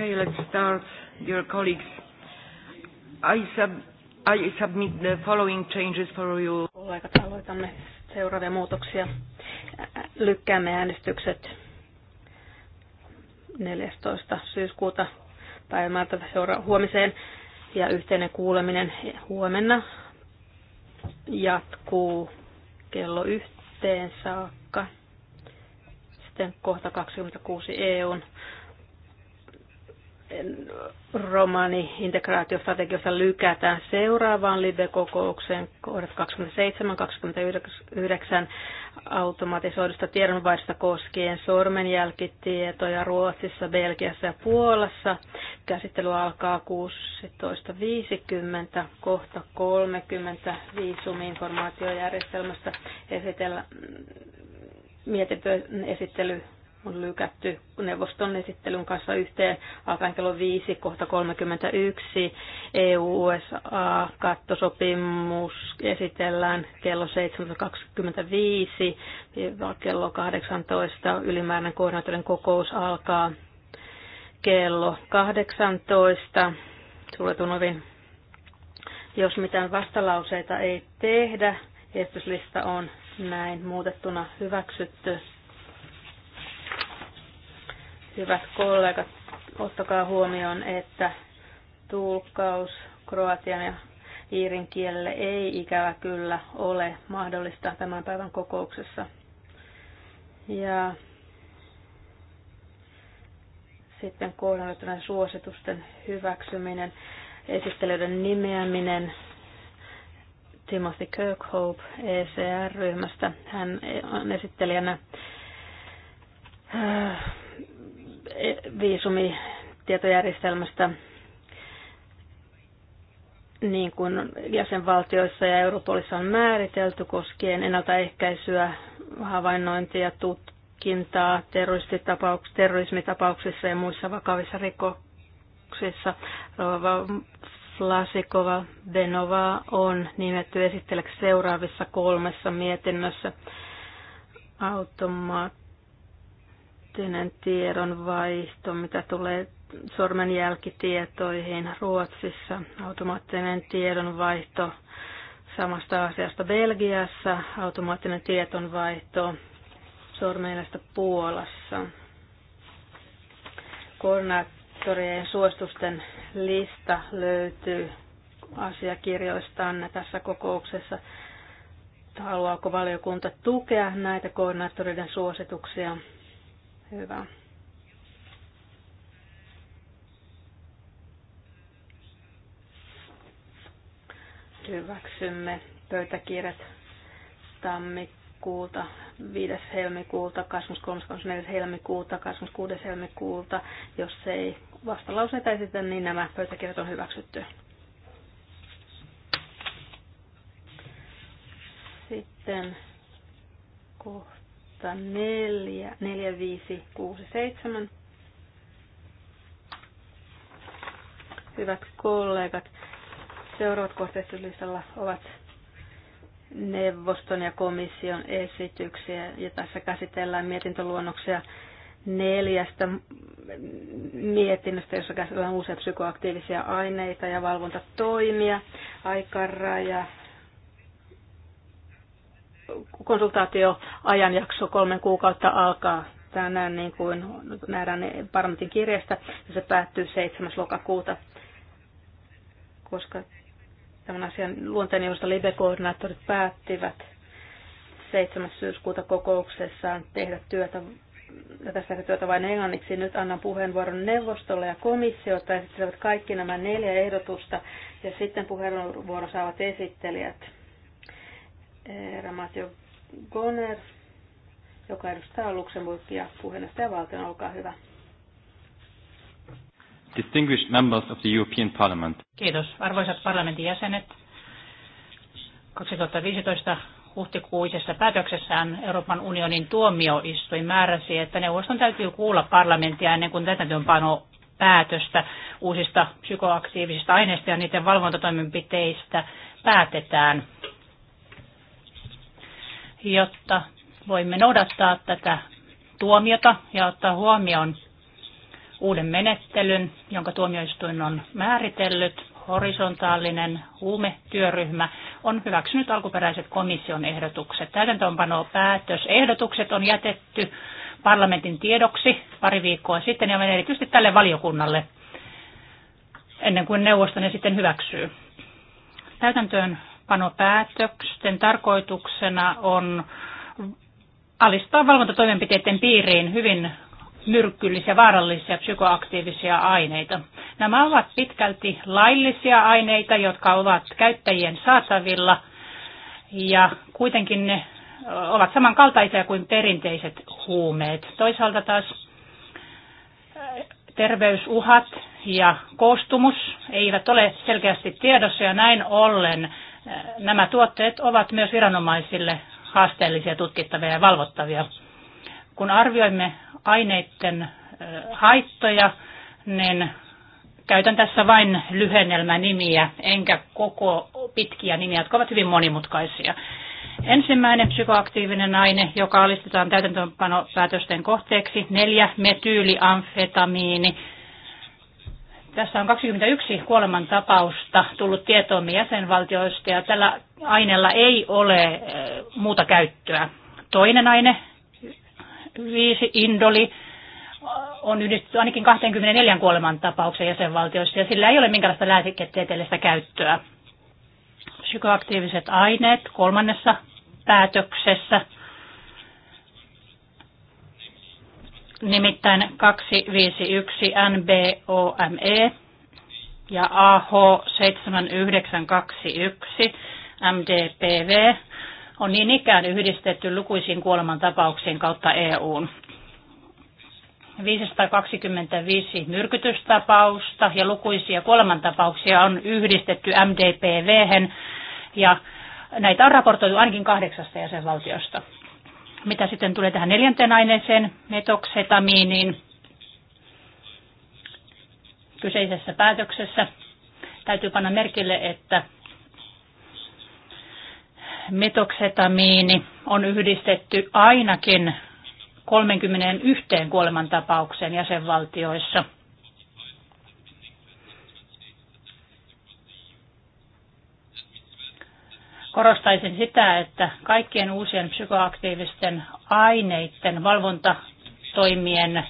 Okay, let's start, dear colleagues. I, sub, I submit the following changes for you. Kollegat, aloitamme seuraavia muutoksia. Lykkäämme äänestykset 14. syyskuuta päivältä seura- huomiseen ja yhteinen kuuleminen huomenna jatkuu kello yhteen saakka. Sitten kohta 26 EUn romani-integraatiostrategiosta lykätään seuraavaan live-kokoukseen kohdat 27-29 automatisoidusta tiedonvaihdosta koskien sormenjälkitietoja Ruotsissa, Belgiassa ja Puolassa. Käsittely alkaa 16.50, kohta 30 viisumiinformaatiojärjestelmästä esitellä mm, mietintö esittely on lykätty neuvoston esittelyn kanssa yhteen alkaen kello 5, kohta 31. EU-USA-kattosopimus esitellään kello 7.25, kello 18 ylimääräinen koordinaatioiden kokous alkaa kello 18 suljetun ovin. Jos mitään vastalauseita ei tehdä, esityslista on näin muutettuna hyväksytty. Hyvät kollegat, ottakaa huomioon, että tulkkaus kroatian ja iirin kielelle ei ikävä kyllä ole mahdollista tämän päivän kokouksessa. Ja sitten kohdannettujen suositusten hyväksyminen, esittelyiden nimeäminen, Timothy Kirkhope ECR-ryhmästä. Hän on esittelijänä äh, viisumitietojärjestelmästä niin kuin jäsenvaltioissa ja Europolissa on määritelty koskien ennaltaehkäisyä, havainnointia, tutkintaa terrorismitapauksissa, terrorismitapauksissa ja muissa vakavissa rikoksissa. Rova Venova on nimetty esitteleksi seuraavissa kolmessa mietinnössä automaat automaattinen tiedonvaihto, mitä tulee sormenjälkitietoihin Ruotsissa, automaattinen tiedonvaihto samasta asiasta Belgiassa, automaattinen tiedonvaihto sormenjäljestä Puolassa. Koordinaattorien suositusten lista löytyy asiakirjoistanne tässä kokouksessa. Haluaako valiokunta tukea näitä koordinaattoreiden suosituksia? Hyvä. Hyväksymme pöytäkirjat tammikuuta, 5. helmikuuta, 23. 24. helmikuuta, 26. helmikuuta. Jos ei vastalauseita esitä, niin nämä pöytäkirjat on hyväksytty. Sitten kohta. 4, 4, 5, 6, 7. Hyvät kollegat, seuraavat kohteistuslistalla ovat neuvoston ja komission esityksiä ja tässä käsitellään mietintöluonnoksia neljästä mietinnöstä, jossa käsitellään uusia psykoaktiivisia aineita ja valvontatoimia, aikaraja konsultaatioajanjakso kolmen kuukautta alkaa tänään, niin kuin nähdään parlamentin kirjasta, ja se päättyy 7. lokakuuta, koska tämän asian luonteen johdosta live-koordinaattorit päättivät 7. syyskuuta kokouksessaan tehdä työtä ja tästä työtä vain englanniksi. Nyt annan puheenvuoron neuvostolle ja komissiota esittelevät kaikki nämä neljä ehdotusta ja sitten puheenvuoro saavat esittelijät. Ramatio Goner, joka edustaa Luxemburgia Valtion. Olkaa hyvä. Distinguished members of the European Parliament. Kiitos. Arvoisat parlamentin jäsenet, 2015 huhtikuisessa päätöksessään Euroopan unionin tuomioistuin määräsi, että neuvoston täytyy kuulla parlamenttia ennen kuin täytäntöönpano päätöstä uusista psykoaktiivisista aineista ja niiden valvontatoimenpiteistä päätetään jotta voimme noudattaa tätä tuomiota ja ottaa huomioon uuden menettelyn, jonka tuomioistuin on määritellyt. Horisontaalinen huumetyöryhmä on hyväksynyt alkuperäiset komission ehdotukset. Täytäntöönpano päätös. Ehdotukset on jätetty parlamentin tiedoksi pari viikkoa sitten ja menee erityisesti tälle valiokunnalle ennen kuin neuvosto ne sitten hyväksyy. Täytäntöön täytäntöönpanopäätöksen tarkoituksena on alistaa valvontatoimenpiteiden piiriin hyvin myrkyllisiä, vaarallisia psykoaktiivisia aineita. Nämä ovat pitkälti laillisia aineita, jotka ovat käyttäjien saatavilla ja kuitenkin ne ovat samankaltaisia kuin perinteiset huumeet. Toisaalta taas terveysuhat ja koostumus eivät ole selkeästi tiedossa ja näin ollen nämä tuotteet ovat myös viranomaisille haasteellisia, tutkittavia ja valvottavia. Kun arvioimme aineiden haittoja, niin käytän tässä vain lyhennelmänimiä, enkä koko pitkiä nimiä, jotka ovat hyvin monimutkaisia. Ensimmäinen psykoaktiivinen aine, joka alistetaan täytäntöönpanopäätösten kohteeksi, neljä metyyliamfetamiini, tässä on 21 kuolemantapausta tullut tietoomme jäsenvaltioista ja tällä aineella ei ole eh, muuta käyttöä. Toinen aine, viisi indoli, on yhdistetty ainakin 24 kuolemantapauksen jäsenvaltioissa ja sillä ei ole minkäänlaista lääketieteellistä käyttöä. Psykoaktiiviset aineet kolmannessa päätöksessä – nimittäin 251 NBOME ja AH7921 MDPV on niin ikään yhdistetty lukuisiin kuolemantapauksiin kautta EUn. 525 myrkytystapausta ja lukuisia kuolemantapauksia on yhdistetty MDPV ja näitä on raportoitu ainakin kahdeksasta jäsenvaltiosta. Mitä sitten tulee tähän neljänteen aineeseen, metoksetamiiniin, kyseisessä päätöksessä täytyy panna merkille, että metoksetamiini on yhdistetty ainakin 31 kuolemantapaukseen jäsenvaltioissa – Korostaisin sitä, että kaikkien uusien psykoaktiivisten aineiden valvontatoimien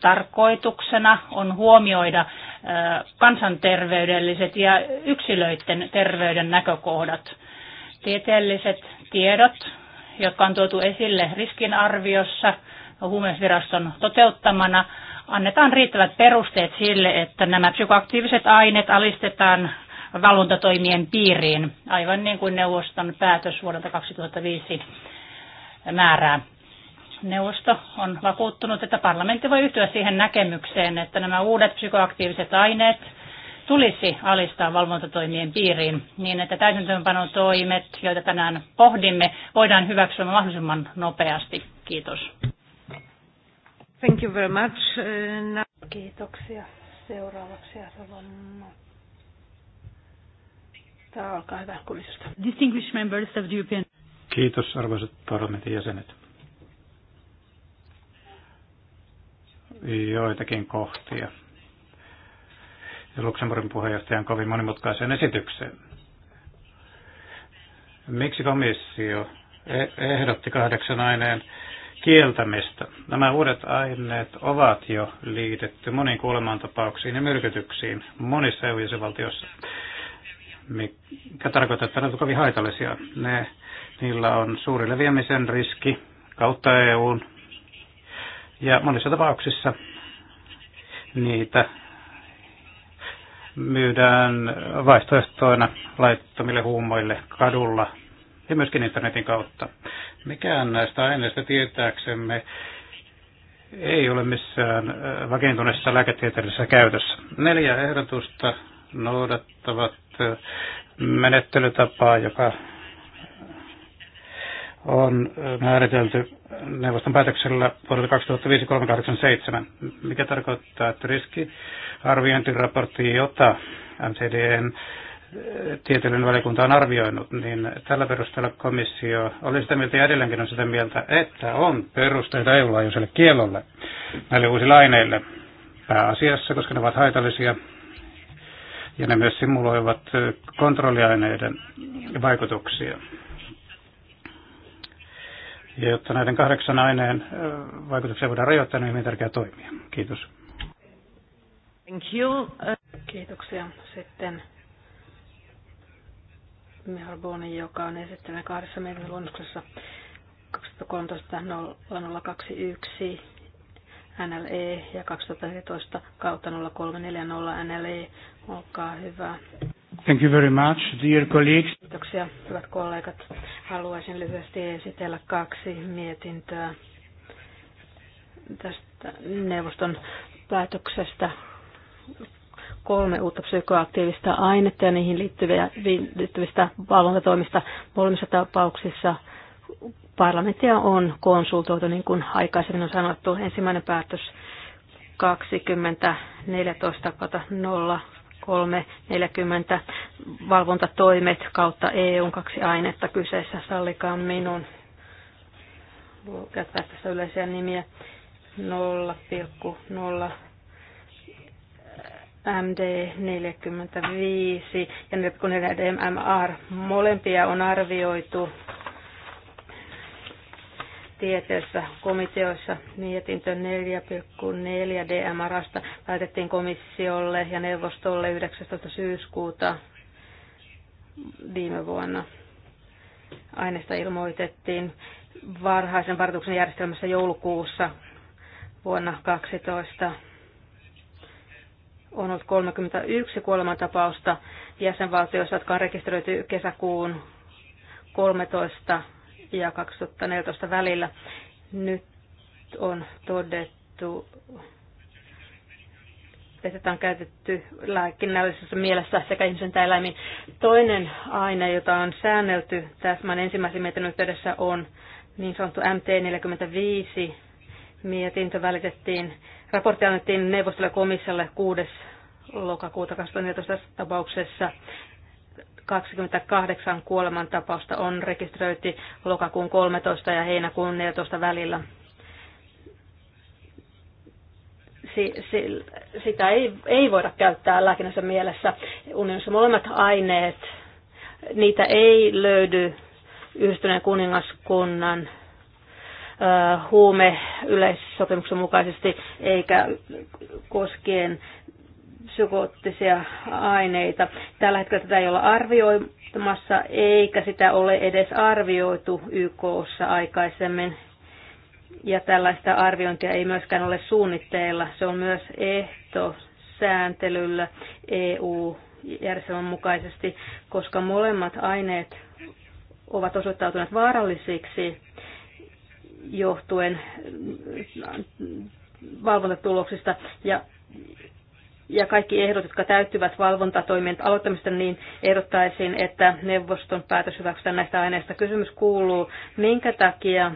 tarkoituksena on huomioida kansanterveydelliset ja yksilöiden terveyden näkökohdat. Tieteelliset tiedot, jotka on tuotu esille riskinarviossa huumeviraston toteuttamana, annetaan riittävät perusteet sille, että nämä psykoaktiiviset aineet alistetaan valvontatoimien piiriin, aivan niin kuin neuvoston päätös vuodelta 2005 määrää. Neuvosto on vakuuttunut, että parlamentti voi yhtyä siihen näkemykseen, että nämä uudet psykoaktiiviset aineet tulisi alistaa valvontatoimien piiriin niin, että toimet, joita tänään pohdimme, voidaan hyväksyä mahdollisimman nopeasti. Kiitos. Thank you very much. Uh, Kiitoksia. Seuraavaksi Arvon Tämä alkaa hyvä komissiosta. Distinguished members of the European... Kiitos arvoisat parlamentin jäsenet. Joitakin kohtia. Luxemburgin puheenjohtajan kovin monimutkaiseen esitykseen. Miksi komissio e- ehdotti kahdeksan aineen kieltämistä. Nämä uudet aineet ovat jo liitetty moniin kuolemantapauksiin ja myrkytyksiin monissa EU-jäsenvaltioissa mikä tarkoittaa, että ne ovat kovin haitallisia. Ne, niillä on suuri leviämisen riski kautta EUn ja monissa tapauksissa niitä myydään vaihtoehtoina laittomille huumoille kadulla ja myöskin internetin kautta. Mikään näistä aineista tietääksemme ei ole missään äh, vakiintuneessa lääketieteellisessä käytössä. Neljä ehdotusta noudattavat menettelytapaa, joka on määritelty neuvoston päätöksellä vuodelta 2005-387, mikä tarkoittaa, että riskiarviointiraportti, jota MCDn eh, tieteellinen valiokunta on arvioinut, niin tällä perusteella komissio oli sitä mieltä ja edelleenkin on sitä mieltä, että on perusteita EU-laajuiselle kielolle näille uusille aineille pääasiassa, koska ne ovat haitallisia ja ne myös simuloivat kontrolliaineiden vaikutuksia. Ja jotta näiden kahdeksan aineen vaikutuksia voidaan rajoittaa, niin on hyvin tärkeää toimia. Kiitos. Thank you. Kiitoksia. Sitten Mihal Boni, joka on esittänyt kahdessa mietintöluonnoksessa 2013 0021 NLE ja 2014 kautta 0340 NLE. Olkaa hyvä. Thank you very much, dear colleagues. Kiitoksia, hyvät kollegat. Haluaisin lyhyesti esitellä kaksi mietintöä tästä neuvoston päätöksestä kolme uutta psykoaktiivista ainetta ja niihin liittyvistä valvontatoimista. Molemmissa tapauksissa Parlamenttia on konsultoitu, niin kuin aikaisemmin on sanottu, ensimmäinen päätös 20.14.03.40 valvontatoimet kautta EUn kaksi ainetta kyseessä. sallikaan minun käyttää tässä yleisiä nimiä 0,0 MD45 ja 4,4 MMR. Molempia on arvioitu tieteessä komiteoissa mietintö 4,4 DMRasta lähetettiin komissiolle ja neuvostolle 19. syyskuuta viime vuonna. Aineesta ilmoitettiin varhaisen varoituksen järjestelmässä joulukuussa vuonna 2012 on ollut 31 kuolemantapausta jäsenvaltioissa, jotka on rekisteröity kesäkuun 13 ja 2014 välillä. Nyt on todettu, että tämä on käytetty lääkinnällisessä mielessä sekä ihmisen tai eläimin. Toinen aine, jota on säännelty tässä ensimmäisen mietinnön yhteydessä, on niin sanottu MT45 mietintö välitettiin. Raportti annettiin neuvostolle komissiolle 6. lokakuuta 2014 tapauksessa 28 kuolemantapausta on rekisteröity lokakuun 13 ja heinäkuun 14 välillä. Si, si, sitä ei, ei voida käyttää lääkinnässä mielessä. Unionissa molemmat aineet, niitä ei löydy yhdistyneen kuningaskunnan huume yleissopimuksen mukaisesti eikä koskien psykoottisia aineita. Tällä hetkellä tätä ei olla arvioimassa, eikä sitä ole edes arvioitu YKssa aikaisemmin. Ja tällaista arviointia ei myöskään ole suunnitteilla. Se on myös ehto sääntelyllä EU-järjestelmän mukaisesti, koska molemmat aineet ovat osoittautuneet vaarallisiksi johtuen valvontatuloksista ja ja kaikki ehdot, jotka täyttyvät valvontatoimien aloittamista, niin ehdottaisin, että neuvoston päätös hyväksytään näistä aineista. Kysymys kuuluu, minkä takia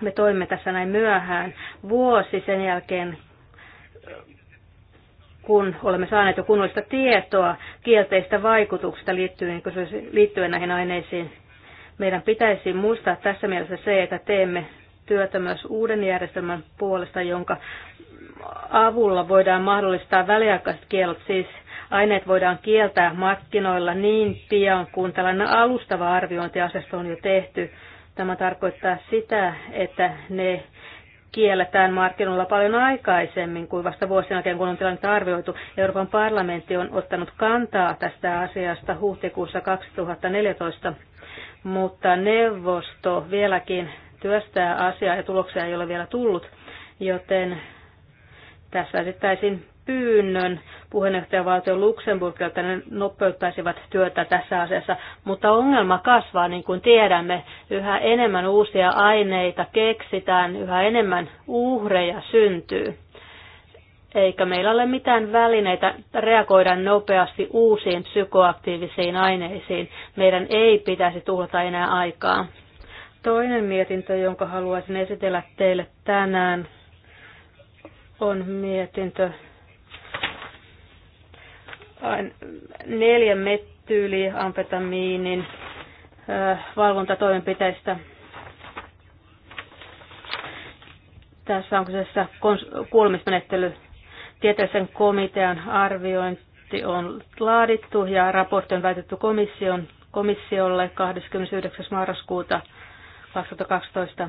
me toimme tässä näin myöhään vuosi sen jälkeen, kun olemme saaneet jo kunnollista tietoa kielteistä vaikutuksista liittyen, liittyen näihin aineisiin. Meidän pitäisi muistaa tässä mielessä se, että teemme työtä myös uuden järjestelmän puolesta, jonka avulla voidaan mahdollistaa väliaikaiset kielot, siis aineet voidaan kieltää markkinoilla niin pian, kun tällainen alustava arviointi asiasta on jo tehty. Tämä tarkoittaa sitä, että ne kielletään markkinoilla paljon aikaisemmin kuin vasta vuosien jälkeen, kun on tilannetta arvioitu. Euroopan parlamentti on ottanut kantaa tästä asiasta huhtikuussa 2014, mutta neuvosto vieläkin työstää asiaa ja tuloksia ei ole vielä tullut, joten tässä esittäisin pyynnön puheenjohtajavaltio Luxemburgilta, että ne nopeuttaisivat työtä tässä asiassa. Mutta ongelma kasvaa, niin kuin tiedämme. Yhä enemmän uusia aineita keksitään, yhä enemmän uhreja syntyy. Eikä meillä ole mitään välineitä reagoida nopeasti uusiin psykoaktiivisiin aineisiin. Meidän ei pitäisi tuhlata enää aikaa. Toinen mietintö, jonka haluaisin esitellä teille tänään, on mietintö neljä mettyyli amfetamiinin valvontatoimenpiteistä. Tässä on kyseessä kuulemismenettely. Tieteellisen komitean arviointi on laadittu ja raportti on väitetty komission, komissiolle 29. marraskuuta 2012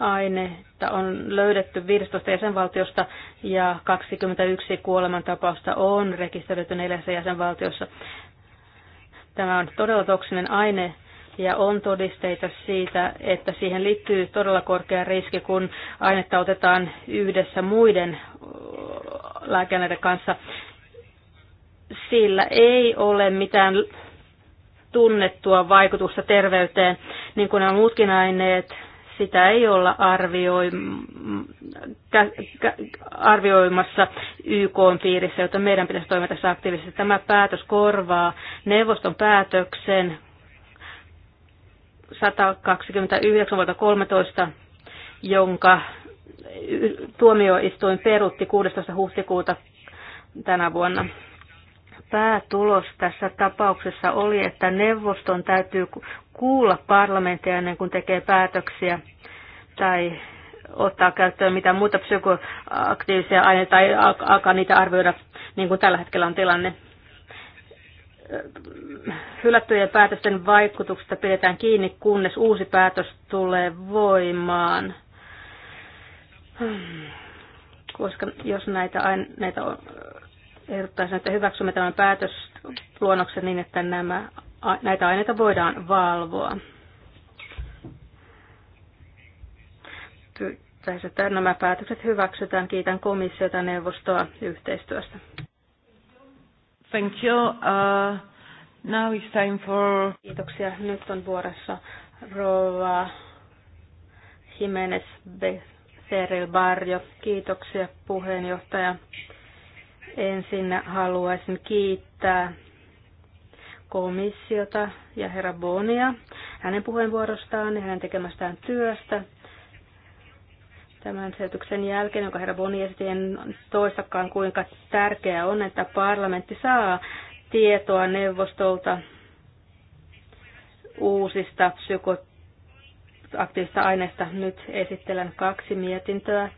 aineita on löydetty 15 jäsenvaltiosta ja 21 kuolemantapausta on rekisteröity neljässä jäsenvaltiossa. Tämä on todella toksinen aine ja on todisteita siitä, että siihen liittyy todella korkea riski, kun ainetta otetaan yhdessä muiden lääkäneiden kanssa. Sillä ei ole mitään tunnettua vaikutusta terveyteen, niin kuin nämä muutkin aineet – sitä ei olla arvioimassa YK piirissä, jota meidän pitäisi toimia tässä aktiivisesti. Tämä päätös korvaa neuvoston päätöksen 129 vuotta 13, jonka tuomioistuin perutti 16. huhtikuuta tänä vuonna päätulos tässä tapauksessa oli, että neuvoston täytyy kuulla parlamenttia ennen kuin tekee päätöksiä tai ottaa käyttöön mitä muuta psykoaktiivisia aineita tai alkaa niitä arvioida, niin kuin tällä hetkellä on tilanne. Hylättyjen päätösten vaikutuksesta pidetään kiinni, kunnes uusi päätös tulee voimaan. Hmm. Koska jos näitä aineita on, ehdottaisin, että hyväksymme tämän päätösluonnoksen niin, että nämä, näitä aineita voidaan valvoa. Pyytäisin, että nämä päätökset hyväksytään. Kiitän komissiota neuvostoa yhteistyöstä. Thank you. Uh, now it's time for... Kiitoksia. Nyt on vuorossa Rova Jimenez Becerril Barrio. Kiitoksia puheenjohtaja. Ensin haluaisin kiittää komissiota ja herra Bonia hänen puheenvuorostaan ja hänen tekemästään työstä. Tämän selityksen jälkeen, jonka herra Boni esitti, en toistakaan kuinka tärkeää on, että parlamentti saa tietoa neuvostolta uusista psykoaktiivista aineista. Nyt esittelen kaksi mietintöä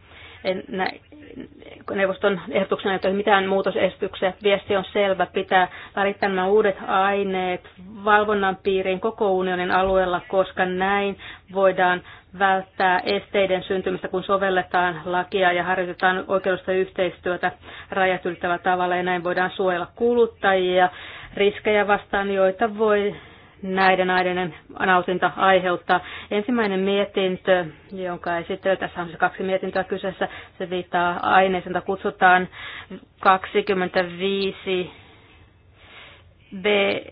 neuvoston ehdotuksena ei ole mitään muutosesityksiä. Viesti on selvä, pitää välittää nämä uudet aineet valvonnan piiriin koko unionin alueella, koska näin voidaan välttää esteiden syntymistä, kun sovelletaan lakia ja harjoitetaan oikeudellista yhteistyötä rajat tavalla ja näin voidaan suojella kuluttajia riskejä vastaan, joita voi näiden aineiden nautinta aiheuttaa. Ensimmäinen mietintö, jonka esittely, tässä on se kaksi mietintöä kyseessä, se viittaa aineeseen, jota kutsutaan 25 BNME,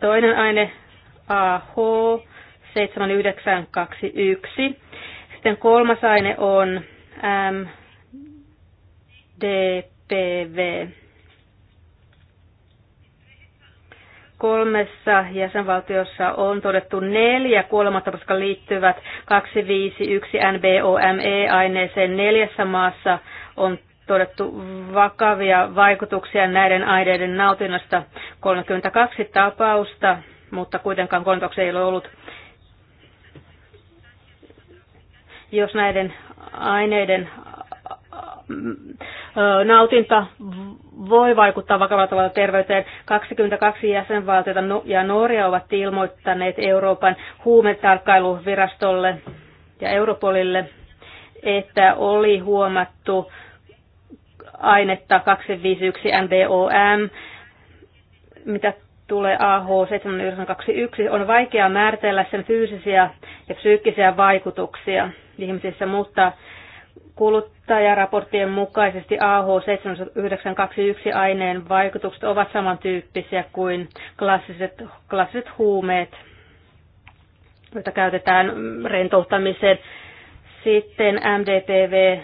toinen aine AH 7921. Sitten kolmas aine on MDPV Kolmessa jäsenvaltiossa on todettu neljä kuolematapausta, jotka liittyvät 251 NBOME-aineeseen. Neljässä maassa on todettu vakavia vaikutuksia näiden aineiden nautinnasta. 32 tapausta, mutta kuitenkaan kontoksi ei ole ollut. Jos näiden aineiden nautinta voi vaikuttaa vakavalla tavalla terveyteen. 22 jäsenvaltiota ja Norja ovat ilmoittaneet Euroopan huumetarkkailuvirastolle ja Europolille, että oli huomattu ainetta 251 MDOM, mitä tulee AH7921, on vaikea määritellä sen fyysisiä ja psyykkisiä vaikutuksia ihmisissä, mutta Kuluttajaraporttien mukaisesti AH7921 aineen vaikutukset ovat samantyyppisiä kuin klassiset, klassiset huumeet, joita käytetään rentouttamiseen. Sitten MDTV.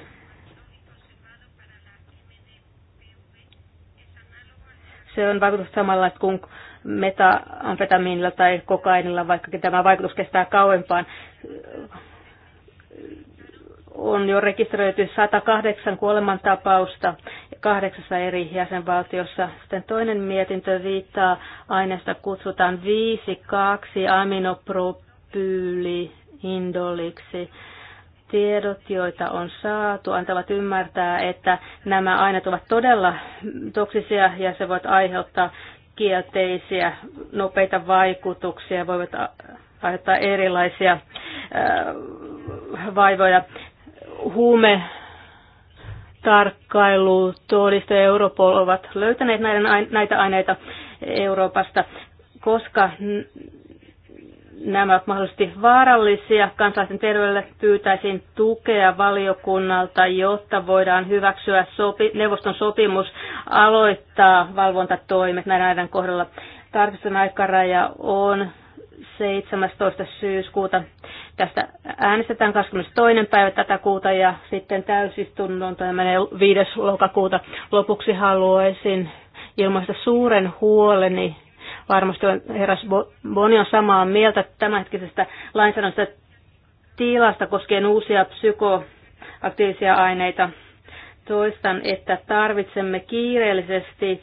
se on vaikutus samalla kuin metaamfetamiinilla tai kokainilla, vaikkakin tämä vaikutus kestää kauempaan on jo rekisteröity 108 kuolemantapausta kahdeksassa eri jäsenvaltiossa. Sitten toinen mietintö viittaa aineesta kutsutaan 5-2 aminopropyyli indoliksi. Tiedot, joita on saatu, antavat ymmärtää, että nämä aineet ovat todella toksisia ja se voivat aiheuttaa kielteisiä, nopeita vaikutuksia, voivat aiheuttaa erilaisia vaivoja huume tarkkailu, todiste Europol ovat löytäneet näiden, näitä aineita Euroopasta, koska nämä ovat mahdollisesti vaarallisia. Kansalaisten terveydelle pyytäisiin tukea valiokunnalta, jotta voidaan hyväksyä sopi, neuvoston sopimus aloittaa valvontatoimet näiden aineiden kohdalla. Tarkistuksen aikaraja on 17. syyskuuta Tästä äänestetään 22. päivä tätä kuuta ja sitten täysistunnon tai menee 5. lokakuuta. Lopuksi haluaisin ilmaista suuren huoleni. Varmasti herras Boni on samaa mieltä tämänhetkisestä lainsäädännöstä tilasta koskien uusia psykoaktiivisia aineita. Toistan, että tarvitsemme kiireellisesti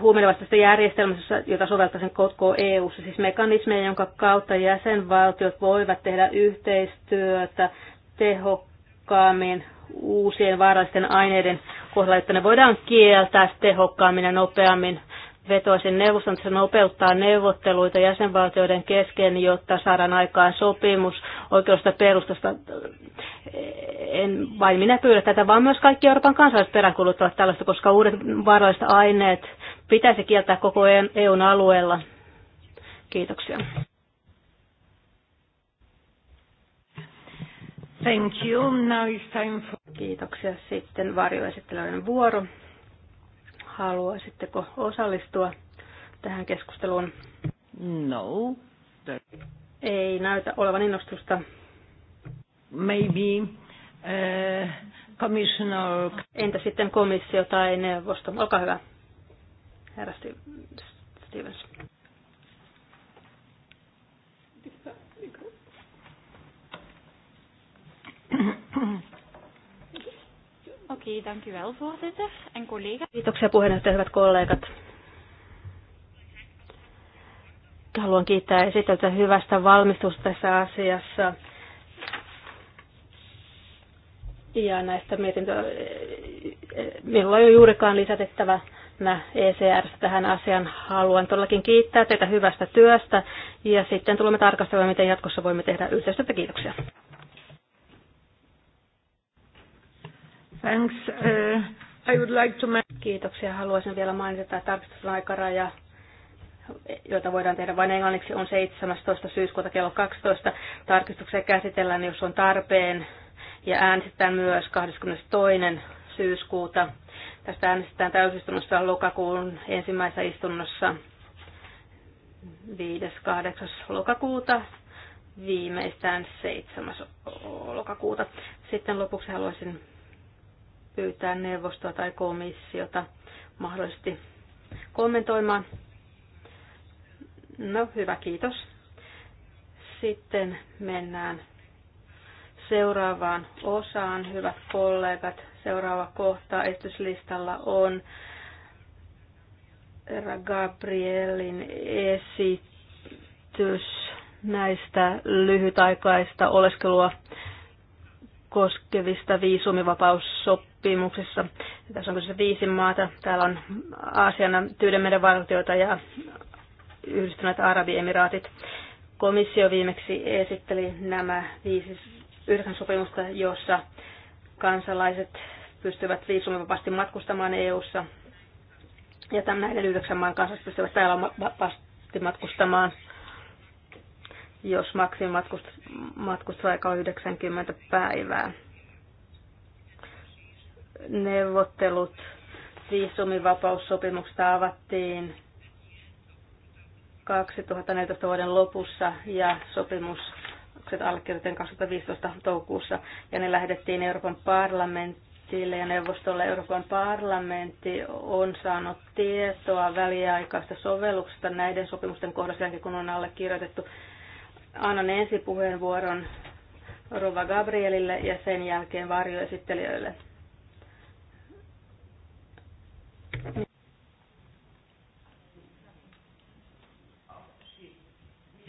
huumeidenvastaisesta järjestelmästä, jota sen koko eu siis mekanismeja, jonka kautta jäsenvaltiot voivat tehdä yhteistyötä tehokkaammin uusien vaarallisten aineiden kohdalla, että ne voidaan kieltää tehokkaammin ja nopeammin vetoisin neuvoston, että se nopeuttaa neuvotteluita jäsenvaltioiden kesken, jotta saadaan aikaan sopimus oikeudesta perustasta. En vain minä pyydä tätä, vaan myös kaikki Euroopan kansalaiset peräänkuluttavat tällaista, koska uudet vaaralliset aineet pitäisi kieltää koko EUn e alueella. Kiitoksia. Thank you. Now it's time for... Kiitoksia. Sitten varjoesittelyiden vuoro. Haluaisitteko osallistua tähän keskusteluun? No. Ei näytä olevan innostusta. Maybe uh, commissioner... Entä sitten komissio tai neuvosto? Olkaa hyvä herra Stevens. Oké, okay, dank en collega's. Kiitoksia puheenjohtaja, hyvät kollegat. Haluan kiittää esitöltä hyvästä valmistusta tässä asiassa ja näistä mietintöä. milloin ei ole juurikaan lisätettävä Mä ECR tähän asiaan haluan todellakin kiittää teitä hyvästä työstä ja sitten tulemme tarkastelemaan, miten jatkossa voimme tehdä yhteistyötä. Kiitoksia. Thanks. Uh, I would like to Kiitoksia. Haluaisin vielä mainita, tämä tarkastusaikaraja joita voidaan tehdä vain englanniksi, on 17. syyskuuta kello 12. Tarkistuksia käsitellään, jos on tarpeen, ja äänestetään myös 22. syyskuuta. Tästä äänestetään täysistunnossa lokakuun ensimmäisessä istunnossa 5.8. lokakuuta viimeistään 7. lokakuuta. Sitten lopuksi haluaisin pyytää neuvostoa tai komissiota mahdollisesti kommentoimaan. No hyvä, kiitos. Sitten mennään seuraavaan osaan, hyvät kollegat. Seuraava kohta esityslistalla on herra Gabrielin esitys näistä lyhytaikaista oleskelua koskevista viisumivapaussopimuksissa. Tässä on kyseessä viisi maata. Täällä on Aasiana Tyydenmeren valtioita ja Yhdistyneet Arabiemiraatit. Komissio viimeksi esitteli nämä viisi yhdeksän sopimusta, jossa kansalaiset pystyvät viisumivapaasti matkustamaan EU-ssa. Ja tämän näiden yhdeksän maan kanssa pystyvät täällä vapaasti matkustamaan, jos maksimimatkustusaika on 90 päivää. Neuvottelut viisumivapaussopimuksesta avattiin 2014 vuoden lopussa ja sopimus sopimukset allekirjoitettiin 2015 toukokuussa ja ne lähetettiin Euroopan parlamentille ja neuvostolle. Euroopan parlamentti on saanut tietoa väliaikaista sovelluksesta näiden sopimusten kohdassa jälkeen, kun on allekirjoitettu. Annan ensi puheenvuoron Rova Gabrielille ja sen jälkeen varjoesittelijöille.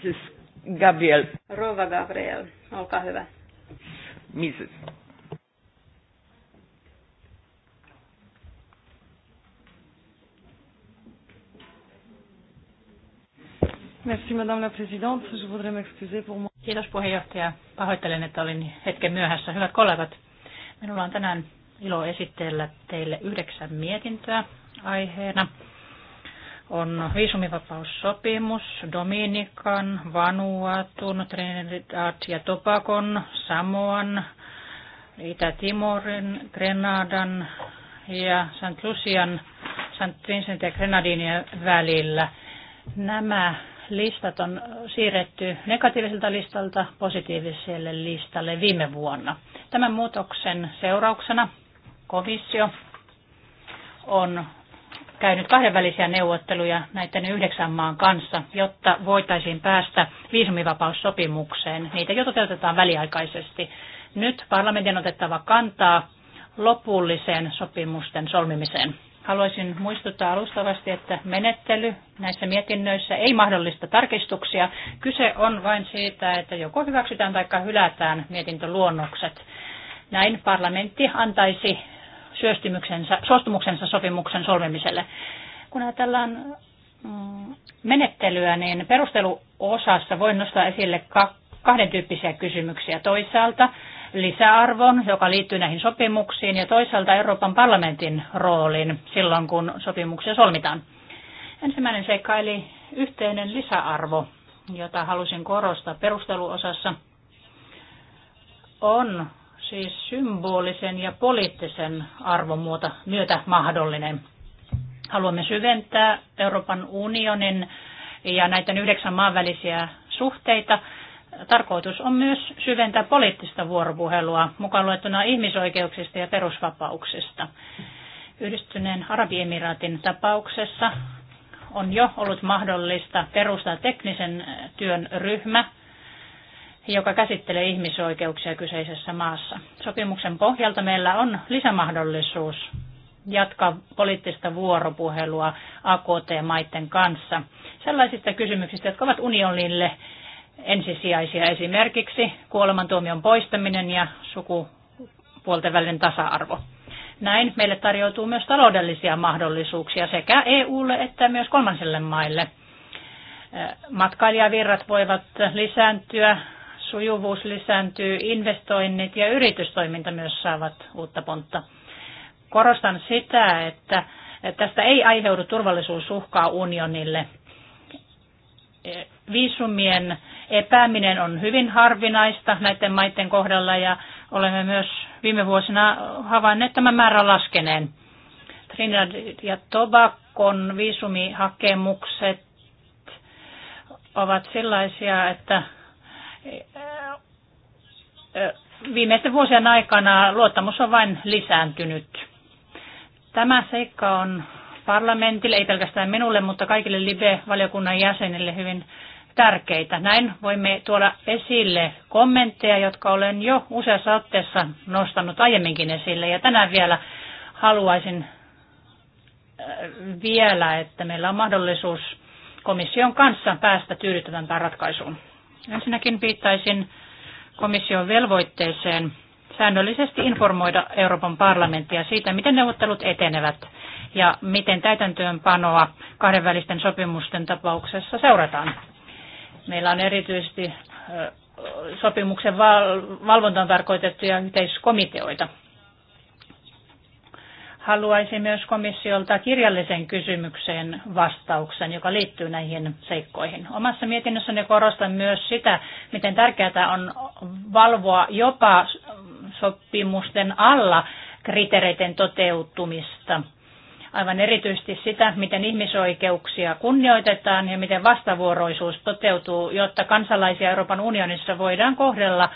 Mrs. Gabriel. Rova Gabriel, olkaa hyvä. Mises. Merci madame la présidente, je voudrais m'excuser pour moi. Kiitos puheenjohtaja. Pahoittelen, että olin hetken myöhässä. Hyvät kollegat, minulla on tänään ilo esitellä teille yhdeksän mietintöä aiheena on viisumivapaussopimus Dominikan, Vanuatun, Trinidad ja Tobagon, Samoan, Itä-Timorin, Grenadan ja St. Lucian, St. Vincent ja Grenadinien välillä. Nämä listat on siirretty negatiiviselta listalta positiiviselle listalle viime vuonna. Tämän muutoksen seurauksena komissio on käynyt kahdenvälisiä neuvotteluja näiden yhdeksän maan kanssa, jotta voitaisiin päästä viisumivapaussopimukseen. Niitä jo toteutetaan väliaikaisesti. Nyt parlamentin otettava kantaa lopulliseen sopimusten solmimiseen. Haluaisin muistuttaa alustavasti, että menettely näissä mietinnöissä ei mahdollista tarkistuksia. Kyse on vain siitä, että joko hyväksytään tai hylätään mietintöluonnokset. Näin parlamentti antaisi suostumuksensa, suostumuksensa sopimuksen solmimiselle. Kun ajatellaan mm, menettelyä, niin perusteluosassa voin nostaa esille kahden tyyppisiä kysymyksiä. Toisaalta lisäarvon, joka liittyy näihin sopimuksiin, ja toisaalta Euroopan parlamentin roolin silloin, kun sopimuksia solmitaan. Ensimmäinen seikka eli yhteinen lisäarvo, jota halusin korostaa perusteluosassa, on siis symbolisen ja poliittisen arvomuota myötä mahdollinen. Haluamme syventää Euroopan unionin ja näiden yhdeksän maan välisiä suhteita. Tarkoitus on myös syventää poliittista vuoropuhelua mukaan luettuna ihmisoikeuksista ja perusvapauksista. Yhdistyneen Arabiemiraatin tapauksessa on jo ollut mahdollista perustaa teknisen työn ryhmä – joka käsittelee ihmisoikeuksia kyseisessä maassa. Sopimuksen pohjalta meillä on lisämahdollisuus jatkaa poliittista vuoropuhelua AKT-maiden kanssa sellaisista kysymyksistä, jotka ovat unionille ensisijaisia, esimerkiksi kuolemantuomion poistaminen ja sukupuolten välinen tasa-arvo. Näin meille tarjoutuu myös taloudellisia mahdollisuuksia sekä EUlle että myös kolmansille maille matkailijavirrat voivat lisääntyä, sujuvuus lisääntyy, investoinnit ja yritystoiminta myös saavat uutta pontta. Korostan sitä, että tästä ei aiheudu turvallisuusuhkaa unionille. Viisumien epääminen on hyvin harvinaista näiden maiden kohdalla ja olemme myös viime vuosina havainneet tämän määrän laskeneen. Trinidad ja Tobacon viisumihakemukset ovat sellaisia, että viimeisten vuosien aikana luottamus on vain lisääntynyt. Tämä seikka on parlamentille, ei pelkästään minulle, mutta kaikille LIBE-valiokunnan jäsenille hyvin tärkeitä. Näin voimme tuoda esille kommentteja, jotka olen jo useassa otteessa nostanut aiemminkin esille. Ja tänään vielä haluaisin vielä, että meillä on mahdollisuus komission kanssa päästä tyydyttävämpään ratkaisuun. Ensinnäkin viittaisin komission velvoitteeseen säännöllisesti informoida Euroopan parlamenttia siitä, miten neuvottelut etenevät ja miten täytäntöönpanoa kahdenvälisten sopimusten tapauksessa seurataan. Meillä on erityisesti sopimuksen valvontaan tarkoitettuja yhteiskomiteoita haluaisin myös komissiolta kirjallisen kysymyksen vastauksen, joka liittyy näihin seikkoihin. Omassa mietinnössäni korostan myös sitä, miten tärkeää on valvoa jopa sopimusten alla kriteereiden toteutumista. Aivan erityisesti sitä, miten ihmisoikeuksia kunnioitetaan ja miten vastavuoroisuus toteutuu, jotta kansalaisia Euroopan unionissa voidaan kohdella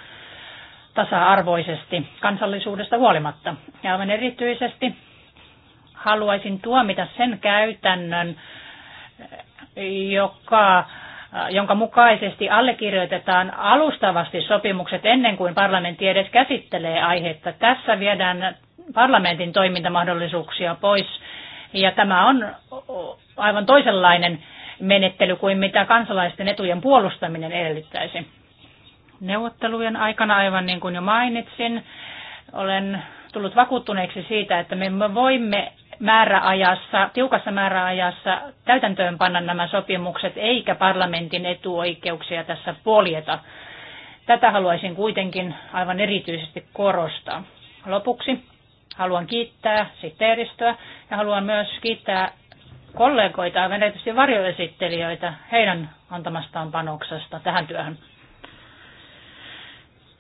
tasa-arvoisesti kansallisuudesta huolimatta. Ja aivan erityisesti haluaisin tuomita sen käytännön, joka, jonka mukaisesti allekirjoitetaan alustavasti sopimukset ennen kuin parlamentti edes käsittelee aihetta. Tässä viedään parlamentin toimintamahdollisuuksia pois ja tämä on aivan toisenlainen menettely kuin mitä kansalaisten etujen puolustaminen edellyttäisi. Neuvottelujen aikana, aivan niin kuin jo mainitsin, olen tullut vakuuttuneeksi siitä, että me voimme määräajassa, tiukassa määräajassa panna nämä sopimukset, eikä parlamentin etuoikeuksia tässä poljeta. Tätä haluaisin kuitenkin aivan erityisesti korostaa. Lopuksi haluan kiittää sihteeristöä ja haluan myös kiittää kollegoita, ja erityisesti varjoesittelijöitä, heidän antamastaan panoksesta tähän työhön.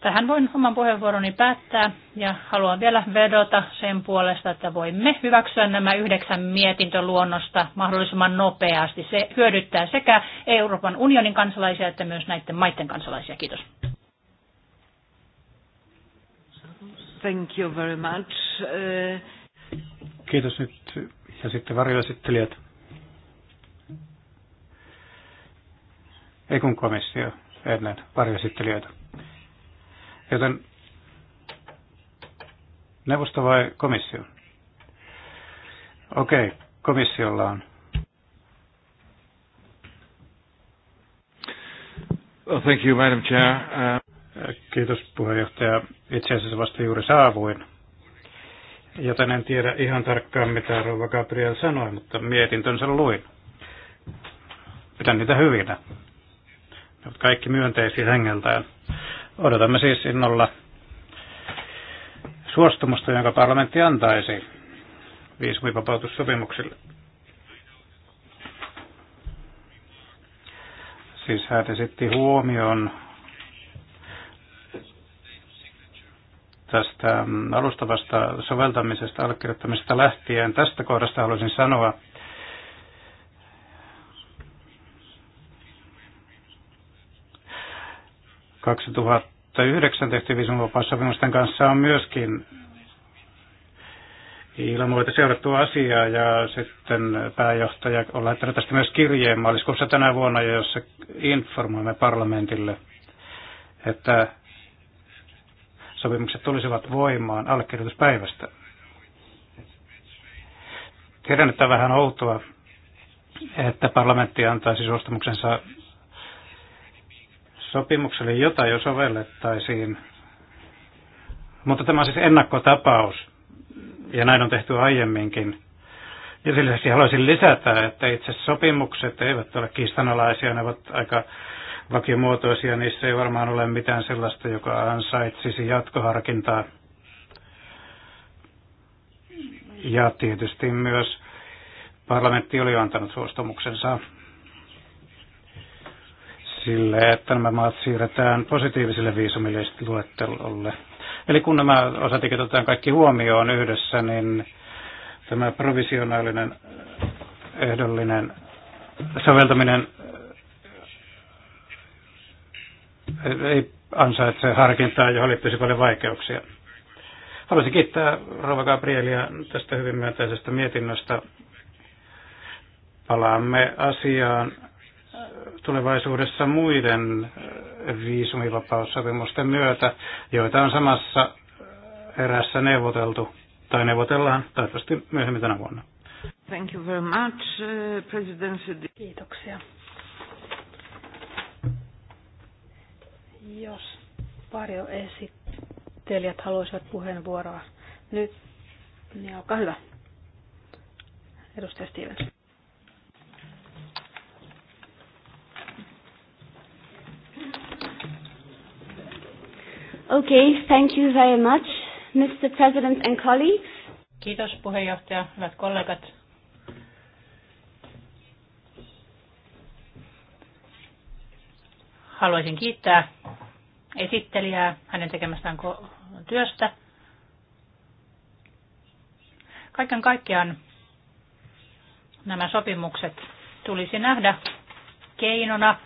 Tähän voin oman puheenvuoroni päättää ja haluan vielä vedota sen puolesta, että voimme hyväksyä nämä yhdeksän mietintöluonnosta mahdollisimman nopeasti. Se hyödyttää sekä Euroopan unionin kansalaisia että myös näiden maiden kansalaisia. Kiitos. Thank you very much. Uh, Kiitos nyt. Ja sitten varjoesittelijät. Ekun komissio ennen varjoesittelijöitä. Joten neuvosto vai komissio? Okei, okay, komissiolla on. Well, thank you, Madam Chair. Uh... Kiitos puheenjohtaja. Itse asiassa vasta juuri saavuin, joten en tiedä ihan tarkkaan mitä Rova Gabriel sanoi, mutta mietintönsä luin. Pidän niitä hyvinä. Ne ovat kaikki myönteisiä hengeltään. Odotamme siis innolla suostumusta, jonka parlamentti antaisi viisumivapautussopimuksille. Siis hän esitti huomioon tästä alustavasta soveltamisesta, allekirjoittamisesta lähtien. Tästä kohdasta haluaisin sanoa, 2009 tehty viisumivapaussopimusten kanssa on myöskin ilmoita seurattua asiaa ja sitten pääjohtaja on lähettänyt tästä myös kirjeen maaliskuussa tänä vuonna, jossa informoimme parlamentille, että sopimukset tulisivat voimaan allekirjoituspäivästä. Tiedän, että on vähän outoa, että parlamentti antaisi suostumuksensa sopimukselle, jota jo sovellettaisiin. Mutta tämä on siis ennakkotapaus, ja näin on tehty aiemminkin. Ja sen lisäksi siis haluaisin lisätä, että itse sopimukset eivät ole kiistanalaisia, ne ovat aika vakimuotoisia, niissä ei varmaan ole mitään sellaista, joka ansaitsisi jatkoharkintaa. Ja tietysti myös parlamentti oli antanut suostumuksensa sille, että nämä maat siirretään positiiviselle viisumille luettelolle. Eli kun nämä osatiket otetaan kaikki huomioon yhdessä, niin tämä provisionaalinen ehdollinen soveltaminen eh, ei ansaitse harkintaa, johon liittyisi paljon vaikeuksia. Haluaisin kiittää Rova Gabrielia tästä hyvin myönteisestä mietinnöstä. Palaamme asiaan tulevaisuudessa muiden äh, viisumivapaussopimusten myötä, joita on samassa äh, erässä neuvoteltu tai neuvotellaan toivottavasti myöhemmin tänä vuonna. Thank you very much, uh, Kiitoksia. Jos esittelijät haluaisivat puheenvuoroa nyt, niin olkaa hyvä. Edustaja Stevens. Okay, thank you very much, Mr. President and colleagues. Kiitos puheenjohtaja, hyvät kollegat. Haluaisin kiittää esittelijää hänen tekemästään työstä. Kaiken kaikkiaan nämä sopimukset tulisi nähdä keinona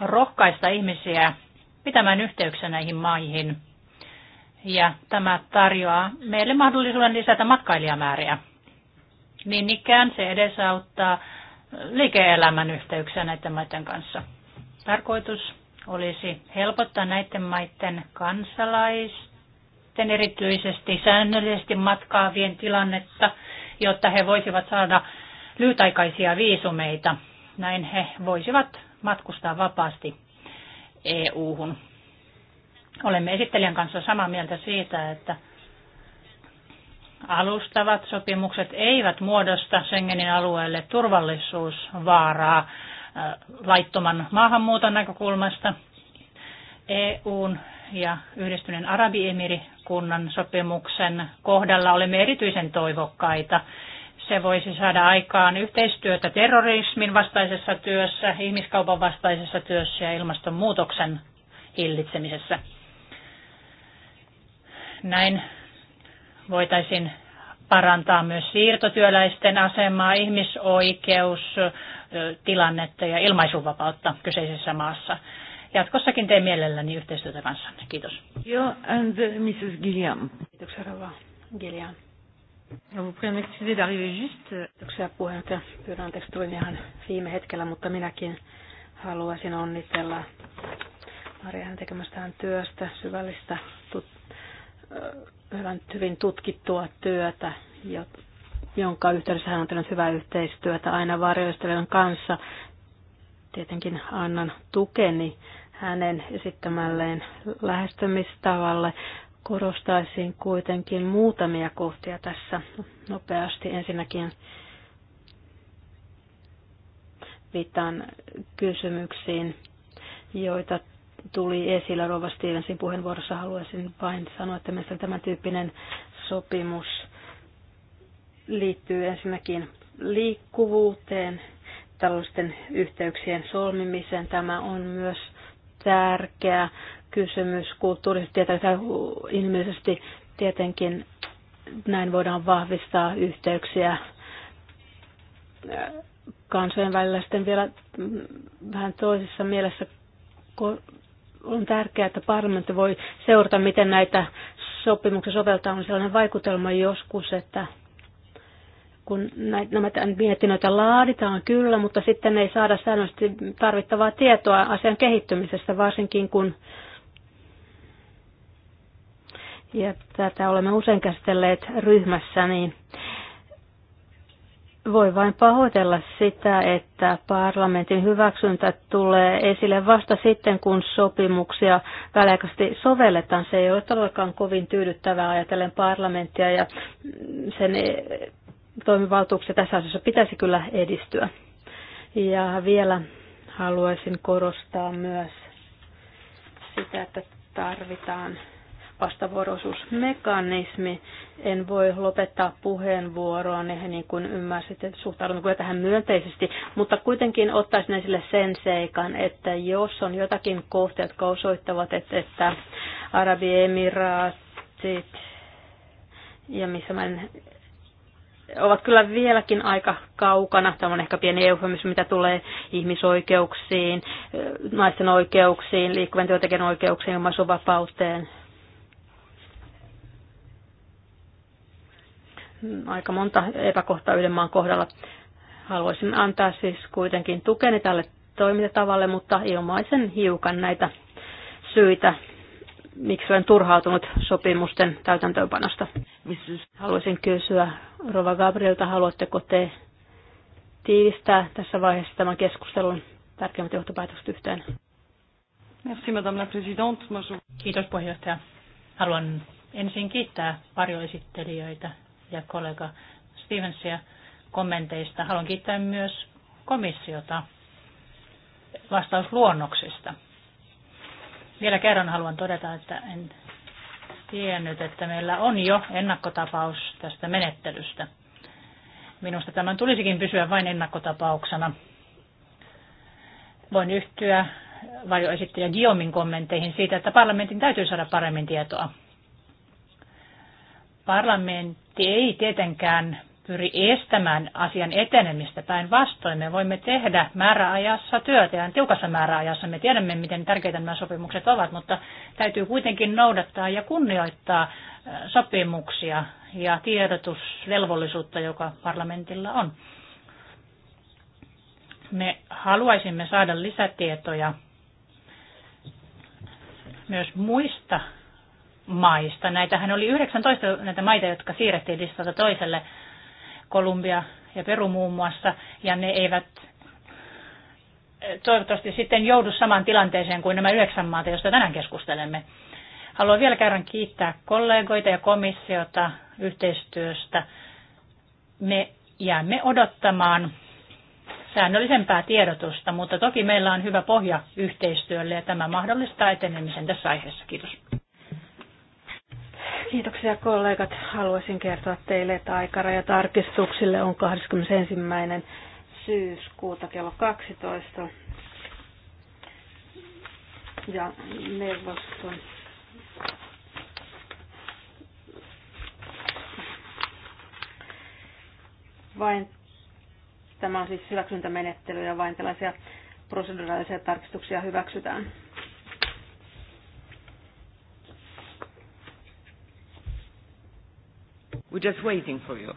rohkaista ihmisiä pitämään yhteyksiä näihin maihin. Ja tämä tarjoaa meille mahdollisuuden lisätä matkailijamääriä. Niin ikään se edesauttaa liike-elämän yhteyksiä näiden maiden kanssa. Tarkoitus olisi helpottaa näiden maiden kansalaisten erityisesti säännöllisesti matkaavien tilannetta, jotta he voisivat saada lyhytaikaisia viisumeita. Näin he voisivat matkustaa vapaasti EU-hun. Olemme esittelijän kanssa samaa mieltä siitä, että alustavat sopimukset eivät muodosta Schengenin alueelle turvallisuusvaaraa äh, laittoman maahanmuuton näkökulmasta. EUn ja yhdistyneen Arabiemirikunnan sopimuksen kohdalla olemme erityisen toivokkaita se voisi saada aikaan yhteistyötä terrorismin vastaisessa työssä, ihmiskaupan vastaisessa työssä ja ilmastonmuutoksen hillitsemisessä. Näin voitaisiin parantaa myös siirtotyöläisten asemaa, ihmisoikeus, tilannetta ja ilmaisuvapautta kyseisessä maassa. Jatkossakin teen mielelläni yhteistyötä kanssanne. Kiitos. Joo, and uh, Mrs. Gilliam. Kiitoksia, Gilliam. Ja vous prie m'excuser d'arriver juste. Kiitoksia puheenjohtaja. Pyydän anteeksi, tulin ihan viime hetkellä, mutta minäkin haluaisin onnitella Marian tekemästään työstä, syvällistä, tut, hyvän, hyvin tutkittua työtä, jonka yhteydessä hän on tehnyt hyvää yhteistyötä aina varjoistelijan kanssa. Tietenkin annan tukeni hänen esittämälleen lähestymistavalle. Korostaisin kuitenkin muutamia kohtia tässä nopeasti. Ensinnäkin viittaan kysymyksiin, joita tuli esillä Rova Stevensin puheenvuorossa. Haluaisin vain sanoa, että mielestäni tämän tyyppinen sopimus liittyy ensinnäkin liikkuvuuteen, taloudellisten yhteyksien solmimiseen. Tämä on myös tärkeä kysymys kulttuurisesti ja inhimillisesti tietenkin näin voidaan vahvistaa yhteyksiä kansojen välillä sitten vielä mm, vähän toisessa mielessä on tärkeää, että parlamentti voi seurata, miten näitä sopimuksia soveltaa. On sellainen vaikutelma joskus, että kun näitä, nämä mietinnöitä laaditaan kyllä, mutta sitten ei saada säännöllisesti tarvittavaa tietoa asian kehittymisestä, varsinkin kun ja tätä olemme usein käsitelleet ryhmässä, niin voi vain pahoitella sitä, että parlamentin hyväksyntä tulee esille vasta sitten, kun sopimuksia väliaikaisesti sovelletaan. Se ei ole todellakaan kovin tyydyttävää ajatellen parlamenttia ja sen toimivaltuuksia tässä asiassa pitäisi kyllä edistyä. Ja vielä haluaisin korostaa myös sitä, että tarvitaan vastavuoroisuusmekanismi. En voi lopettaa puheenvuoroon, niin kuin ymmärsitte, suhtaudun kyllä tähän myönteisesti, mutta kuitenkin ottaisin esille sen seikan, että jos on jotakin kohtia, jotka osoittavat, että, että Arabiemiraatit ja missä mä en ovat kyllä vieläkin aika kaukana. Tämä on ehkä pieni eufemismi, mitä tulee ihmisoikeuksiin, naisten oikeuksiin, liikkuvien työntekijän oikeuksiin, ilmaisuvapauteen, aika monta epäkohtaa yhden maan kohdalla. Haluaisin antaa siis kuitenkin tukeni tälle toimintatavalle, mutta ilmaisen hiukan näitä syitä, miksi olen turhautunut sopimusten täytäntöönpanosta. Haluaisin kysyä Rova Gabrielta, haluatteko te tiivistää tässä vaiheessa tämän keskustelun tärkeimmät johtopäätökset yhteen? Merci, Madame la Présidente. Kiitos puheenjohtaja. Haluan ensin kiittää varjoesittelijöitä ja kollega Stevensia kommenteista. Haluan kiittää myös komissiota vastausluonnoksista. Vielä kerran haluan todeta, että en tiennyt, että meillä on jo ennakkotapaus tästä menettelystä. Minusta tämän tulisikin pysyä vain ennakkotapauksena. Voin yhtyä varjoesittäjä Giomin kommentteihin siitä, että parlamentin täytyy saada paremmin tietoa Parlamentti ei tietenkään pyri estämään asian etenemistä päinvastoin. Me voimme tehdä määräajassa työtä ja tiukassa määräajassa. Me tiedämme, miten tärkeitä nämä sopimukset ovat, mutta täytyy kuitenkin noudattaa ja kunnioittaa äh, sopimuksia ja tiedotusvelvollisuutta, joka parlamentilla on. Me haluaisimme saada lisätietoja myös muista maista. Näitähän oli 19 näitä maita, jotka siirrettiin listalta toiselle, Kolumbia ja Peru muun muassa, ja ne eivät eh, toivottavasti sitten joudu samaan tilanteeseen kuin nämä yhdeksän maata, joista tänään keskustelemme. Haluan vielä kerran kiittää kollegoita ja komissiota yhteistyöstä. Me jäämme odottamaan säännöllisempää tiedotusta, mutta toki meillä on hyvä pohja yhteistyölle ja tämä mahdollistaa etenemisen tässä aiheessa. Kiitos. Kiitoksia kollegat. Haluaisin kertoa teille, että aikarajatarkistuksille tarkistuksille on 21. syyskuuta kello 12. Ja neuvoston vain tämä on siis hyväksyntämenettely ja vain tällaisia proseduraalisia tarkistuksia hyväksytään. We're just waiting for you.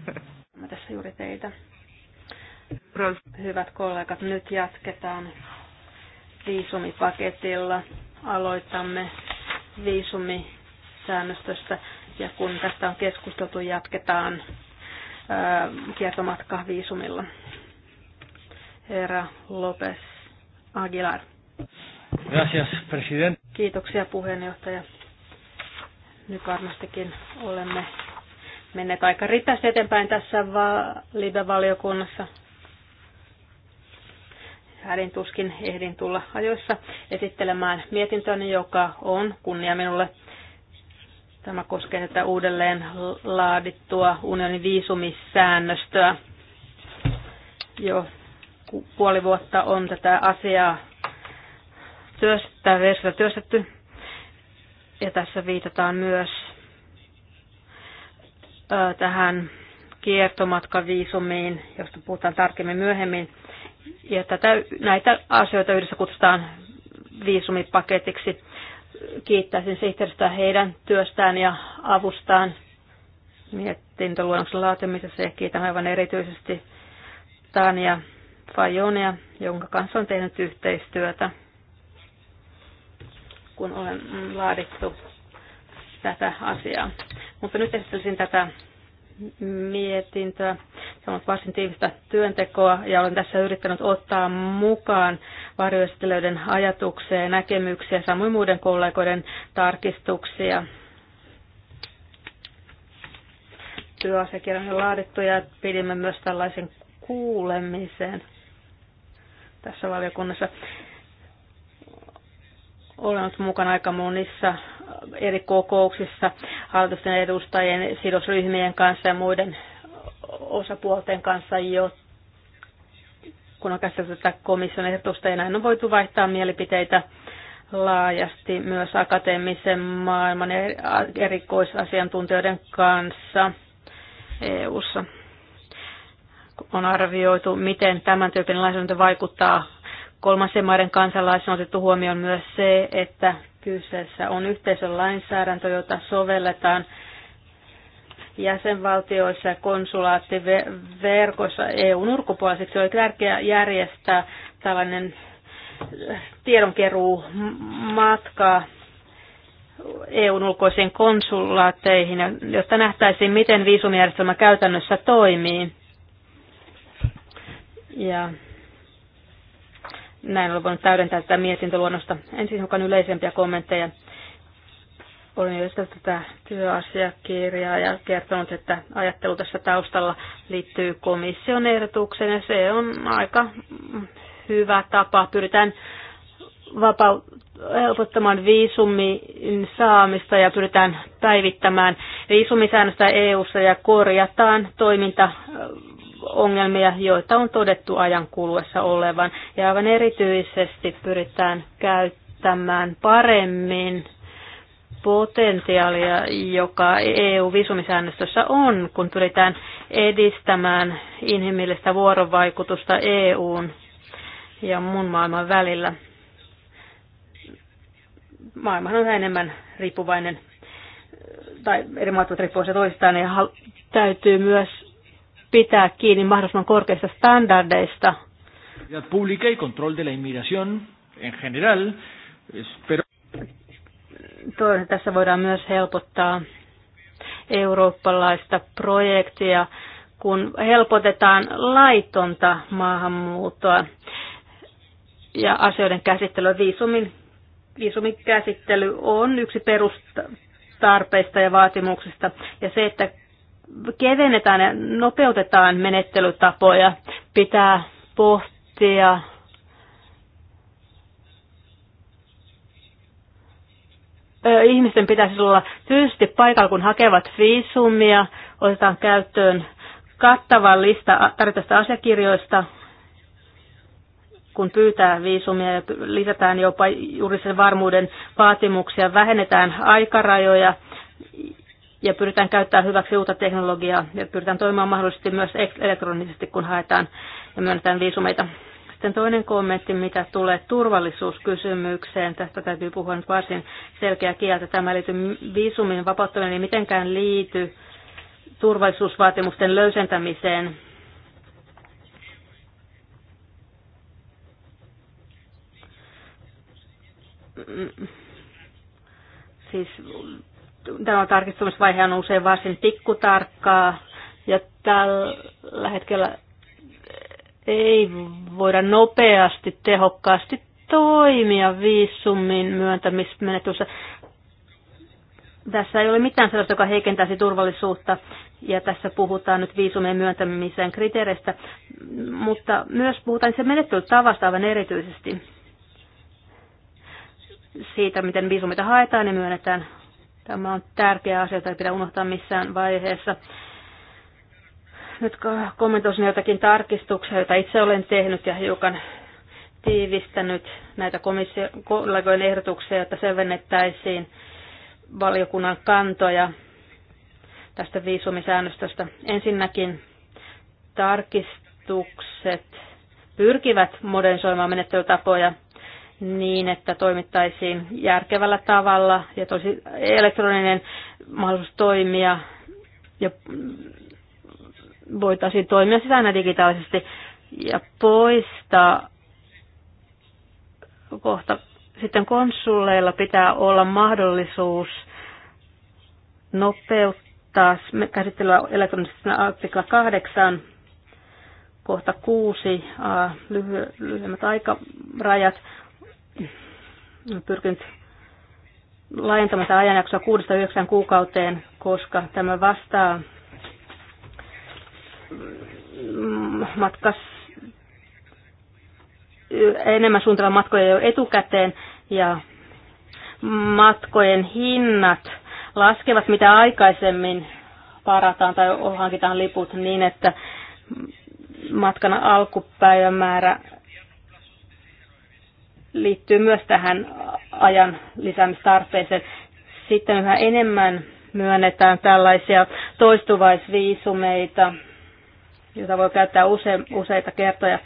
Mä tässä juuri teitä. Hyvät kollegat, nyt jatketaan viisumipaketilla. Aloitamme viisumisäännöstöstä ja kun tästä on keskusteltu, jatketaan kiertomatka viisumilla. Herra Lopes Aguilar. Gracias, president. Kiitoksia puheenjohtaja. Nyt varmastikin olemme menneet aika riittävästi eteenpäin tässä va- live-valiokunnassa. Hädin tuskin ehdin tulla ajoissa esittelemään mietintöni, joka on kunnia minulle. Tämä koskee tätä uudelleen laadittua unionin viisumissäännöstöä. Jo puoli vuotta on tätä asiaa työstä, työstetty. Ja tässä viitataan myös tähän kiertomatkaviisumiin, josta puhutaan tarkemmin myöhemmin. Ja tätä, näitä asioita yhdessä kutsutaan viisumipaketiksi. Kiittäisin sihteeristä heidän työstään ja avustaan mietintöluonnoksen laatimisessa ja kiitän aivan erityisesti Tania Fajonia, jonka kanssa on tehnyt yhteistyötä, kun olen laadittu tätä asiaa. Mutta nyt esittelisin tätä mietintöä. Se on varsin tiivistä työntekoa ja olen tässä yrittänyt ottaa mukaan varjoistelijoiden ajatuksia ja näkemyksiä, samoin muiden kollegoiden tarkistuksia. Työasiakirjan on laadittu ja pidimme myös tällaisen kuulemisen tässä valiokunnassa. Olen ollut mukana aika monissa eri kokouksissa hallitusten edustajien, sidosryhmien kanssa ja muiden osapuolten kanssa, jo kun on käsitelty tätä komission ehdotusta, ja näin on voitu vaihtaa mielipiteitä laajasti myös akateemisen maailman erikoisasiantuntijoiden kanssa EU-ssa. On arvioitu, miten tämän tyyppinen lainsäädäntö vaikuttaa kolmansien maiden kansalaisiin. On otettu huomioon myös se, että Kyseessä on yhteisön lainsäädäntö, jota sovelletaan jäsenvaltioissa ja konsulaattiverkossa eu ulkopuoliseksi. Oli tärkeää järjestää tällainen tiedonkeruu matkaa EUn ulkoisiin konsulaatteihin, jotta nähtäisiin, miten viisumijärjestelmä käytännössä toimii. Ja näin olen voinut täydentää tätä mietintöluonnosta. Ensin hukan yleisempiä kommentteja. Olen yleistellyt tätä työasiakirjaa ja kertonut, että ajattelu tässä taustalla liittyy komission ehdotukseen ja se on aika hyvä tapa. Pyritään helpottamaan viisumin saamista ja pyritään päivittämään viisumisäännöstä EU-ssa ja korjataan toiminta ongelmia, joita on todettu ajan kuluessa olevan. Ja aivan erityisesti pyritään käyttämään paremmin potentiaalia, joka EU-visumisäännöstössä on, kun pyritään edistämään inhimillistä vuorovaikutusta EUn ja mun maailman välillä. Maailma on enemmän riippuvainen, tai eri maat ovat riippuvaisia ja täytyy myös pitää kiinni mahdollisimman korkeista standardeista. Pública control de la inmigración en general. tässä voidaan myös helpottaa eurooppalaista projektia, kun helpotetaan laitonta maahanmuuttoa ja asioiden käsittelyä. Viisumin, viisumin käsittely on yksi perustarpeista ja vaatimuksista. Ja se, että kevennetään ja nopeutetaan menettelytapoja. Pitää pohtia ihmisten pitäisi olla fyysisesti paikalla, kun hakevat viisumia, otetaan käyttöön kattava lista tästä asiakirjoista, kun pyytää viisumia ja lisätään jopa juuri sen varmuuden vaatimuksia, vähennetään aikarajoja ja pyritään käyttämään hyväksi uutta teknologiaa ja pyritään toimimaan mahdollisesti myös elektronisesti, kun haetaan ja myönnetään viisumeita. Sitten toinen kommentti, mitä tulee turvallisuuskysymykseen, tästä täytyy puhua nyt varsin selkeä kieltä. Tämä liittyy viisumin vapauttaminen, ei mitenkään liity turvallisuusvaatimusten löysentämiseen. Mm. Siis tämä tarkistumisvaihe on usein varsin pikkutarkkaa ja tällä hetkellä ei voida nopeasti, tehokkaasti toimia viisumin myöntämismenetyssä. Tässä ei ole mitään sellaista, joka heikentäisi turvallisuutta, ja tässä puhutaan nyt viisumien myöntämisen kriteereistä, mutta myös puhutaan se menettelytavasta aivan erityisesti siitä, miten viisumita haetaan ja myönnetään. Tämä on tärkeä asia, jota ei pidä unohtaa missään vaiheessa. Nyt kommentoisin jotakin tarkistuksia, joita itse olen tehnyt ja hiukan tiivistänyt näitä kollegojen ehdotuksia, että selvennettäisiin valiokunnan kantoja tästä viisumisäännöstöstä. Ensinnäkin tarkistukset pyrkivät modernisoimaan menettelytapoja niin, että toimittaisiin järkevällä tavalla ja tosi elektroninen mahdollisuus toimia ja voitaisiin toimia sitä siis aina digitaalisesti ja poistaa kohta. Sitten konsulleilla pitää olla mahdollisuus nopeuttaa käsittelyä elektronisesti artikla 8 kohta 6 lyhy- lyhyemmät aikarajat pyrkinyt laajentamaan tämän ajanjaksoa 6-9 kuukauteen, koska tämä vastaa mm, matkas enemmän suunnitella matkoja jo etukäteen ja matkojen hinnat laskevat mitä aikaisemmin parataan tai hankitaan liput niin, että matkan alkupäivämäärä liittyy myös tähän ajan lisäämistarpeeseen. Sitten yhä enemmän myönnetään tällaisia toistuvaisviisumeita, joita voi käyttää use, useita kertoja.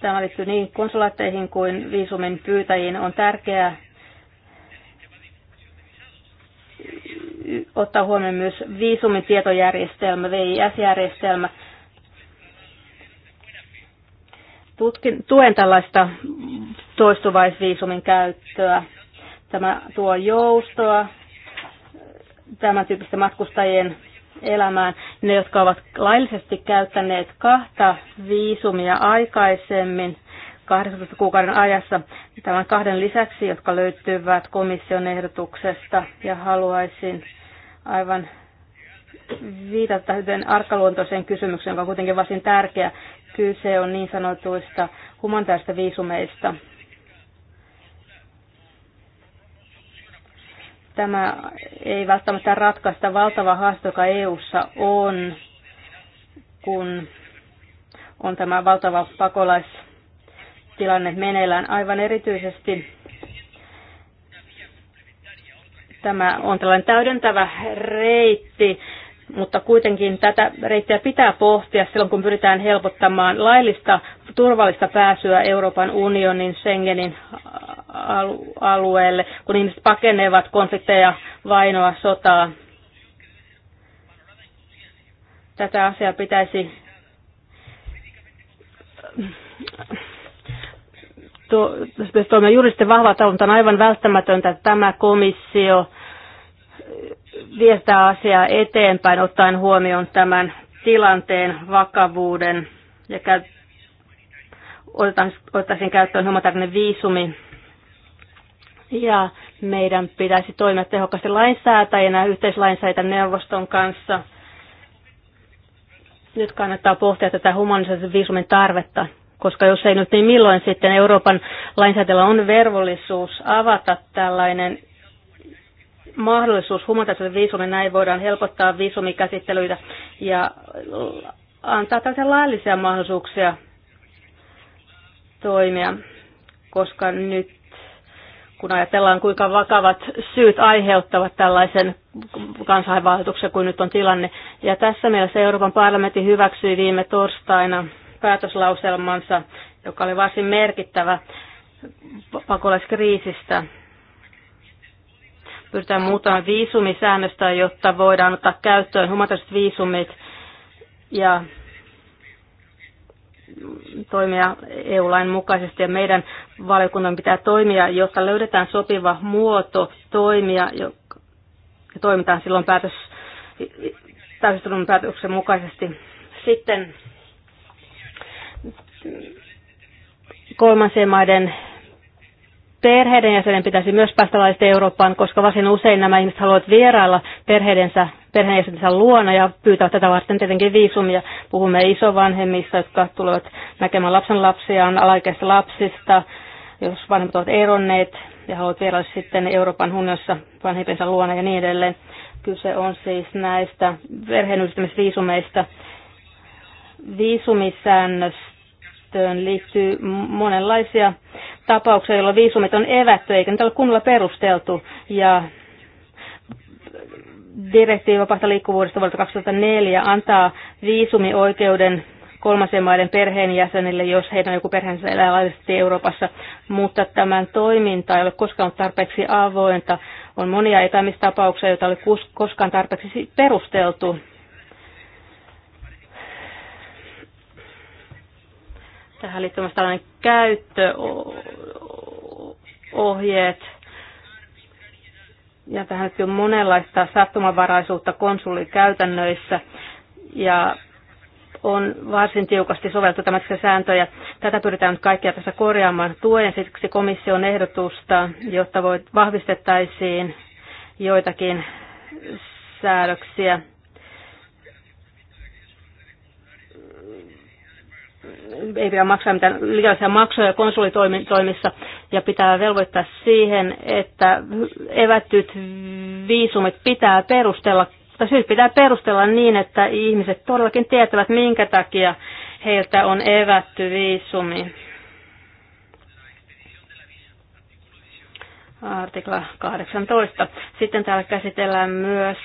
Tämä liittyy niin konsulaatteihin kuin viisumin pyytäjiin. On tärkeää ottaa huomioon myös viisumin tietojärjestelmä, VIS-järjestelmä, tutkin, tuen tällaista toistuvaisviisumin käyttöä. Tämä tuo joustoa tämän tyyppisten matkustajien elämään. Ne, jotka ovat laillisesti käyttäneet kahta viisumia aikaisemmin 18 kuukauden ajassa, tämän kahden lisäksi, jotka löytyvät komission ehdotuksesta, ja haluaisin aivan viitata yhden arkaluontoiseen kysymykseen, joka on kuitenkin varsin tärkeä. Kyse on niin sanotuista humanitaarista viisumeista. Tämä ei välttämättä ratkaista valtava haaste, joka EU:ssa on, kun on tämä valtava pakolaistilanne meneillään. Aivan erityisesti tämä on tällainen täydentävä reitti mutta kuitenkin tätä reittiä pitää pohtia silloin, kun pyritään helpottamaan laillista turvallista pääsyä Euroopan unionin Schengenin alueelle, kun ihmiset pakenevat konflikteja, vainoa, sotaa. Tätä asiaa pitäisi toimia juristen sitten vahva on aivan välttämätöntä, että tämä komissio viettää asiaa eteenpäin ottaen huomioon tämän tilanteen vakavuuden ja ottaisin käyttöön humanitaarinen viisumi. Ja meidän pitäisi toimia tehokkaasti lainsäätäjänä yhteislainsäätäjän neuvoston kanssa. Nyt kannattaa pohtia tätä humanitaarisen viisumin tarvetta, koska jos ei nyt, niin milloin sitten Euroopan lainsäätäjällä on velvollisuus avata tällainen mahdollisuus humanitaarisen viisumin, näin voidaan helpottaa viisumikäsittelyitä ja antaa tällaisia laillisia mahdollisuuksia toimia, koska nyt kun ajatellaan, kuinka vakavat syyt aiheuttavat tällaisen kansainvaelluksen kuin nyt on tilanne. Ja tässä mielessä Euroopan parlamentti hyväksyi viime torstaina päätöslauselmansa, joka oli varsin merkittävä pakolaiskriisistä pyritään muuttamaan viisumisäännöstä, jotta voidaan ottaa käyttöön humanitaariset viisumit ja toimia EU-lain mukaisesti ja meidän valiokunnan pitää toimia, jotta löydetään sopiva muoto toimia ja toimitaan silloin päätös, täysistunnon päätöksen mukaisesti. Sitten kolmansien maiden perheiden jäsenen pitäisi myös päästä laajasti Eurooppaan, koska varsin usein nämä ihmiset haluavat vierailla perheidensä, perheenjäsentensä luona ja pyytää tätä varten tietenkin viisumia. Puhumme isovanhemmista, jotka tulevat näkemään lapsen lapsiaan, alaikäisistä lapsista, jos vanhemmat ovat eronneet ja haluavat vierailla sitten Euroopan unionissa vanhempiensa luona ja niin edelleen. Kyse on siis näistä perheenyhdistämisviisumeista. Viisumisäännöstöön liittyy monenlaisia tapauksia, joilla viisumit on evätty, eikä niitä ole kunnolla perusteltu. Ja direktiivi vapaasta liikkuvuudesta vuodelta 2004 antaa viisumioikeuden kolmansien maiden perheenjäsenille, jos heidän joku perheensä elää laillisesti Euroopassa, mutta tämän toiminta ei ole koskaan ollut tarpeeksi avointa. On monia etämistapauksia, joita ei ole koskaan tarpeeksi perusteltu. Tähän liittyy myös tällainen käyttöohjeet. Ja tähän liittyy monenlaista sattumanvaraisuutta konsulikäytännöissä. Ja on varsin tiukasti soveltu tämmöisiä sääntöjä. Tätä pyritään nyt kaikkia tässä korjaamaan. Tuen siksi komission ehdotusta, jotta voit, vahvistettaisiin joitakin säädöksiä ei pidä maksaa mitään liiallisia maksuja konsulitoimissa ja pitää velvoittaa siihen, että evättyt viisumit pitää perustella, tai siis pitää perustella niin, että ihmiset todellakin tietävät, minkä takia heiltä on evätty viisumi. Artikla 18. Sitten täällä käsitellään myös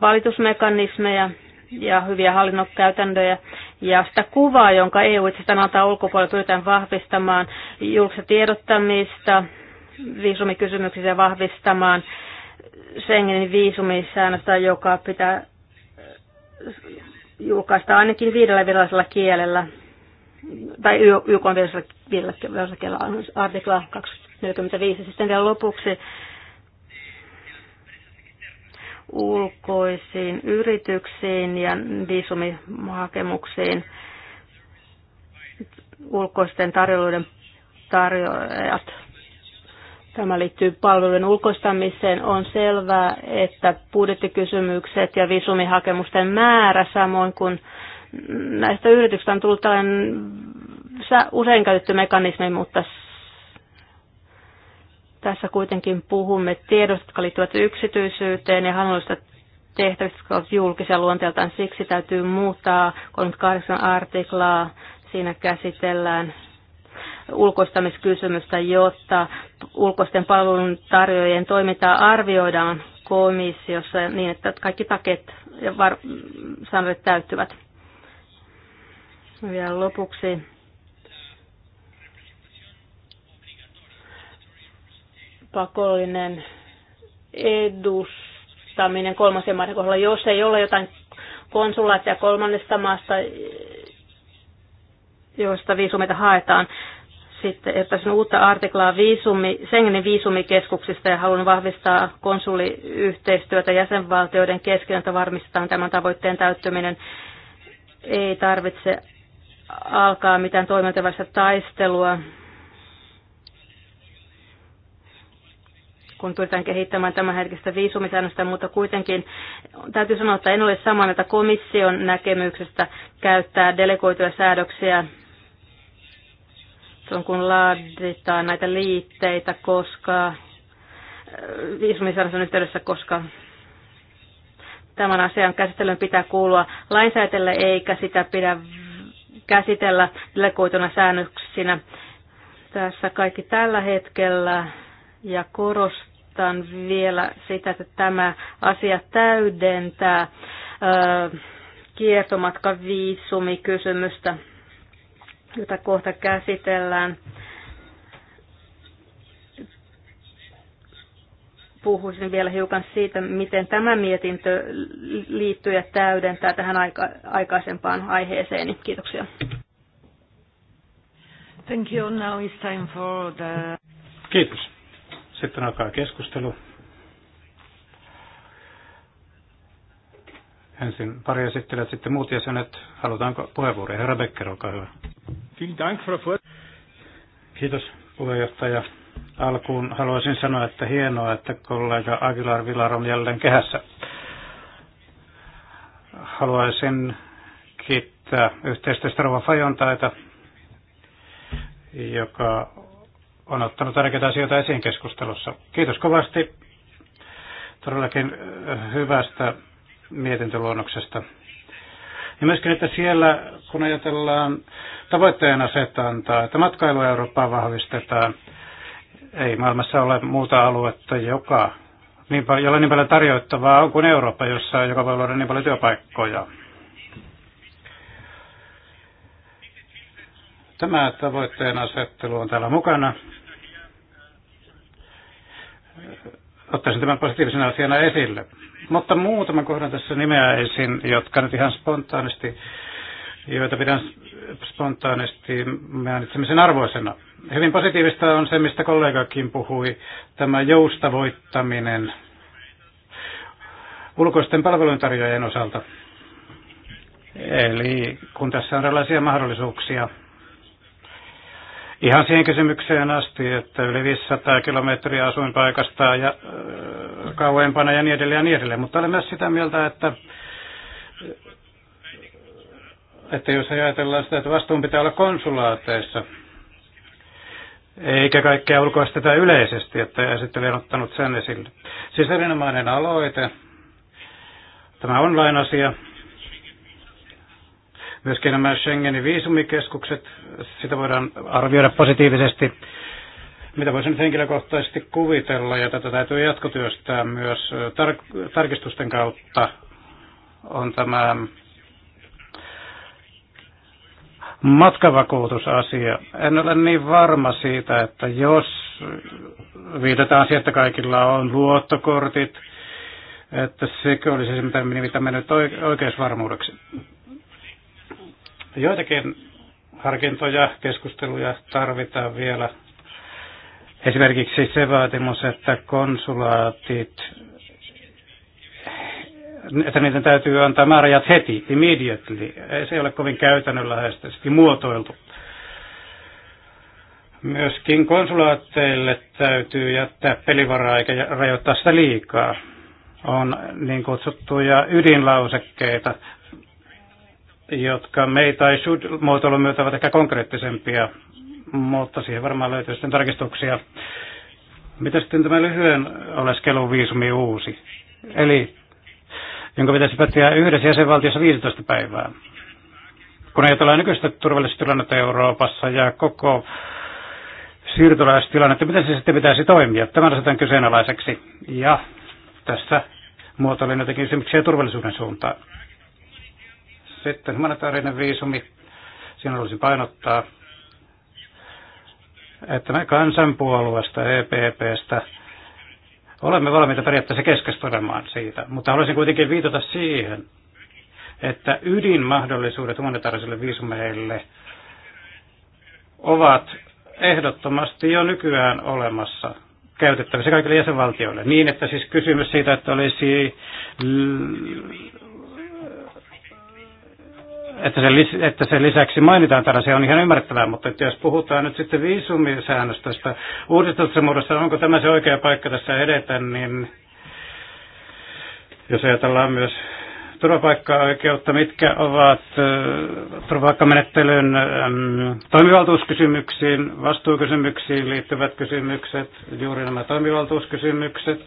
valitusmekanismeja ja hyviä hallinnokäytäntöjä. Ja sitä kuvaa, jonka EU itsestään antaa ulkopuolella, pyritään vahvistamaan julkista tiedottamista, viisumikysymyksiä vahvistamaan Schengenin viisumisäännöstä, joka pitää julkaista ainakin viidellä virallisella kielellä, tai YK on virallisella kielellä, artikla 245. Sitten vielä lopuksi ulkoisiin yrityksiin ja viisumihakemuksiin. Ulkoisten tarjouluiden tarjoajat. Tämä liittyy palvelujen ulkoistamiseen. On selvää, että budjettikysymykset ja visumihakemusten määrä, samoin kuin näistä yrityksistä on tullut tällainen usein käytetty mekanismi, mutta tässä kuitenkin puhumme tiedosta, jotka liittyvät yksityisyyteen ja hallinnollista tehtävistä, jotka ovat julkisia luonteeltaan. Siksi täytyy muuttaa 38 artiklaa. Siinä käsitellään ulkoistamiskysymystä, jotta ulkoisten palvelun tarjoajien toimintaa arvioidaan komissiossa niin, että kaikki paket ja var- täyttyvät. Vielä lopuksi pakollinen edustaminen kolmansien maiden kohdalla, jos ei ole jotain konsulaattia kolmannesta maasta, josta viisumeita haetaan. Sitten että on uutta artiklaa viisumi, Schengenin viisumikeskuksista ja haluan vahvistaa konsuliyhteistyötä jäsenvaltioiden kesken, että varmistetaan tämän tavoitteen täyttyminen. Ei tarvitse alkaa mitään toimintavaista taistelua kun pyritään kehittämään tämänhetkistä viisumisäännöstä, mutta kuitenkin täytyy sanoa, että en ole samaa mieltä komission näkemyksestä käyttää delegoituja säädöksiä silloin, kun laaditaan näitä liitteitä, koska viisumisäännöstön yhteydessä, koska tämän asian käsittelyyn pitää kuulua lainsäätelle eikä sitä pidä käsitellä delegoituna säännöksinä. Tässä kaikki tällä hetkellä ja korostaa korostan vielä sitä, että tämä asia täydentää kiertomatkaviisumikysymystä, jota kohta käsitellään. Puhuisin vielä hiukan siitä, miten tämä mietintö liittyy ja täydentää tähän aika, aikaisempaan aiheeseen. Kiitoksia. Thank you. Now it's time for the... Kiitos. Sitten alkaa keskustelu. Ensin pari esittelijät, sitten muut jäsenet. Halutaanko puheenvuoroja? Herra Becker, olkaa hyvä. Kiitos puheenjohtaja. Alkuun haluaisin sanoa, että hienoa, että kollega Aguilar Villar on jälleen kehässä. Haluaisin kiittää yhteistyöstä Rova Fajontaita, joka on ottanut tärkeitä asioita esiin keskustelussa. Kiitos kovasti todellakin äh, hyvästä mietintöluonnoksesta. Ja myöskin, että siellä, kun ajatellaan tavoitteena se, että matkailu Eurooppaa vahvistetaan, ei maailmassa ole muuta aluetta, joka niin jolla niin paljon tarjoittavaa on kuin Eurooppa, jossa, joka voi luoda niin paljon työpaikkoja. Tämä tavoitteen asettelu on täällä mukana. Ottaisin tämän positiivisena asiana esille. Mutta muutaman kohdan tässä esiin, jotka nyt ihan spontaanisti, joita pidän spontaanisti mainitsemisen arvoisena. Hyvin positiivista on se, mistä kollegakin puhui, tämä joustavoittaminen ulkoisten palveluntarjoajien osalta. Eli kun tässä on erilaisia mahdollisuuksia Ihan siihen kysymykseen asti, että yli 500 kilometriä asuinpaikasta ja äh, kauempana ja niin edelleen ja niin edelleen. Mutta olen myös sitä mieltä, että, että jos ajatellaan sitä, että vastuun pitää olla konsulaateissa, eikä kaikkea ulkoisteta yleisesti, että esittelijä on ottanut sen esille. Siis erinomainen aloite, tämä online-asia, Myöskin nämä Schengenin viisumikeskukset, sitä voidaan arvioida positiivisesti, mitä voisin nyt henkilökohtaisesti kuvitella, ja tätä täytyy jatkotyöstää myös tar- tarkistusten kautta, on tämä matkavakuutusasia. En ole niin varma siitä, että jos viitataan siihen, että kaikilla on luottokortit, että se olisi se, mitä me nyt oikeusvarmuudeksi. Joitakin harkintoja, keskusteluja tarvitaan vielä. Esimerkiksi se vaatimus, että konsulaatit, että niiden täytyy antaa määräajat heti, immediately. Ei se ole kovin käytännönläheisesti muotoiltu. Myöskin konsulaatteille täytyy jättää pelivaraa eikä rajoittaa sitä liikaa. On niin kutsuttuja ydinlausekkeita jotka meitä tai should muotoilun myötä ovat ehkä konkreettisempia, mutta siihen varmaan löytyy sitten tarkistuksia. Mitä sitten tämä lyhyen viisumi uusi? Eli jonka pitäisi päättää yhdessä jäsenvaltiossa 15 päivää. Kun ajatellaan nykyistä turvallisuustilannetta Euroopassa ja koko siirtolaistilannetta, miten se sitten pitäisi toimia? Tämä asetan kyseenalaiseksi. Ja tässä muotoilin jotenkin kysymyksiä turvallisuuden suuntaan. Sitten humanitaarinen viisumi. Siinä haluaisin painottaa, että me kansanpuolueesta, EPPstä, olemme valmiita periaatteessa keskustelemaan siitä, mutta haluaisin kuitenkin viitata siihen, että ydinmahdollisuudet humanitaarisille viisumeille ovat ehdottomasti jo nykyään olemassa käytettävissä kaikille jäsenvaltioille. Niin, että siis kysymys siitä, että olisi että sen, että sen lisäksi mainitaan tällaisia, on ihan ymmärrettävää, mutta että jos puhutaan nyt sitten viisumisäännöstä uudistuksen muodossa, onko tämä se oikea paikka tässä edetä, niin jos ajatellaan myös oikeutta, mitkä ovat turvapaikkamenettelyn toimivaltuuskysymyksiin, vastuukysymyksiin liittyvät kysymykset, juuri nämä toimivaltuuskysymykset,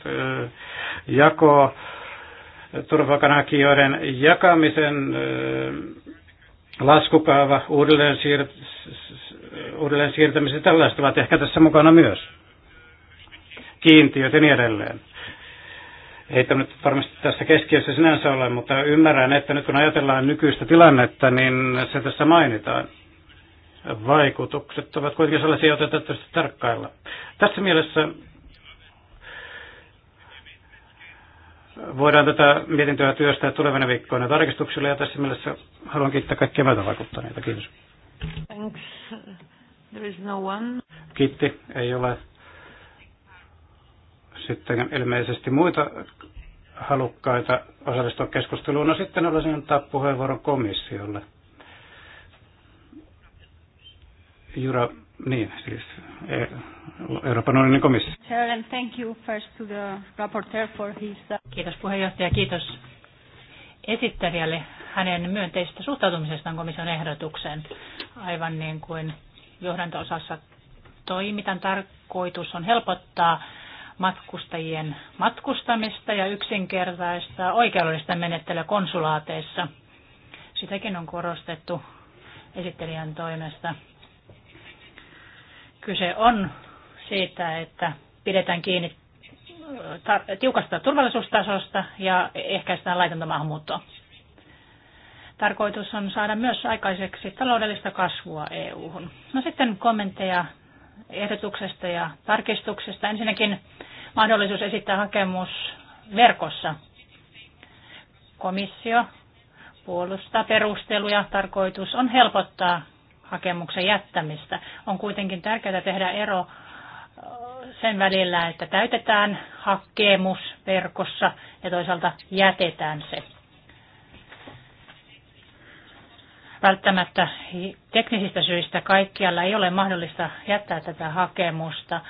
jako turvapaikanhakijoiden jakamisen laskukaava, uudelleen, siir- uudelleen siirtämiset tällaista ovat ehkä tässä mukana myös. Kiintiöt ja niin edelleen. Ei tämä nyt varmasti tässä keskiössä sinänsä ole, mutta ymmärrän, että nyt kun ajatellaan nykyistä tilannetta, niin se tässä mainitaan. Vaikutukset ovat kuitenkin sellaisia, joita täytyy tarkkailla. Tässä mielessä voidaan tätä mietintöä työstää tulevina viikkoina tarkistuksilla ja tässä mielessä haluan kiittää kaikkia meitä vaikuttaneita. Kiitos. Thanks. There is no one. Kiitti. Ei ole sitten ilmeisesti muita halukkaita osallistua keskusteluun. No sitten olisin antaa puheenvuoron komissiolle. Jura niin, siis e, Euroopan unionin komissio. thank you first to the rapporteur for his... Uh, kiitos puheenjohtaja, kiitos esittelijälle hänen myönteistä suhtautumisestaan komission ehdotukseen. Aivan niin kuin johdanto-osassa toimitan, tarkoitus on helpottaa matkustajien matkustamista ja yksinkertaista oikeudellista menettelyä konsulaateissa. Sitäkin on korostettu esittelijän toimesta Kyse on siitä, että pidetään kiinni tiukasta turvallisuustasosta ja ehkäistään laitonta maahanmuuttoa. Tarkoitus on saada myös aikaiseksi taloudellista kasvua EU-hun. No sitten kommentteja ehdotuksesta ja tarkistuksesta. Ensinnäkin mahdollisuus esittää hakemus verkossa. Komissio puolustaa perusteluja. Tarkoitus on helpottaa hakemuksen jättämistä. On kuitenkin tärkeää tehdä ero sen välillä, että täytetään hakemus verkossa ja toisaalta jätetään se. Välttämättä teknisistä syistä kaikkialla ei ole mahdollista jättää tätä hakemusta,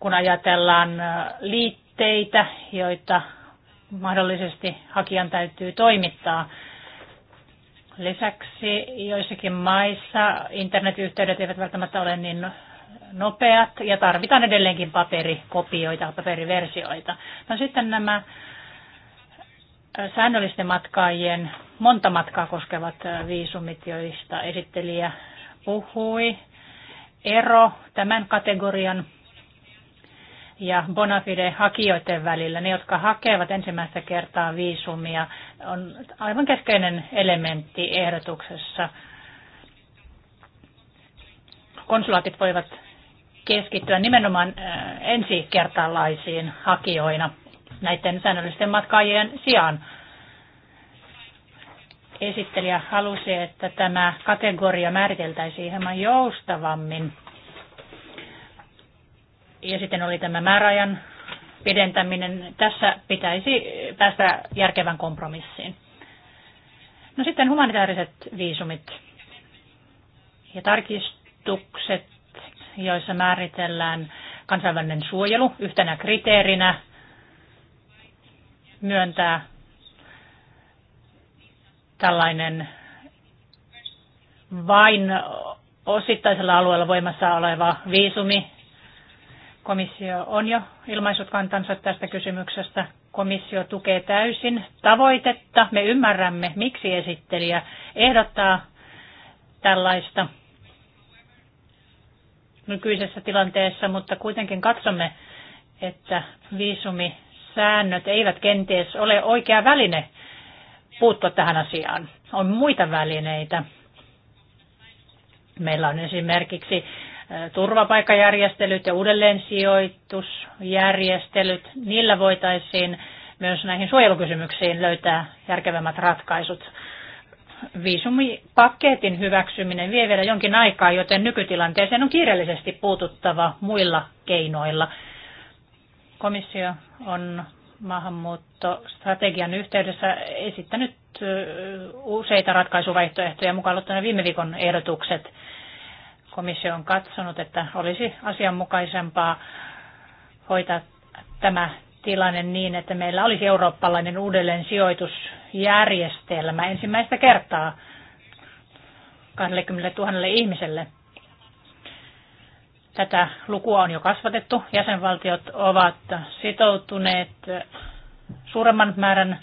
kun ajatellaan liitteitä, joita mahdollisesti hakijan täytyy toimittaa Lisäksi joissakin maissa internetyhteydet eivät välttämättä ole niin nopeat ja tarvitaan edelleenkin paperikopioita, paperiversioita. No sitten nämä äh, säännöllisten matkaajien monta matkaa koskevat äh, viisumit, joista esittelijä puhui. Ero tämän kategorian ja Bonafide-hakijoiden välillä. Ne, jotka hakevat ensimmäistä kertaa viisumia, on aivan keskeinen elementti ehdotuksessa. Konsulaatit voivat keskittyä nimenomaan äh, ensikertalaisiin hakijoina näiden säännöllisten matkaajien sijaan. Esittelijä halusi, että tämä kategoria määriteltäisiin hieman joustavammin ja sitten oli tämä määräajan pidentäminen. Tässä pitäisi päästä järkevän kompromissiin. No sitten humanitaariset viisumit ja tarkistukset, joissa määritellään kansainvälinen suojelu yhtenä kriteerinä myöntää tällainen vain osittaisella alueella voimassa oleva viisumi Komissio on jo ilmaissut kantansa tästä kysymyksestä. Komissio tukee täysin tavoitetta. Me ymmärrämme, miksi esittelijä ehdottaa tällaista nykyisessä tilanteessa, mutta kuitenkin katsomme, että viisumisäännöt eivät kenties ole oikea väline puuttua tähän asiaan. On muita välineitä. Meillä on esimerkiksi turvapaikkajärjestelyt ja uudelleensijoitusjärjestelyt, niillä voitaisiin myös näihin suojelukysymyksiin löytää järkevämmät ratkaisut. Viisumipaketin hyväksyminen vie vielä jonkin aikaa, joten nykytilanteeseen on kiireellisesti puututtava muilla keinoilla. Komissio on maahanmuuttostrategian yhteydessä esittänyt useita ratkaisuvaihtoehtoja, mukaan ottaen viime viikon ehdotukset. Komissio on katsonut, että olisi asianmukaisempaa hoitaa tämä tilanne niin, että meillä olisi eurooppalainen uudelleen sijoitusjärjestelmä ensimmäistä kertaa 20 000 ihmiselle. Tätä lukua on jo kasvatettu. Jäsenvaltiot ovat sitoutuneet suuremman määrän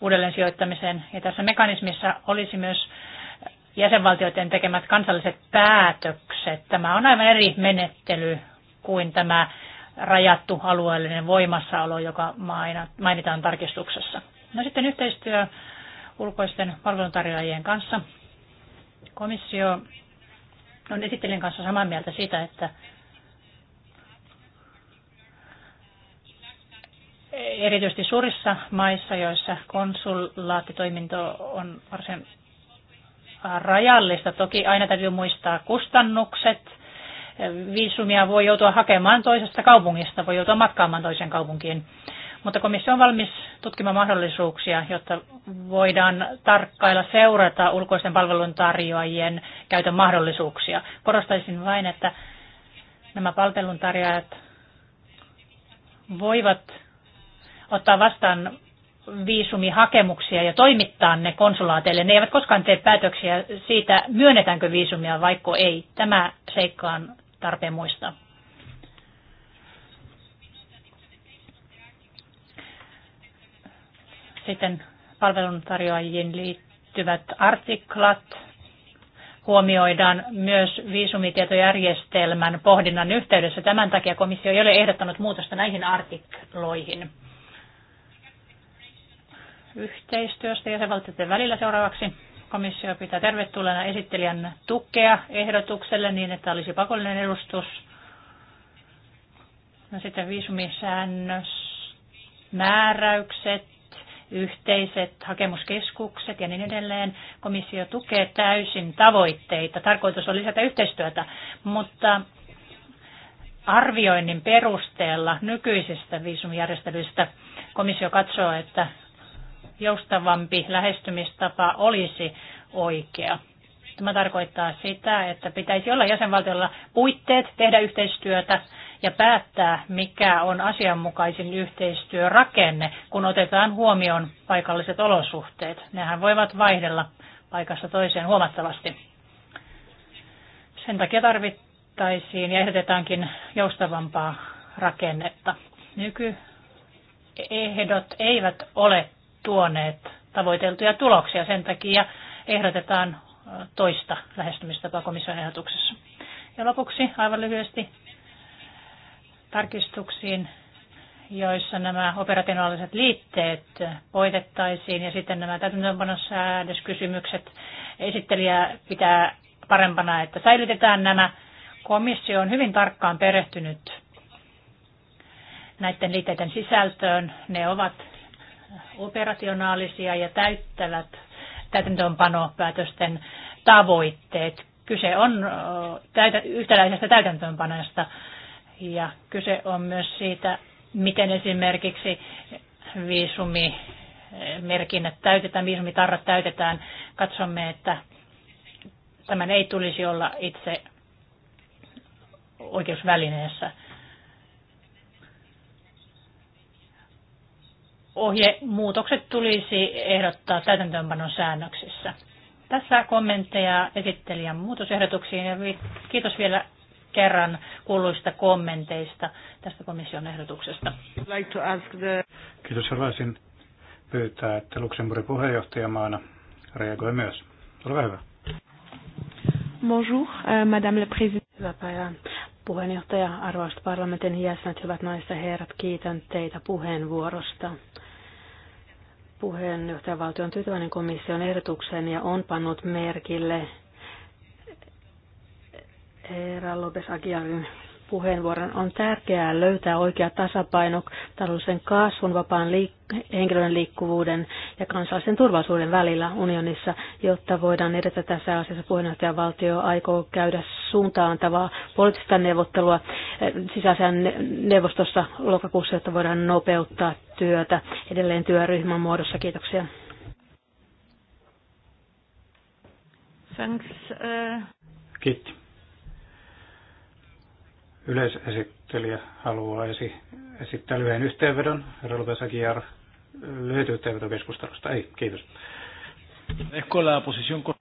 uudelleen sijoittamiseen. Ja tässä mekanismissa olisi myös jäsenvaltioiden tekemät kansalliset päätökset. Tämä on aivan eri menettely kuin tämä rajattu alueellinen voimassaolo, joka mainitaan tarkistuksessa. No sitten yhteistyö ulkoisten palveluntarjoajien kanssa. Komissio on esittelijän kanssa samaa mieltä siitä, että erityisesti suurissa maissa, joissa konsulaattitoiminto on varsin rajallista. Toki aina täytyy muistaa kustannukset. Viisumia voi joutua hakemaan toisesta kaupungista, voi joutua matkaamaan toiseen kaupunkiin. Mutta komissio on valmis tutkimaan mahdollisuuksia, jotta voidaan tarkkailla seurata ulkoisten palvelun tarjoajien käytön mahdollisuuksia. Korostaisin vain, että nämä palveluntarjoajat voivat ottaa vastaan viisumihakemuksia ja toimittaa ne konsulaateille. Ne eivät koskaan tee päätöksiä siitä, myönnetäänkö viisumia vaikka ei. Tämä seikka on tarpeen muistaa. Sitten palveluntarjoajien liittyvät artiklat huomioidaan myös viisumitietojärjestelmän pohdinnan yhteydessä. Tämän takia komissio ei ole ehdottanut muutosta näihin artikloihin yhteistyöstä jäsenvaltioiden välillä seuraavaksi. Komissio pitää tervetulleena esittelijän tukea ehdotukselle niin, että olisi pakollinen edustus. No sitten viisumisäännös, määräykset, yhteiset hakemuskeskukset ja niin edelleen. Komissio tukee täysin tavoitteita. Tarkoitus on lisätä yhteistyötä, mutta arvioinnin perusteella nykyisistä viisumijärjestelyistä komissio katsoo, että joustavampi lähestymistapa olisi oikea. Tämä tarkoittaa sitä, että pitäisi olla jäsenvaltiolla puitteet tehdä yhteistyötä ja päättää, mikä on asianmukaisin yhteistyörakenne, kun otetaan huomioon paikalliset olosuhteet. Nehän voivat vaihdella paikasta toiseen huomattavasti. Sen takia tarvittaisiin ja ehdotetaankin joustavampaa rakennetta. Nykyehdot eivät ole tuoneet tavoiteltuja tuloksia. Sen takia ehdotetaan toista lähestymistapaa komission ehdotuksessa. Ja lopuksi aivan lyhyesti tarkistuksiin, joissa nämä operationaaliset liitteet poitettaisiin ja sitten nämä täytäntöönpanosäädöskysymykset. Esittelijä pitää parempana, että säilytetään nämä. Komissio on hyvin tarkkaan perehtynyt näiden liitteiden sisältöön. Ne ovat operationaalisia ja täyttävät täytäntöönpanopäätösten tavoitteet. Kyse on täytä, yhtäläisestä täytäntöönpanosta ja kyse on myös siitä, miten esimerkiksi viisumi merkinnät täytetään, viisumitarrat täytetään. Katsomme, että tämän ei tulisi olla itse oikeusvälineessä. ohjemuutokset tulisi ehdottaa täytäntöönpanon säännöksissä. Tässä kommentteja esittelijän muutosehdotuksiin ja kiitos vielä kerran kuuluista kommenteista tästä komission ehdotuksesta. Like to ask the... Kiitos. Haluaisin pyytää, että Luxemburgin puheenjohtajamaana reagoi myös. Ole hyvä. Bonjour, euh, Madame le Président. Hyvää päivää. Puheenjohtaja, arvoisat parlamentin jäsenet, hyvät naiset ja herrat, kiitän teitä puheenvuorosta puheenjohtaja on tyytyväinen komission ehdotuksen ja on pannut merkille Herra Lopes Aguiarin puheenvuoron. On tärkeää löytää oikea tasapaino taloudellisen kasvun, vapaan liik- henkilön liikkuvuuden ja kansallisen turvallisuuden välillä unionissa, jotta voidaan edetä tässä asiassa. Puheenjohtajavaltio aikoo käydä suuntaantavaa poliittista neuvottelua eh, sisäisen neuvostossa lokakuussa, jotta voidaan nopeuttaa työtä edelleen työryhmän muodossa. Kiitoksia. Thanks. Uh... Kiitos. Yleisesittelijä esi- esittää lyhyen yhteenvedon. Rolvesakiar löytyy yhteenvetokeskustelusta. Ei, kiitos.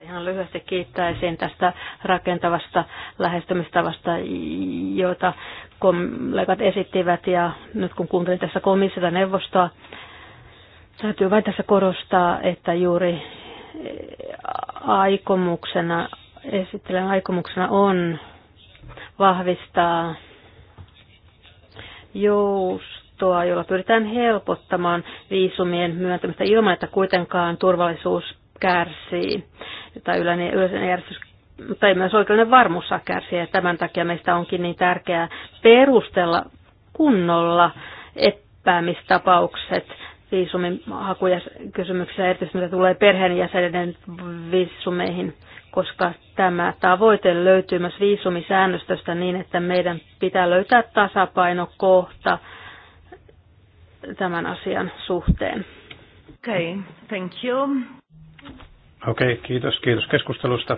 Ihan lyhyesti kiittäisin tästä rakentavasta lähestymistavasta, jota kollegat esittivät ja nyt kun kuuntelin tässä komissiota neuvostoa, täytyy vain tässä korostaa, että juuri eh, aikomuksena, esittelen aikomuksena on vahvistaa joustoa, jolla pyritään helpottamaan viisumien myöntämistä ilman, että kuitenkaan turvallisuus kärsii tai yleinen järjestys tai myös oikeudellinen varmuus saa kärsiä. Ja tämän takia meistä onkin niin tärkeää perustella kunnolla epäämistapaukset viisumin hakuja kysymyksiä, erityisesti mitä tulee perheenjäsenen viisumeihin koska tämä tavoite löytyy myös viisumisäännöstöstä niin, että meidän pitää löytää tasapainokohta tämän asian suhteen. Okei, okay, thank you. Okei, okay, kiitos, kiitos keskustelusta.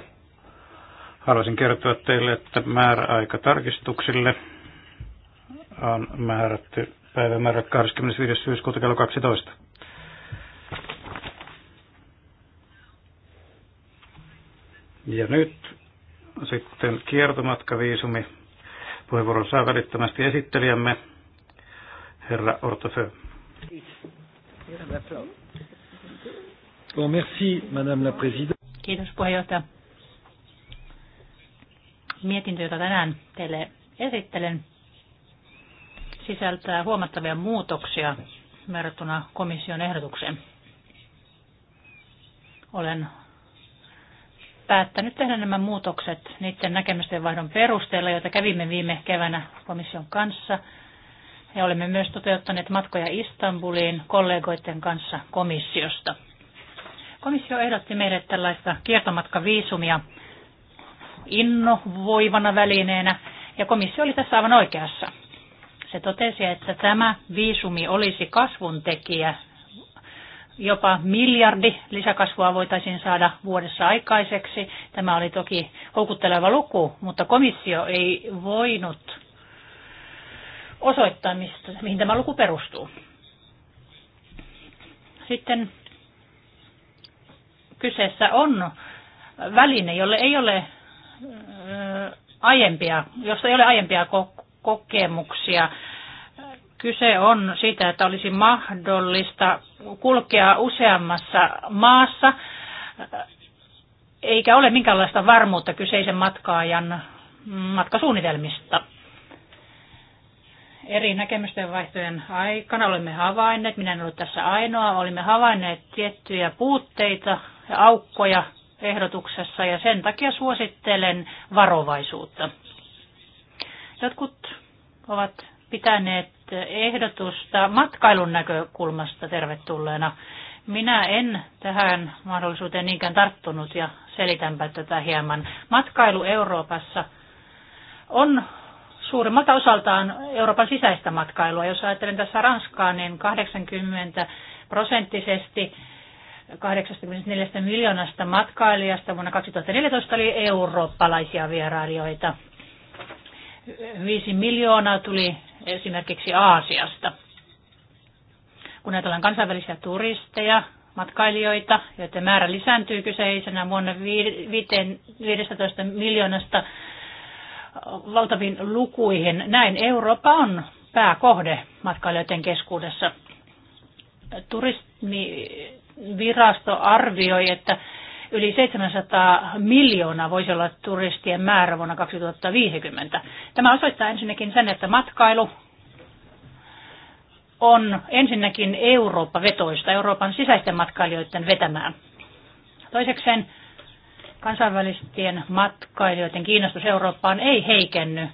Haluaisin kertoa teille, että määräaika tarkistuksille on määrätty päivämäärä 25. syyskuuta kello 12. Ja nyt sitten kiertomatkaviisumi. Puheenvuoron saa välittömästi esittelijämme, herra Ortofö. Bon, merci, madame la présidente. Kiitos puheenjohtaja. Mietintö, jota tänään teille esittelen, sisältää huomattavia muutoksia verrattuna komission ehdotukseen. Olen päättänyt tehdä nämä muutokset niiden näkemysten vaihdon perusteella, joita kävimme viime keväänä komission kanssa. Ja olemme myös toteuttaneet matkoja Istanbuliin kollegoiden kanssa komissiosta. Komissio ehdotti meille tällaista kiertomatkaviisumia innovoivana välineenä, ja komissio oli tässä aivan oikeassa. Se totesi, että tämä viisumi olisi kasvun tekijä jopa miljardi lisäkasvua voitaisiin saada vuodessa aikaiseksi. Tämä oli toki houkutteleva luku, mutta komissio ei voinut osoittaa, mistä, mihin tämä luku perustuu. Sitten kyseessä on väline, jolle ei ole aiempia, josta ei ole aiempia kokemuksia. Kyse on siitä, että olisi mahdollista kulkea useammassa maassa, eikä ole minkäänlaista varmuutta kyseisen matkaajan matkasuunnitelmista. Eri näkemysten vaihtojen aikana olemme havainneet, minä en ollut tässä ainoa, olimme havainneet tiettyjä puutteita ja aukkoja ehdotuksessa ja sen takia suosittelen varovaisuutta. Jotkut ovat pitäneet ehdotusta matkailun näkökulmasta tervetulleena. Minä en tähän mahdollisuuteen niinkään tarttunut ja selitänpä tätä hieman. Matkailu Euroopassa on suurimmalta osaltaan Euroopan sisäistä matkailua. Jos ajattelen tässä Ranskaa, niin 80 prosenttisesti 84 miljoonasta matkailijasta vuonna 2014 oli eurooppalaisia vierailijoita. 5 miljoonaa tuli esimerkiksi Aasiasta. Kun ajatellaan kansainvälisiä turisteja, matkailijoita, joiden määrä lisääntyy kyseisenä vuonna 15 miljoonasta äh, valtaviin lukuihin. Näin Eurooppa on pääkohde matkailijoiden keskuudessa. Turismivirasto arvioi, että Yli 700 miljoonaa voisi olla turistien määrä vuonna 2050. Tämä osoittaa ensinnäkin sen, että matkailu on ensinnäkin Eurooppa-vetoista, Euroopan sisäisten matkailijoiden vetämään. Toisekseen kansainvälisten matkailijoiden kiinnostus Eurooppaan ei heikenny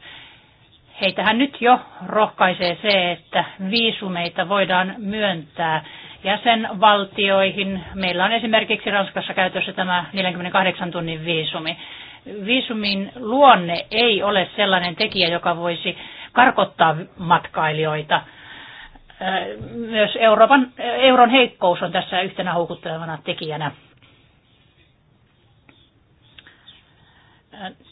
heitähän nyt jo rohkaisee se, että viisumeita voidaan myöntää jäsenvaltioihin. Meillä on esimerkiksi Ranskassa käytössä tämä 48 tunnin viisumi. Viisumin luonne ei ole sellainen tekijä, joka voisi karkottaa matkailijoita. Myös Euroopan, euron heikkous on tässä yhtenä houkuttelevana tekijänä.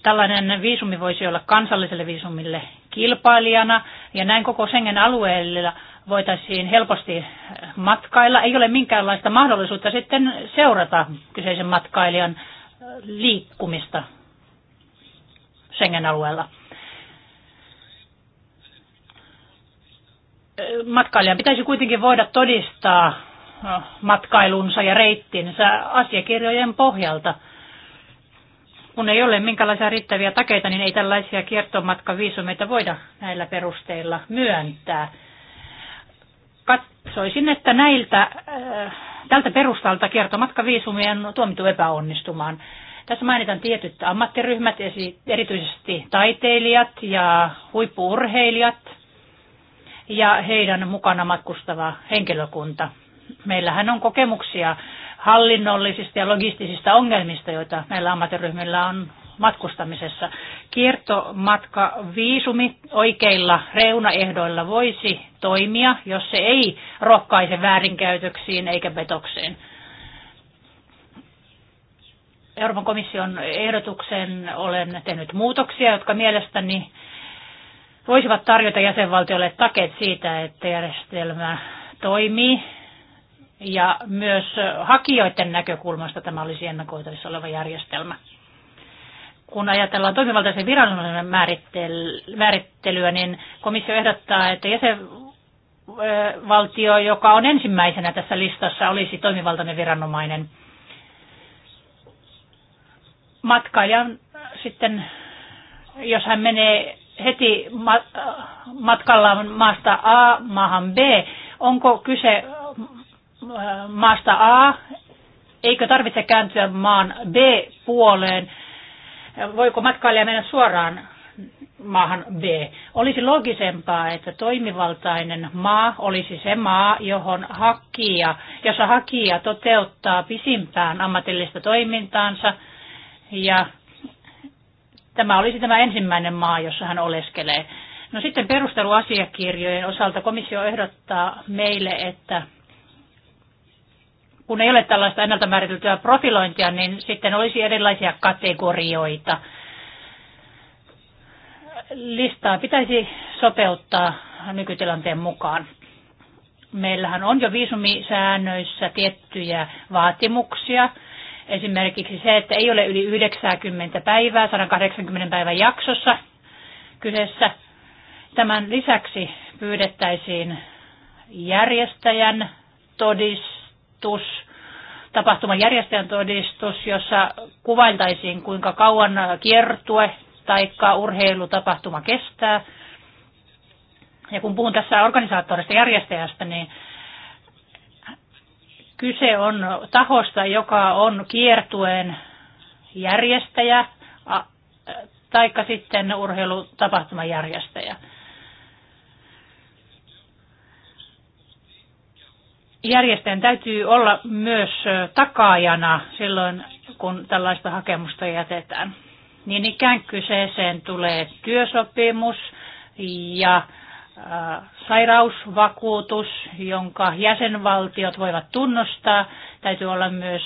Tällainen viisumi voisi olla kansalliselle viisumille kilpailijana ja näin koko Schengen-alueella voitaisiin helposti matkailla. Ei ole minkäänlaista mahdollisuutta sitten seurata kyseisen matkailijan liikkumista Schengen-alueella. Matkailijan pitäisi kuitenkin voida todistaa matkailunsa ja reittinsä asiakirjojen pohjalta – kun ei ole minkälaisia riittäviä takeita, niin ei tällaisia kiertomatkaviisumeita voida näillä perusteilla myöntää. Katsoisin, että näiltä, äh, tältä perustalta kiertomatkaviisumia on tuomittu epäonnistumaan. Tässä mainitaan tietyt ammattiryhmät, erityisesti taiteilijat ja huippuurheilijat ja heidän mukana matkustava henkilökunta. Meillähän on kokemuksia hallinnollisista ja logistisista ongelmista, joita näillä ammattiryhmillä on matkustamisessa. Kiertomatka viisumi oikeilla reunaehdoilla voisi toimia, jos se ei rohkaise väärinkäytöksiin eikä petokseen. Euroopan komission ehdotuksen olen tehnyt muutoksia, jotka mielestäni voisivat tarjota jäsenvaltiolle takeet siitä, että järjestelmä toimii ja myös hakijoiden näkökulmasta tämä olisi ennakoitavissa oleva järjestelmä. Kun ajatellaan toimivaltaisen viranomaisen määrittelyä, niin komissio ehdottaa, että jäsenvaltio, joka on ensimmäisenä tässä listassa, olisi toimivaltainen viranomainen. Matkailijan sitten, jos hän menee heti matkallaan maasta A maahan B, onko kyse maasta A, eikö tarvitse kääntyä maan B-puoleen? Voiko matkailija mennä suoraan maahan B. Olisi logisempaa, että toimivaltainen maa olisi se maa, johon hakija, jossa hakija toteuttaa pisimpään ammatillista toimintaansa ja tämä olisi tämä ensimmäinen maa, jossa hän oleskelee. No sitten perusteluasiakirjojen osalta komissio ehdottaa meille, että kun ei ole tällaista ennalta määriteltyä profilointia, niin sitten olisi erilaisia kategorioita. Listaa pitäisi sopeuttaa nykytilanteen mukaan. Meillähän on jo viisumisäännöissä tiettyjä vaatimuksia. Esimerkiksi se, että ei ole yli 90 päivää 180 päivän jaksossa kyseessä. Tämän lisäksi pyydettäisiin järjestäjän todis todistus, tapahtuman järjestäjän todistus, jossa kuvailtaisiin kuinka kauan kiertue tai urheilutapahtuma kestää. Ja kun puhun tässä organisaattorista järjestäjästä, niin kyse on tahosta, joka on kiertueen järjestäjä tai sitten urheilutapahtuman järjestäjä. järjestäjän täytyy olla myös takaajana silloin, kun tällaista hakemusta jätetään. Niin ikään kyseeseen tulee työsopimus ja sairausvakuutus, jonka jäsenvaltiot voivat tunnustaa. Täytyy olla myös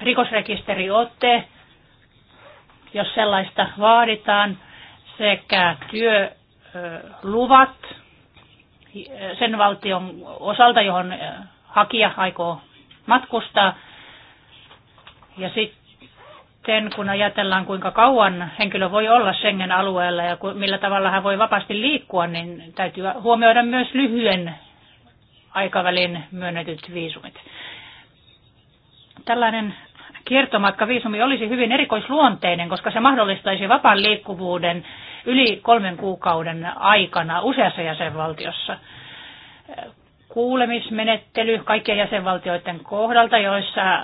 rikosrekisteriote, jos sellaista vaaditaan, sekä työluvat, sen valtion osalta, johon äh, hakija aikoo matkustaa. Ja sitten kun ajatellaan, kuinka kauan henkilö voi olla Schengen-alueella ja millä tavalla hän voi vapaasti liikkua, niin täytyy huomioida myös lyhyen aikavälin myönnetyt viisumit. Tällainen kiertomatkaviisumi olisi hyvin erikoisluonteinen, koska se mahdollistaisi vapaan liikkuvuuden yli kolmen kuukauden aikana useassa jäsenvaltiossa. Kuulemismenettely kaikkien jäsenvaltioiden kohdalta, joissa äh,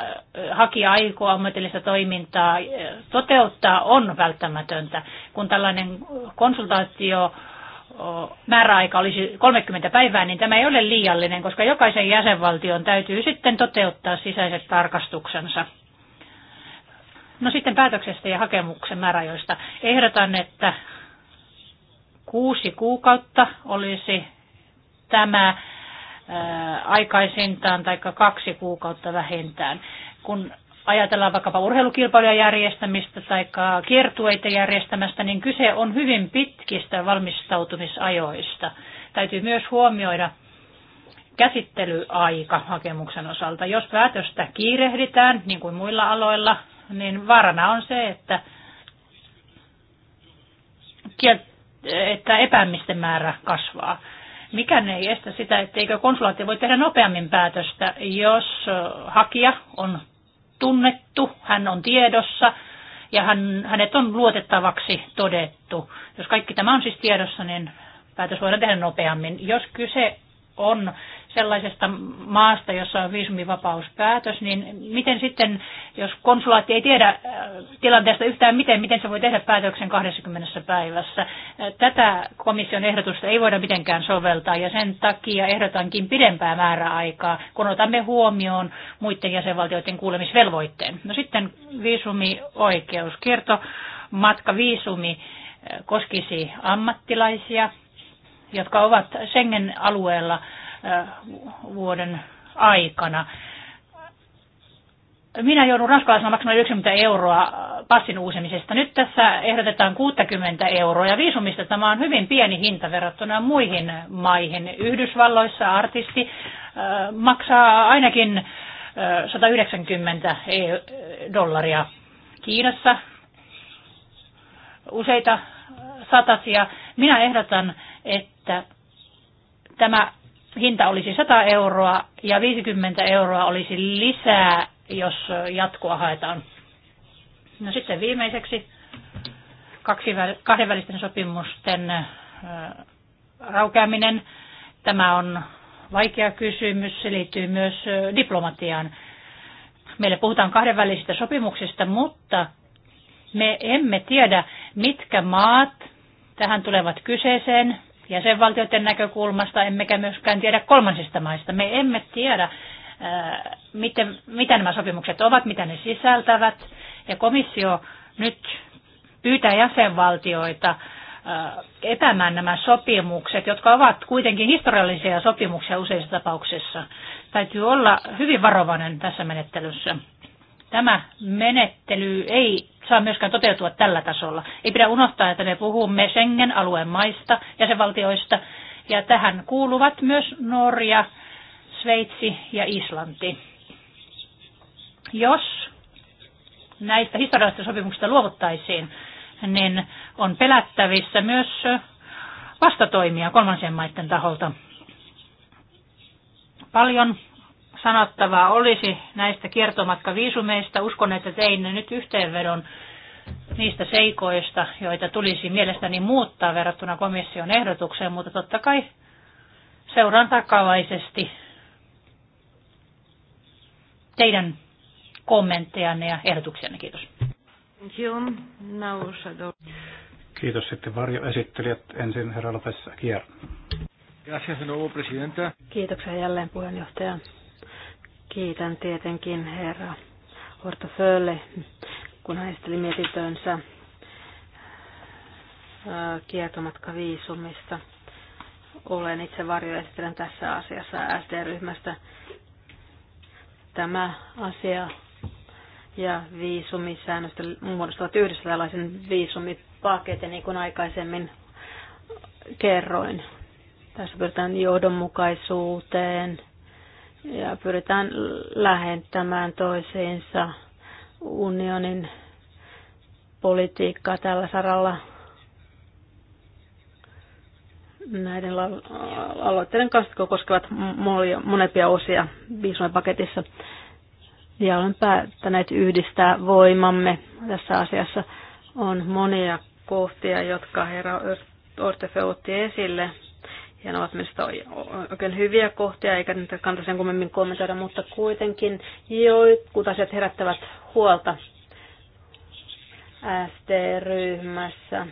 hakija aikoo ammatillista toimintaa äh, toteuttaa, on välttämätöntä. Kun tällainen konsultaatio äh, määräaika olisi 30 päivää, niin tämä ei ole liiallinen, koska jokaisen jäsenvaltion täytyy sitten toteuttaa sisäiset tarkastuksensa. No sitten päätöksestä ja hakemuksen määräajoista. Ehdotan, että Kuusi kuukautta olisi tämä aikaisintaan tai kaksi kuukautta vähintään. Kun ajatellaan vaikkapa urheilukilpailujen järjestämistä tai kiertueita järjestämästä, niin kyse on hyvin pitkistä valmistautumisajoista. Täytyy myös huomioida käsittelyaika hakemuksen osalta. Jos päätöstä kiirehditään, niin kuin muilla aloilla, niin vaarana on se, että että epäämisten määrä kasvaa. Mikään ei estä sitä, etteikö konsulaatti voi tehdä nopeammin päätöstä, jos hakija on tunnettu, hän on tiedossa ja hän, hänet on luotettavaksi todettu. Jos kaikki tämä on siis tiedossa, niin päätös voidaan tehdä nopeammin. Jos kyse on sellaisesta maasta, jossa on viisumivapauspäätös, niin miten sitten, jos konsulaatti ei tiedä äh, tilanteesta yhtään miten, miten se voi tehdä päätöksen 20 päivässä? Tätä komission ehdotusta ei voida mitenkään soveltaa ja sen takia ehdotankin pidempää määräaikaa, kun otamme huomioon muiden jäsenvaltioiden kuulemisvelvoitteen. No sitten viisumioikeus, kierto, matka, viisumi äh, koskisi ammattilaisia, jotka ovat Schengen-alueella äh, vuoden aikana. Minä joudun ranskalaisena maksamaan 90 euroa passin uusimisesta. Nyt tässä ehdotetaan 60 euroa ja viisumista tämä on hyvin pieni hinta verrattuna muihin maihin. Yhdysvalloissa artisti äh, maksaa ainakin 190 äh, e-, dollaria. Kiinassa useita satasia. Minä ehdotan että tämä hinta olisi 100 euroa ja 50 euroa olisi lisää, jos jatkoa haetaan. No sitten viimeiseksi kahdenvälisten sopimusten raukeaminen. Tämä on vaikea kysymys, se liittyy myös diplomatiaan. Meille puhutaan kahdenvälisistä sopimuksista, mutta me emme tiedä, mitkä maat tähän tulevat kyseeseen, jäsenvaltioiden näkökulmasta, emmekä myöskään tiedä kolmansista maista. Me emme tiedä, äh, miten, mitä nämä sopimukset ovat, mitä ne sisältävät. Ja komissio nyt pyytää jäsenvaltioita äh, epämään nämä sopimukset, jotka ovat kuitenkin historiallisia sopimuksia useissa tapauksissa. Täytyy olla hyvin varovainen tässä menettelyssä. Tämä menettely ei saa myöskään toteutua tällä tasolla. Ei pidä unohtaa, että me puhumme Schengen-alueen maista, jäsenvaltioista, ja tähän kuuluvat myös Norja, Sveitsi ja Islanti. Jos näistä historiallisista sopimuksista luovuttaisiin, niin on pelättävissä myös vastatoimia kolmansien maiden taholta. Paljon sanottavaa olisi näistä kiertomatkaviisumeista. Uskon, että tein nyt yhteenvedon niistä seikoista, joita tulisi mielestäni muuttaa verrattuna komission ehdotukseen, mutta totta kai seuraan takavaisesti teidän kommenttejanne ja ehdotuksianne. Kiitos. Kiitos sitten varjoesittelijät. Ensin herra Lopes Kier. Kiitoksia jälleen puheenjohtaja. Kiitän tietenkin herra Horta Fölle, kun hän esitteli mietintönsä äh, viisumista. Olen itse varjoesittelen tässä asiassa st ryhmästä Tämä asia ja viisumisäännöstä muodostavat yhdessä tällaisen viisumipaketin, niin kuin aikaisemmin kerroin. Tässä pyritään johdonmukaisuuteen, ja pyritään lähentämään toisiinsa unionin politiikkaa tällä saralla näiden aloitteiden kanssa, jotka koskevat monempia osia viisumipaketissa. Ja olen päättäneet yhdistää voimamme tässä asiassa. On monia kohtia, jotka herra Ortefe otti esille – ja ne ovat mielestäni oikein hyviä kohtia, eikä niitä kannata sen kummemmin kommentoida, mutta kuitenkin jotkut asiat herättävät huolta ST-ryhmässä.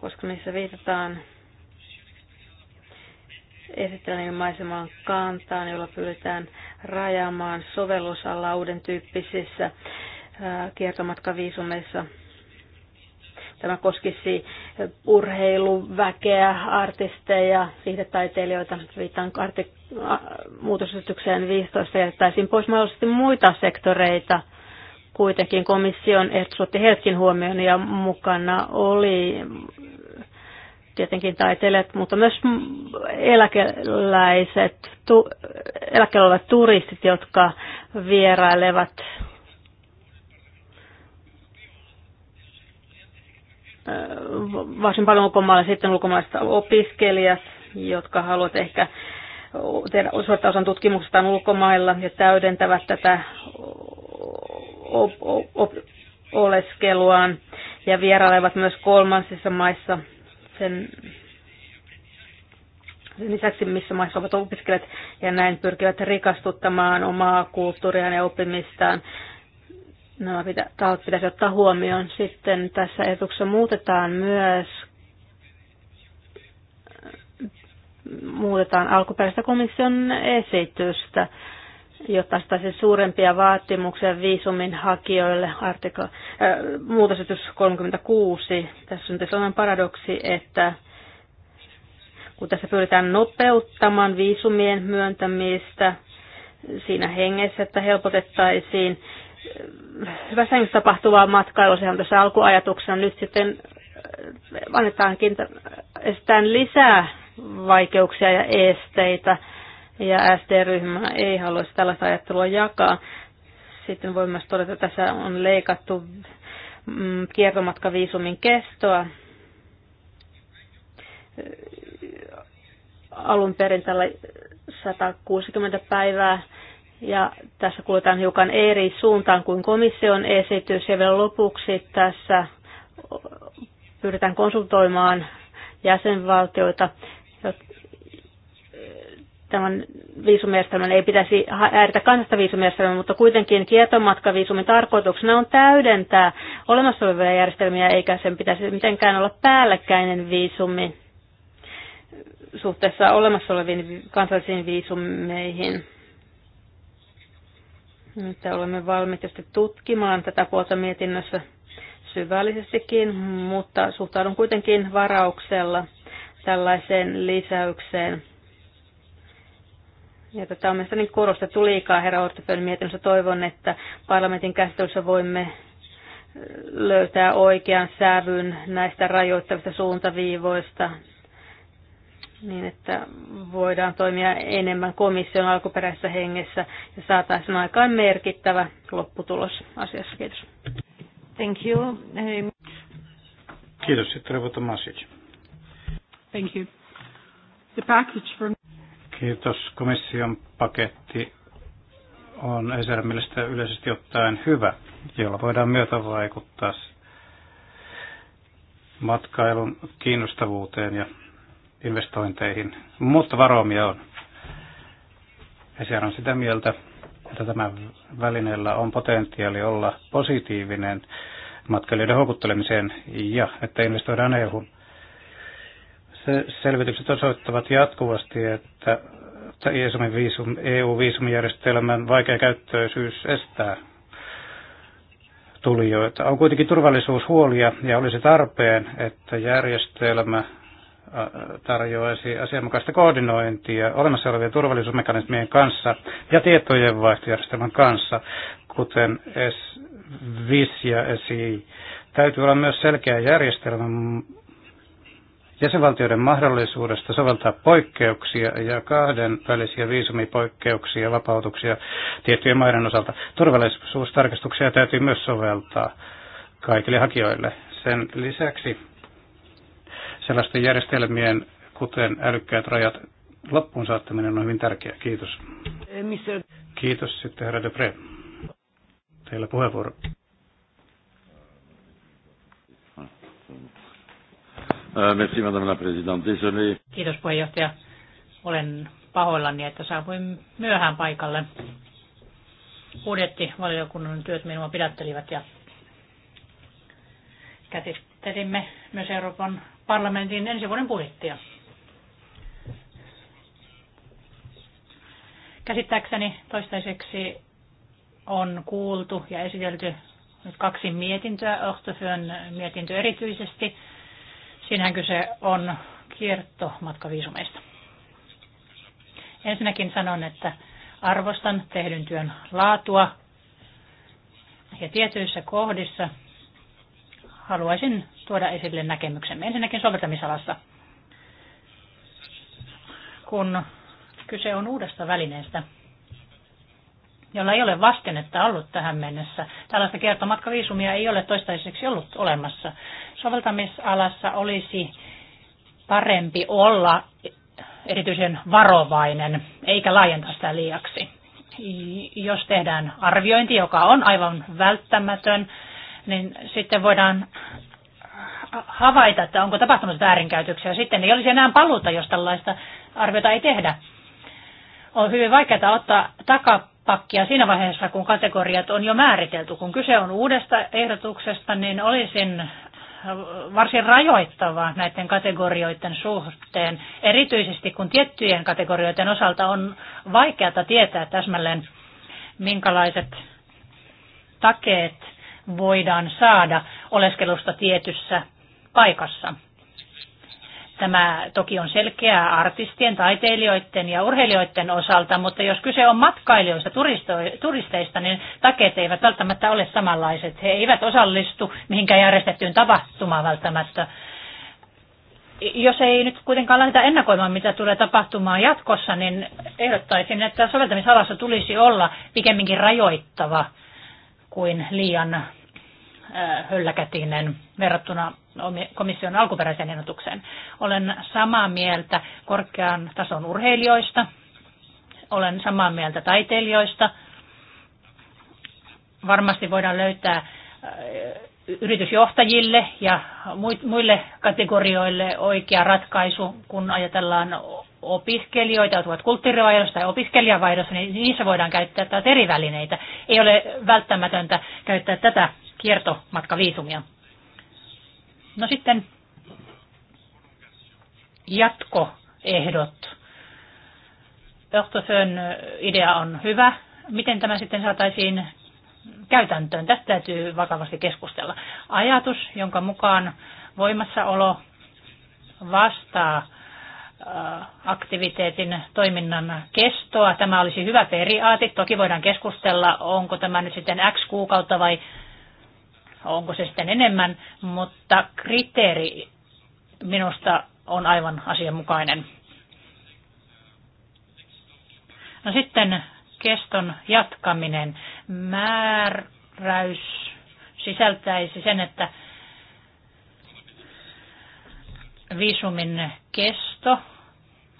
Koska niissä viitataan esittelen ilmaisemaan niin kantaan, jolla pyritään rajaamaan sovellusalla uuden tyyppisissä kiertomatkaviisumeissa – Tämä koskisi urheiluväkeä, artisteja, viihdetaiteilijoita. Viittaan muutosesitykseen 15 jättäisiin pois mahdollisesti muita sektoreita. Kuitenkin komission ehdotus hetkin huomioon ja mukana oli tietenkin taiteilijat, mutta myös eläkeläiset, tu, eläkeläiset turistit, jotka vierailevat varsin paljon ulkomailla sitten ulkomaista opiskelijat, jotka haluavat ehkä tehdä suurta osan tutkimuksestaan ulkomailla ja täydentävät tätä oleskeluaan ja vierailevat myös kolmansissa maissa sen, sen lisäksi, missä maissa ovat opiskelijat ja näin pyrkivät rikastuttamaan omaa kulttuuriaan ja oppimistaan Nämä pitä, tahot pitäisi ottaa huomioon. Sitten tässä etuksessa muutetaan myös muutetaan alkuperäistä komission esitystä, jotta saataisiin suurempia vaatimuksia viisumin hakijoille. Artikla, äh, muutosetus 36. Tässä on sellainen paradoksi, että kun tässä pyritään nopeuttamaan viisumien myöntämistä siinä hengessä, että helpotettaisiin hyvässä hengessä tapahtuvaa matkailua, sehän tässä alkuajatuksena nyt sitten äh, annetaankin estään lisää vaikeuksia ja esteitä, ja SD-ryhmä ei haluaisi tällaista ajattelua jakaa. Sitten voin myös todeta, että tässä on leikattu mm, kiertomatkaviisumin kestoa. Äh, alun perin tällä 160 päivää ja tässä kuljetaan hiukan eri suuntaan kuin komission esitys. Ja vielä lopuksi tässä pyritään konsultoimaan jäsenvaltioita. Tämän viisumijärjestelmän ei pitäisi häiritä kansasta viisumijärjestelmää, mutta kuitenkin kiertomatkaviisumin tarkoituksena on täydentää olemassa olevia järjestelmiä, eikä sen pitäisi mitenkään olla päällekkäinen viisumi suhteessa olemassa oleviin kansallisiin viisumeihin. Nyt olemme valmiit tutkimaan tätä puolta mietinnössä syvällisestikin, mutta suhtaudun kuitenkin varauksella tällaiseen lisäykseen. Ja tätä on mielestäni niin korostettu liikaa herra Ortefön mietinnössä. Toivon, että parlamentin käsittelyssä voimme löytää oikean sävyn näistä rajoittavista suuntaviivoista niin että voidaan toimia enemmän komission alkuperäisessä hengessä ja saataisiin aikaan merkittävä lopputulos asiassa. Kiitos. Thank you. Kiitos. Sitten Revo Tomasic. Thank you. The package for... Kiitos. Komission paketti on esimerkiksi mielestä yleisesti ottaen hyvä, jolla voidaan myötä vaikuttaa matkailun kiinnostavuuteen ja investointeihin, mutta varomia on. Ja siellä on sitä mieltä, että tämä välineellä on potentiaali olla positiivinen matkailijoiden houkuttelemiseen ja että investoidaan eu Se selvitykset osoittavat jatkuvasti, että EU-viisumijärjestelmän e e vaikea käyttöisyys estää tulijoita. On kuitenkin turvallisuushuolia ja olisi tarpeen, että järjestelmä tarjoaisi asianmukaista koordinointia olemassa olevien turvallisuusmekanismien kanssa ja tietojenvaihtojärjestelmän kanssa, kuten S5 ja SI. Täytyy olla myös selkeä järjestelmä jäsenvaltioiden mahdollisuudesta soveltaa poikkeuksia ja kahden välisiä viisumipoikkeuksia ja vapautuksia tiettyjen maiden osalta. Turvallisuustarkastuksia täytyy myös soveltaa kaikille hakijoille. Sen lisäksi sellaisten järjestelmien, kuten älykkäät rajat, loppuun saattaminen on hyvin tärkeää. Kiitos. Eh, Kiitos sitten herra Depre. Teillä puheenvuoro. Eh, merci, madame la présidente. Kiitos puheenjohtaja. Olen pahoillani, että saavuin myöhään paikalle. Budjettivaliokunnan työt minua pidättelivät ja käsittelimme myös Euroopan parlamentin ensi vuoden budjettia. Käsittääkseni toistaiseksi on kuultu ja esitelty nyt kaksi mietintöä, Ohtofön mietintö erityisesti. Siinähän kyse on kiertomatkaviisumeista. Ensinnäkin sanon, että arvostan tehdyn työn laatua ja tietyissä kohdissa haluaisin tuoda esille näkemyksemme. Ensinnäkin soveltamisalassa. Kun kyse on uudesta välineestä, jolla ei ole vastennetta ollut tähän mennessä. Tällaista kiertomatkaviisumia ei ole toistaiseksi ollut olemassa. Soveltamisalassa olisi parempi olla erityisen varovainen, eikä laajentaa sitä liiaksi. Jos tehdään arviointi, joka on aivan välttämätön, niin sitten voidaan havaita, että onko tapahtunut väärinkäytöksiä. Sitten ei olisi enää paluuta, jos tällaista arviota ei tehdä. On hyvin vaikeaa ottaa takapakkia siinä vaiheessa, kun kategoriat on jo määritelty. Kun kyse on uudesta ehdotuksesta, niin olisin varsin rajoittava näiden kategorioiden suhteen, erityisesti kun tiettyjen kategorioiden osalta on vaikeata tietää täsmälleen, minkälaiset takeet voidaan saada oleskelusta tietyssä paikassa. Tämä toki on selkeää artistien, taiteilijoiden ja urheilijoiden osalta, mutta jos kyse on matkailijoista, turisteista, niin takeet eivät välttämättä ole samanlaiset. He eivät osallistu mihinkään järjestettyyn tapahtumaan välttämättä. Jos ei nyt kuitenkaan lähdetä ennakoimaan, mitä tulee tapahtumaan jatkossa, niin ehdottaisin, että soveltamisalassa tulisi olla pikemminkin rajoittava kuin liian hölläkätinen verrattuna komission alkuperäisen ehdotuksen. Olen samaa mieltä korkean tason urheilijoista, olen samaa mieltä taiteilijoista. Varmasti voidaan löytää äh, yritysjohtajille ja muille kategorioille oikea ratkaisu, kun ajatellaan opiskelijoita, jotka ovat kulttuurivaihdossa tai opiskelijavaihdossa, niin niissä voidaan käyttää tätä eri välineitä. Ei ole välttämätöntä käyttää tätä kiertomatkaviisumia. No sitten jatkoehdot. Johtofön äh, idea on hyvä. Miten tämä sitten saataisiin käytäntöön? Tästä täytyy vakavasti keskustella. Ajatus, jonka mukaan voimassaolo vastaa äh, aktiviteetin toiminnan kestoa. Tämä olisi hyvä periaate. Toki voidaan keskustella, onko tämä nyt sitten X kuukautta vai onko se sitten enemmän, mutta kriteeri minusta on aivan asianmukainen. No sitten keston jatkaminen. Määräys sisältäisi sen, että viisumin kesto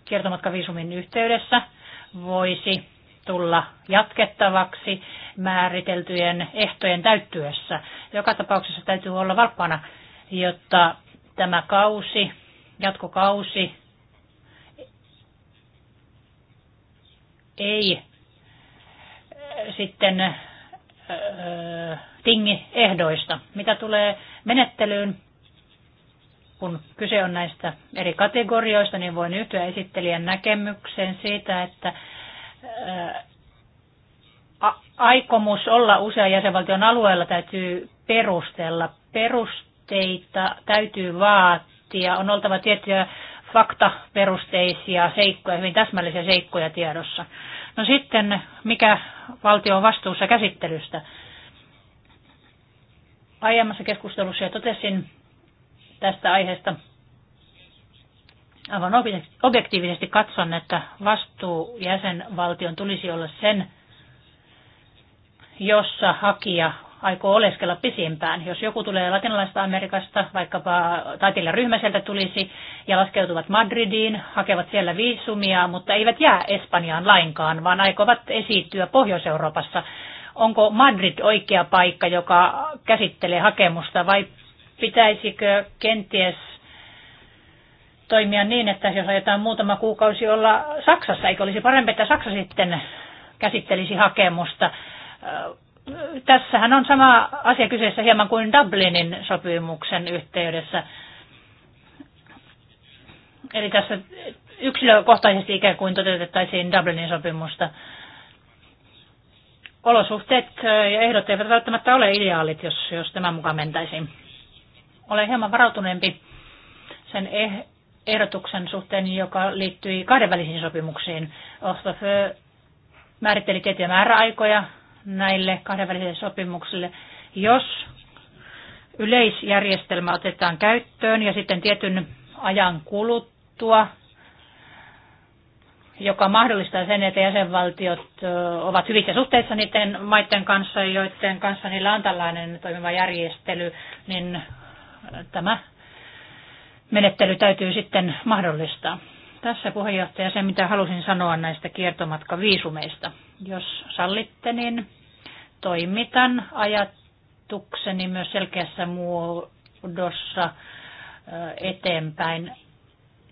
kiertomatkaviisumin yhteydessä voisi tulla jatkettavaksi määriteltyjen ehtojen täyttyessä. Joka tapauksessa täytyy olla valppaana, jotta tämä kausi, jatkokausi ei sitten tingi ehdoista. Mitä tulee menettelyyn, kun kyse on näistä eri kategorioista, niin voin yhtyä esittelijän näkemykseen siitä, että aikomus olla usean jäsenvaltion alueella täytyy perustella. Perusteita täytyy vaatia. On oltava tiettyjä faktaperusteisia seikkoja, hyvin täsmällisiä seikkoja tiedossa. No sitten, mikä valtio on vastuussa käsittelystä? Aiemmassa keskustelussa jo totesin tästä aiheesta, aivan objektiivisesti katson, että vastuu jäsenvaltion tulisi olla sen, jossa hakija aikoo oleskella pisimpään. Jos joku tulee latinalaista Amerikasta, vaikkapa taiteilijaryhmä sieltä tulisi ja laskeutuvat Madridiin, hakevat siellä viisumia, mutta eivät jää Espanjaan lainkaan, vaan aikovat esiintyä Pohjois-Euroopassa. Onko Madrid oikea paikka, joka käsittelee hakemusta vai pitäisikö kenties toimia niin, että jos ajetaan muutama kuukausi olla Saksassa, eikö olisi parempi, että Saksa sitten käsittelisi hakemusta. Tässähän on sama asia kyseessä hieman kuin Dublinin sopimuksen yhteydessä. Eli tässä yksilökohtaisesti ikään kuin toteutettaisiin Dublinin sopimusta. Olosuhteet ja ehdot eivät välttämättä ole ideaalit, jos, jos tämän mukaan mentäisiin. Olen hieman varautuneempi sen eh- ehdotuksen suhteen, joka liittyi kahdenvälisiin sopimuksiin. Oslofö määritteli tiettyjä määräaikoja näille kahdenvälisille sopimuksille. Jos yleisjärjestelmä otetaan käyttöön ja sitten tietyn ajan kuluttua, joka mahdollistaa sen, että jäsenvaltiot ovat hyvissä suhteissa niiden maiden kanssa, joiden kanssa niillä on tällainen toimiva järjestely, niin tämä menettely täytyy sitten mahdollistaa. Tässä puheenjohtaja se, mitä halusin sanoa näistä kiertomatkaviisumeista. Jos sallitte, niin toimitan ajatukseni myös selkeässä muodossa eteenpäin.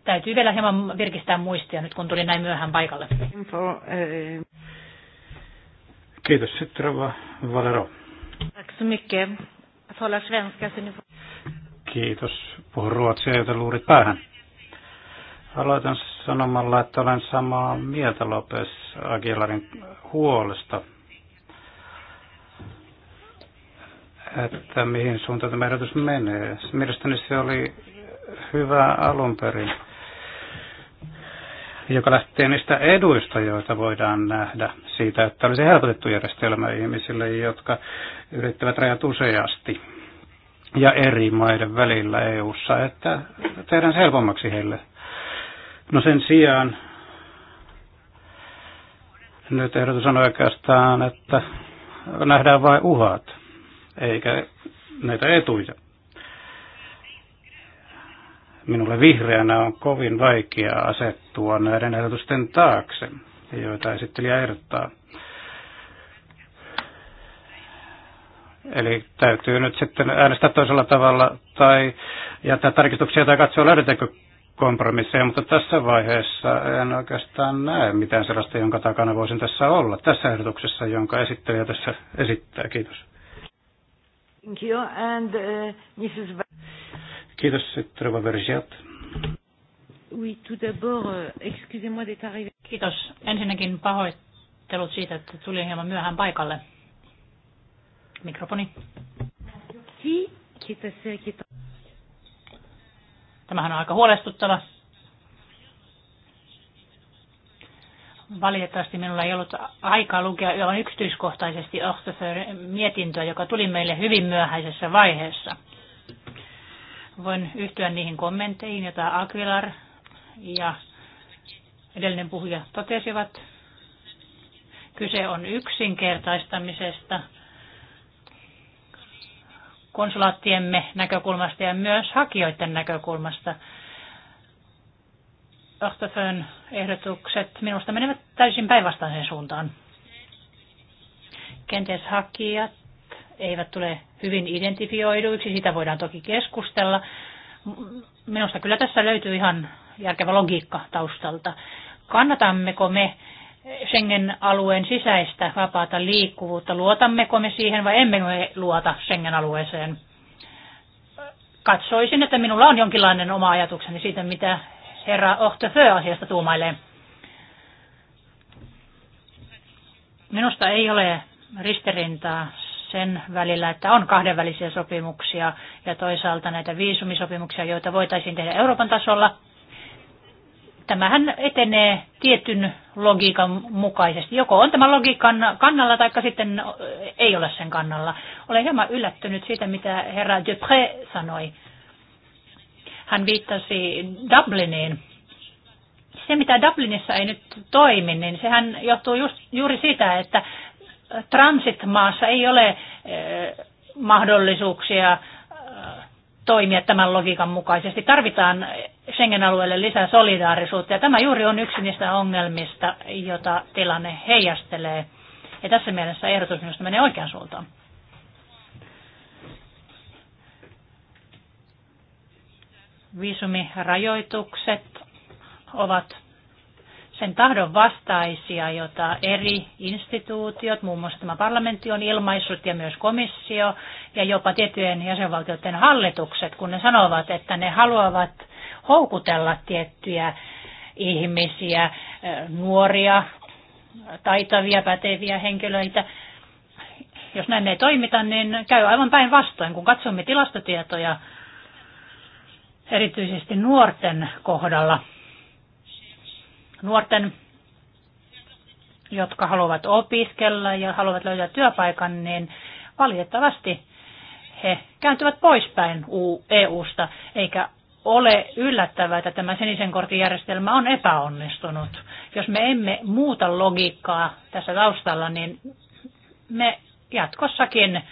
Täytyy vielä hieman virkistää muistia nyt, kun tuli näin myöhään paikalle. Kiitos. Sitten Valero. Tack så mycket. Jag talar svenska. Kiitos. Puhun ruotsia, joten luurit päähän. Aloitan sanomalla, että olen samaa mieltä Lopes Aguilarin huolesta, että mihin suuntaan tämä ehdotus menee. Mielestäni se oli hyvä alun perin, joka lähtee niistä eduista, joita voidaan nähdä siitä, että olisi helpotettu järjestelmä ihmisille, jotka yrittävät rajat useasti ja eri maiden välillä EU:ssa, että tehdään se helpommaksi heille. No sen sijaan nyt ehdotus on oikeastaan, että nähdään vain uhat, eikä näitä etuja. Minulle vihreänä on kovin vaikea asettua näiden ehdotusten taakse, joita esittelijä ehdottaa. Eli täytyy nyt sitten äänestää toisella tavalla tai jättää tarkistuksia tai katsoa löydetäänkö kompromisseja, mutta tässä vaiheessa en oikeastaan näe mitään sellaista, jonka takana voisin tässä olla, tässä ehdotuksessa, jonka esittelijä tässä esittää. Kiitos. Thank you. And, uh, Mrs. Kiitos, sitten Rova Vergiat. Oui, tout d'abord, euh, excusez-moi d'être arrivé. Kiitos. Ensinnäkin pahoittelut siitä, että tulin hieman myöhään paikalle. Mikrofoni. Kiitos, kiitos. Tämähän on aika huolestuttava. Valitettavasti minulla ei ollut aikaa lukea aivan yksityiskohtaisesti Ochtoförin mietintöä, joka tuli meille hyvin myöhäisessä vaiheessa. Voin yhtyä niihin kommentteihin, joita Aquilar ja edellinen puhuja totesivat. Kyse on yksinkertaistamisesta konsulaattiemme näkökulmasta ja myös hakijoiden näkökulmasta. Ohtofön ehdotukset minusta menevät täysin päinvastaiseen suuntaan. Kenties hakijat eivät tule hyvin identifioiduiksi, sitä voidaan toki keskustella. Minusta kyllä tässä löytyy ihan järkevä logiikka taustalta. Kannatammeko me Schengen-alueen sisäistä vapaata liikkuvuutta. Luotammeko me siihen vai emme me luota Schengen-alueeseen? Katsoisin, että minulla on jonkinlainen oma ajatukseni siitä, mitä herra Ohtefö asiasta tuumailee. Minusta ei ole ristirintaa sen välillä, että on kahdenvälisiä sopimuksia ja toisaalta näitä viisumisopimuksia, joita voitaisiin tehdä Euroopan tasolla – tämähän etenee tietyn logiikan mukaisesti. Joko on tämä logiikan kannalla tai sitten ei ole sen kannalla. Olen hieman yllättynyt siitä, mitä herra Dupré sanoi. Hän viittasi Dubliniin. Se, mitä Dublinissa ei nyt toimi, niin sehän johtuu just, juuri siitä, että transitmaassa ei ole mahdollisuuksia toimia tämän logiikan mukaisesti. Tarvitaan Schengen-alueelle lisää solidaarisuutta ja tämä juuri on yksi niistä ongelmista, jota tilanne heijastelee. Ja tässä mielessä ehdotus minusta menee oikeaan suuntaan. Viisumirajoitukset ovat sen tahdon vastaisia, jota eri instituutiot, muun muassa tämä parlamentti on ilmaissut ja myös komissio ja jopa tiettyjen jäsenvaltioiden hallitukset, kun ne sanovat, että ne haluavat houkutella tiettyjä ihmisiä, nuoria, taitavia, päteviä henkilöitä. Jos näin ei toimita, niin käy aivan päinvastoin, kun katsomme tilastotietoja erityisesti nuorten kohdalla – nuorten, jotka haluavat opiskella ja haluavat löytää työpaikan, niin valitettavasti he kääntyvät poispäin EU-sta, eikä ole yllättävää, että tämä sinisen kortin järjestelmä on epäonnistunut. Jos me emme muuta logiikkaa tässä taustalla, niin me jatkossakin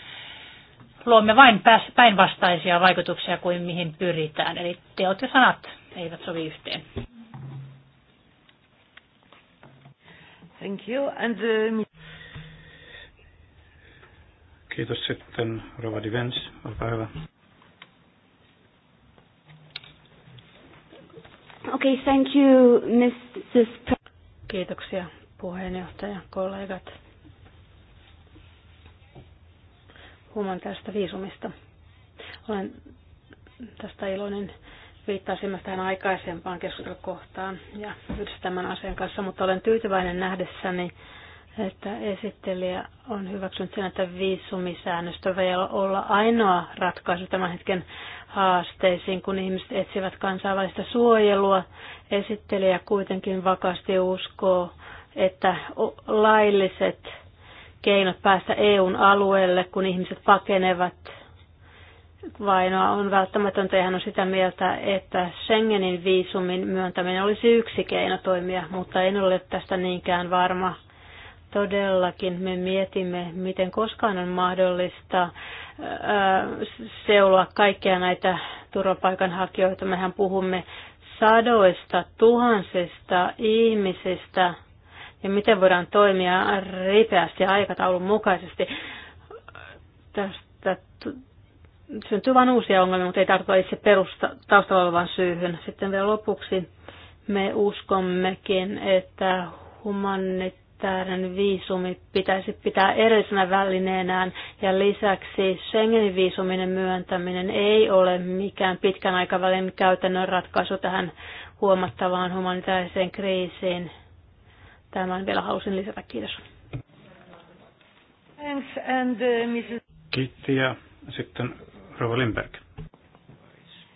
luomme vain päinvastaisia vaikutuksia kuin mihin pyritään. Eli teot ja sanat eivät sovi yhteen. Thank you. And, uh, Kiitos sitten Rova Divens, olkaa hyvä. Okay, thank you, Mrs. Kiitoksia puheenjohtaja, kollegat. Huomaan tästä viisumista. Olen tästä iloinen Viittasin myös tähän aikaisempaan keskustelukohtaan ja yhdessä tämän asian kanssa, mutta olen tyytyväinen nähdessäni, että esittelijä on hyväksynyt sen, että viisumisäännöstö voi olla ainoa ratkaisu tämän hetken haasteisiin, kun ihmiset etsivät kansainvälistä suojelua. Esittelijä kuitenkin vakaasti uskoo, että lailliset keinot päästä EUn alueelle, kun ihmiset pakenevat vainoa on välttämätöntä ja hän on sitä mieltä, että Schengenin viisumin myöntäminen olisi yksi keino toimia, mutta en ole tästä niinkään varma. Todellakin me mietimme, miten koskaan on mahdollista äh, seuloa kaikkia näitä turvapaikanhakijoita. Mehän puhumme sadoista, tuhansista ihmisistä ja miten voidaan toimia ripeästi ja aikataulun mukaisesti. Tästä syntyy vain uusia ongelmia, mutta ei tartuta itse perusta, taustalla olevan syyhyn. Sitten vielä lopuksi me uskommekin, että humanitaarinen viisumi pitäisi pitää erillisenä välineenään ja lisäksi Schengenin viisuminen myöntäminen ei ole mikään pitkän aikavälin käytännön ratkaisu tähän huomattavaan humanitaariseen kriisiin. Tämän vielä halusin lisätä. Kiitos. Thanks and, uh, Mrs. Kiitti ja sitten Rova Lindberg.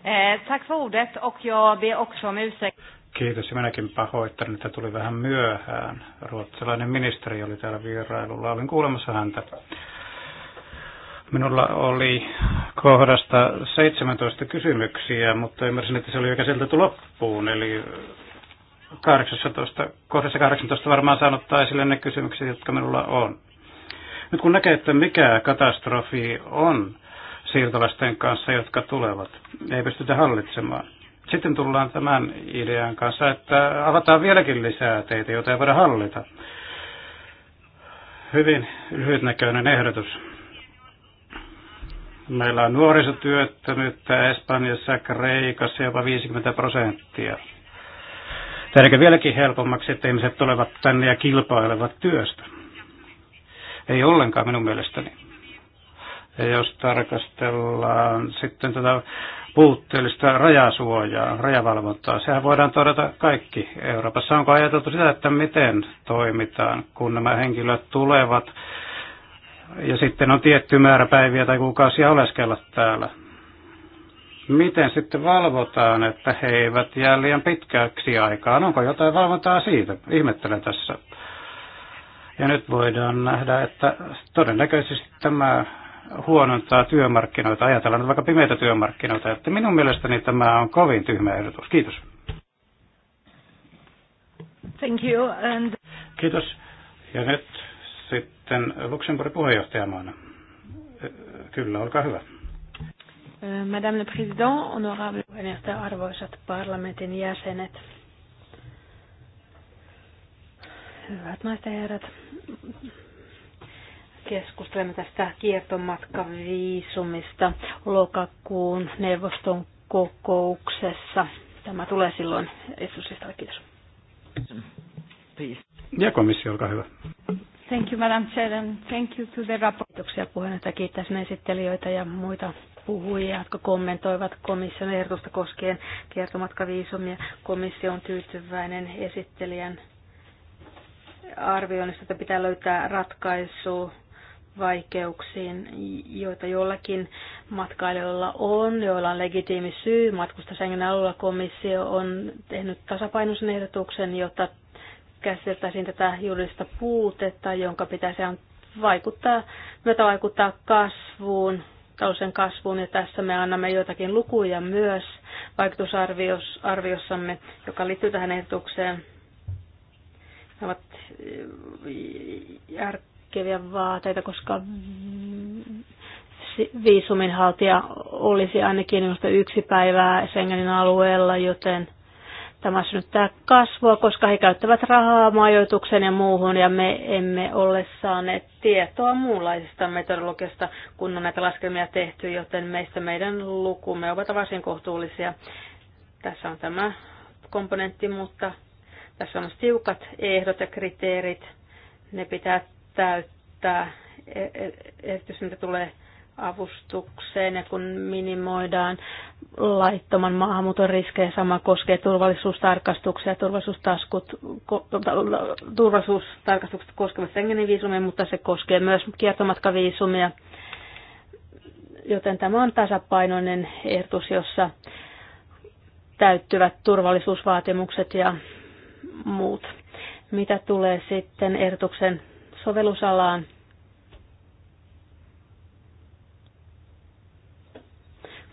Eh, tack för ordet och jag ber också om ursäkt. Kiitos ja minäkin pahoittelen, että tuli vähän myöhään. Ruotsalainen ministeri oli täällä vierailulla. Olin kuulemassa häntä. Minulla oli kohdasta 17 kysymyksiä, mutta ymmärsin, että se oli oikein sieltä loppuun. Eli 18, kohdassa 18 varmaan saanottaa esille ne kysymykset, jotka minulla on. Nyt kun näkee, että mikä katastrofi on, siirtolasten kanssa, jotka tulevat. Ei pystytä hallitsemaan. Sitten tullaan tämän idean kanssa, että avataan vieläkin lisää teitä, joita ei voida hallita. Hyvin lyhytnäköinen ehdotus. Meillä on nuorisotyöttömyyttä Espanjassa, Kreikassa jopa 50 prosenttia. Tehdäänkö vieläkin helpommaksi, että ihmiset tulevat tänne ja kilpailevat työstä? Ei ollenkaan minun mielestäni ja jos tarkastellaan sitten tätä puutteellista rajasuojaa, rajavalvontaa, sehän voidaan todeta kaikki Euroopassa. Onko ajateltu sitä, että miten toimitaan, kun nämä henkilöt tulevat ja sitten on tietty määrä päiviä tai kuukausia oleskella täällä? Miten sitten valvotaan, että he eivät jää liian pitkäksi aikaan? Onko jotain valvontaa siitä? Ihmettelen tässä. Ja nyt voidaan nähdä, että todennäköisesti tämä huonontaa työmarkkinoita, ajatellaan vaikka pimeitä työmarkkinoita, että minun mielestäni tämä on kovin tyhmä ehdotus. Kiitos. Thank you. And... Kiitos. Ja nyt sitten Luxemburgin puheenjohtajamaana. Kyllä, olkaa hyvä. Eh, Madame le Président, honorable puheenjohtaja, arvoisat parlamentin jäsenet, hyvät naiset ja herrat, keskustelemme tästä kiertomatkaviisumista lokakuun neuvoston kokouksessa. Tämä tulee silloin esityslistalle. Kiitos. Ja komissio, olkaa hyvä. Thank you, Madam Chair, and thank you to the rapport. Kiitoksia puheenjohtaja. Kiittäisin esittelijöitä ja muita puhujia, jotka kommentoivat komission ehdotusta koskien kiertomatkaviisumia. Komissio on tyytyväinen esittelijän arvioinnista, että pitää löytää ratkaisu vaikeuksiin, joita jollakin matkailijoilla on, joilla on legitiimi syy. Matkusta Schengen alueella komissio on tehnyt tasapainoisen ehdotuksen, jotta käsiteltäisiin tätä juridista puutetta, jonka pitäisi vaikuttaa, myötä vaikuttaa kasvuun, talousen kasvuun, ja tässä me annamme joitakin lukuja myös vaikutusarviossamme, joka liittyy tähän ehdotukseen. Ne ovat eh, koskevia vaateita, koska viisuminhaltija olisi ainakin minusta yksi päivää Schengenin alueella, joten tämä synnyttää kasvua, koska he käyttävät rahaa majoitukseen ja muuhun, ja me emme ole saaneet tietoa muunlaisista metodologiasta, kun on näitä laskelmia tehty, joten meistä meidän lukumme ovat varsin kohtuullisia. Tässä on tämä komponentti, mutta tässä on tiukat ehdot ja kriteerit. Ne pitää täyttää jos e- e- mitä tulee avustukseen ja kun minimoidaan laittoman maahanmuuton riskejä. Sama koskee turvallisuustarkastuksia. Tota, turvallisuustarkastukset koskevat Schengenin viisumia, mutta se koskee myös kiertomatkaviisumia. Joten tämä on tasapainoinen ehdotus, jossa täyttyvät turvallisuusvaatimukset ja muut. Mitä tulee sitten ehdotuksen sovellusalaan.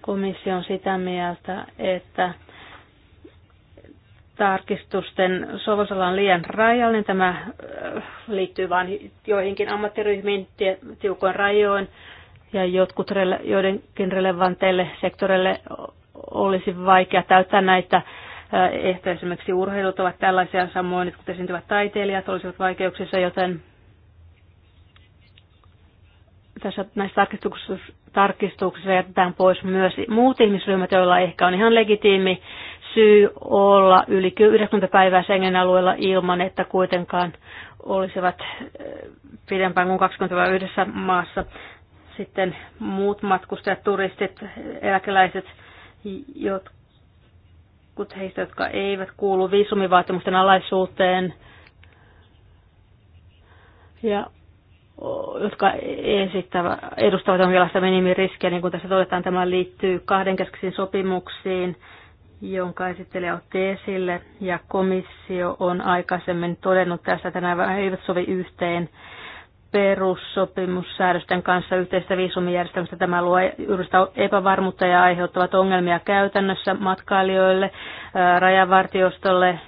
Komissio on sitä mieltä, että tarkistusten sovellusala on liian rajallinen. Tämä liittyy vain joihinkin ammattiryhmiin tiukoin rajoin ja jotkut joidenkin relevanteille sektoreille olisi vaikea täyttää näitä ehtoja. Esimerkiksi urheilut ovat tällaisia, samoin että esiintyvät taiteilijat olisivat vaikeuksissa, joten tässä näissä tarkistuksissa, tarkistuksissa jätetään pois myös muut ihmisryhmät, joilla ehkä on ihan legitiimi syy olla yli 90 päivää Schengen alueella ilman, että kuitenkaan olisivat eh, pidempään kuin 20 yhdessä maassa. Sitten muut matkustajat, turistit, eläkeläiset, jotkut heistä, jotka eivät kuulu viisumivaatimusten alaisuuteen. Ja jotka esittävät, edustavat jonkinlaista minimiriskiä, niin kuin tässä todetaan, tämä liittyy kahdenkeskisiin sopimuksiin, jonka esittelijä otti esille, ja komissio on aikaisemmin todennut tässä, että nämä eivät sovi yhteen perussopimussäädösten kanssa yhteistä viisumijärjestelmästä. Tämä luo epävarmuutta ja aiheuttavat ongelmia käytännössä matkailijoille, rajavartiostolle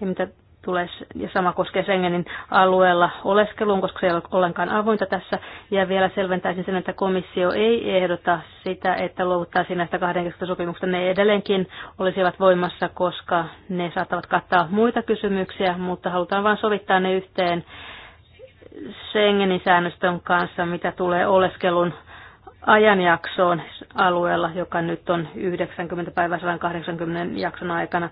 ja mitä tulee, ja sama koskee Schengenin alueella oleskeluun, koska se ei ole ollenkaan avointa tässä. Ja vielä selventäisin sen, että komissio ei ehdota sitä, että luovuttaisiin näistä 20 sopimuksista. Ne edelleenkin olisivat voimassa, koska ne saattavat kattaa muita kysymyksiä, mutta halutaan vain sovittaa ne yhteen Schengenin säännöstön kanssa, mitä tulee oleskelun ajanjaksoon alueella, joka nyt on 90 päivää 180 jakson aikana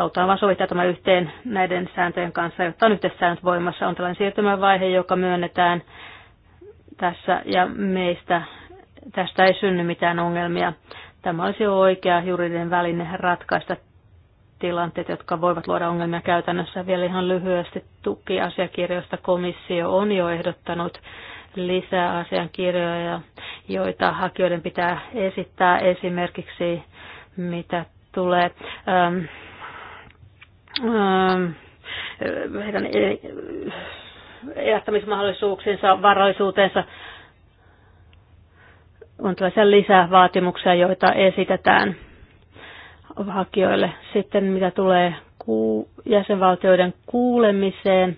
halutaan vain sovittaa tämä yhteen näiden sääntöjen kanssa, jotta on yhteiset säännöt voimassa. On tällainen siirtymävaihe, joka myönnetään tässä ja meistä tästä ei synny mitään ongelmia. Tämä olisi oikea juridinen väline ratkaista tilanteet, jotka voivat luoda ongelmia käytännössä. Vielä ihan lyhyesti tukiasiakirjoista komissio on jo ehdottanut lisää asiakirjoja, joita hakijoiden pitää esittää esimerkiksi mitä tulee ähm, Ähm, heidän eh, elättämismahdollisuuksiinsa, varallisuutensa. On tällaisia lisävaatimuksia, joita esitetään hakijoille. Sitten mitä tulee jäsenvaltioiden kuulemiseen,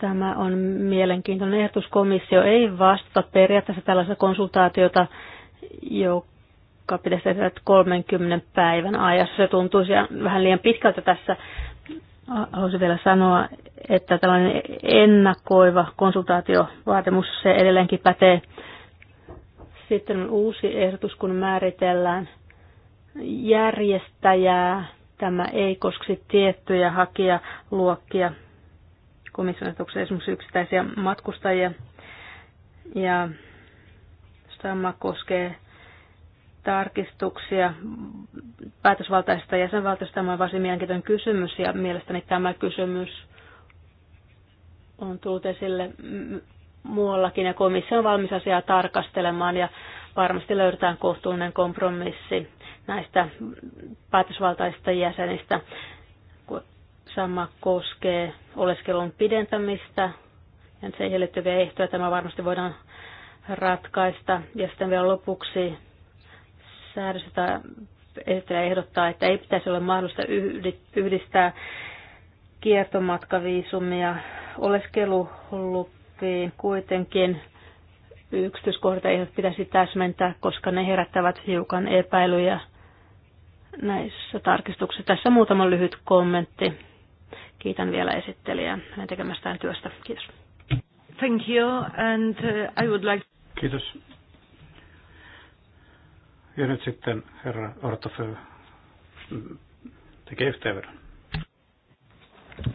Tämä on mielenkiintoinen ehdotus. Komissio ei vastata periaatteessa tällaista konsultaatiota, jo, joka pitäisi tehdä 30 päivän ajassa. Se tuntuisi vähän liian pitkältä tässä. Haluaisin vielä sanoa, että tällainen ennakoiva konsultaatiovaatimus, se edelleenkin pätee. Sitten on uusi ehdotus, kun määritellään järjestäjää. Tämä ei koskisi tiettyjä hakijaluokkia, komission esimerkiksi yksittäisiä matkustajia. Ja sama koskee tarkistuksia päätösvaltaisista jäsenvaltioista. Tämä on varsin mielenkiintoinen kysymys ja mielestäni tämä kysymys on tullut esille muuallakin ja komissio on valmis asiaa tarkastelemaan ja varmasti löydetään kohtuullinen kompromissi näistä päätösvaltaisista jäsenistä. Sama koskee oleskelun pidentämistä ja siihen liittyviä ehtoja. Tämä varmasti voidaan ratkaista. Ja sitten vielä lopuksi säädöstä että ehdottaa, että ei pitäisi olla mahdollista yhdistää kiertomatkaviisumia oleskelulupiin kuitenkin Yksityiskohdat ei pitäisi täsmentää, koska ne herättävät hiukan epäilyjä näissä tarkistuksissa. Tässä muutama lyhyt kommentti. Kiitän vielä esittelijää hänen tekemästään työstä. Kiitos. Thank you and uh, I would like... Kiitos. Ja nyt sitten herra Ortofö tekee yhteenvedon.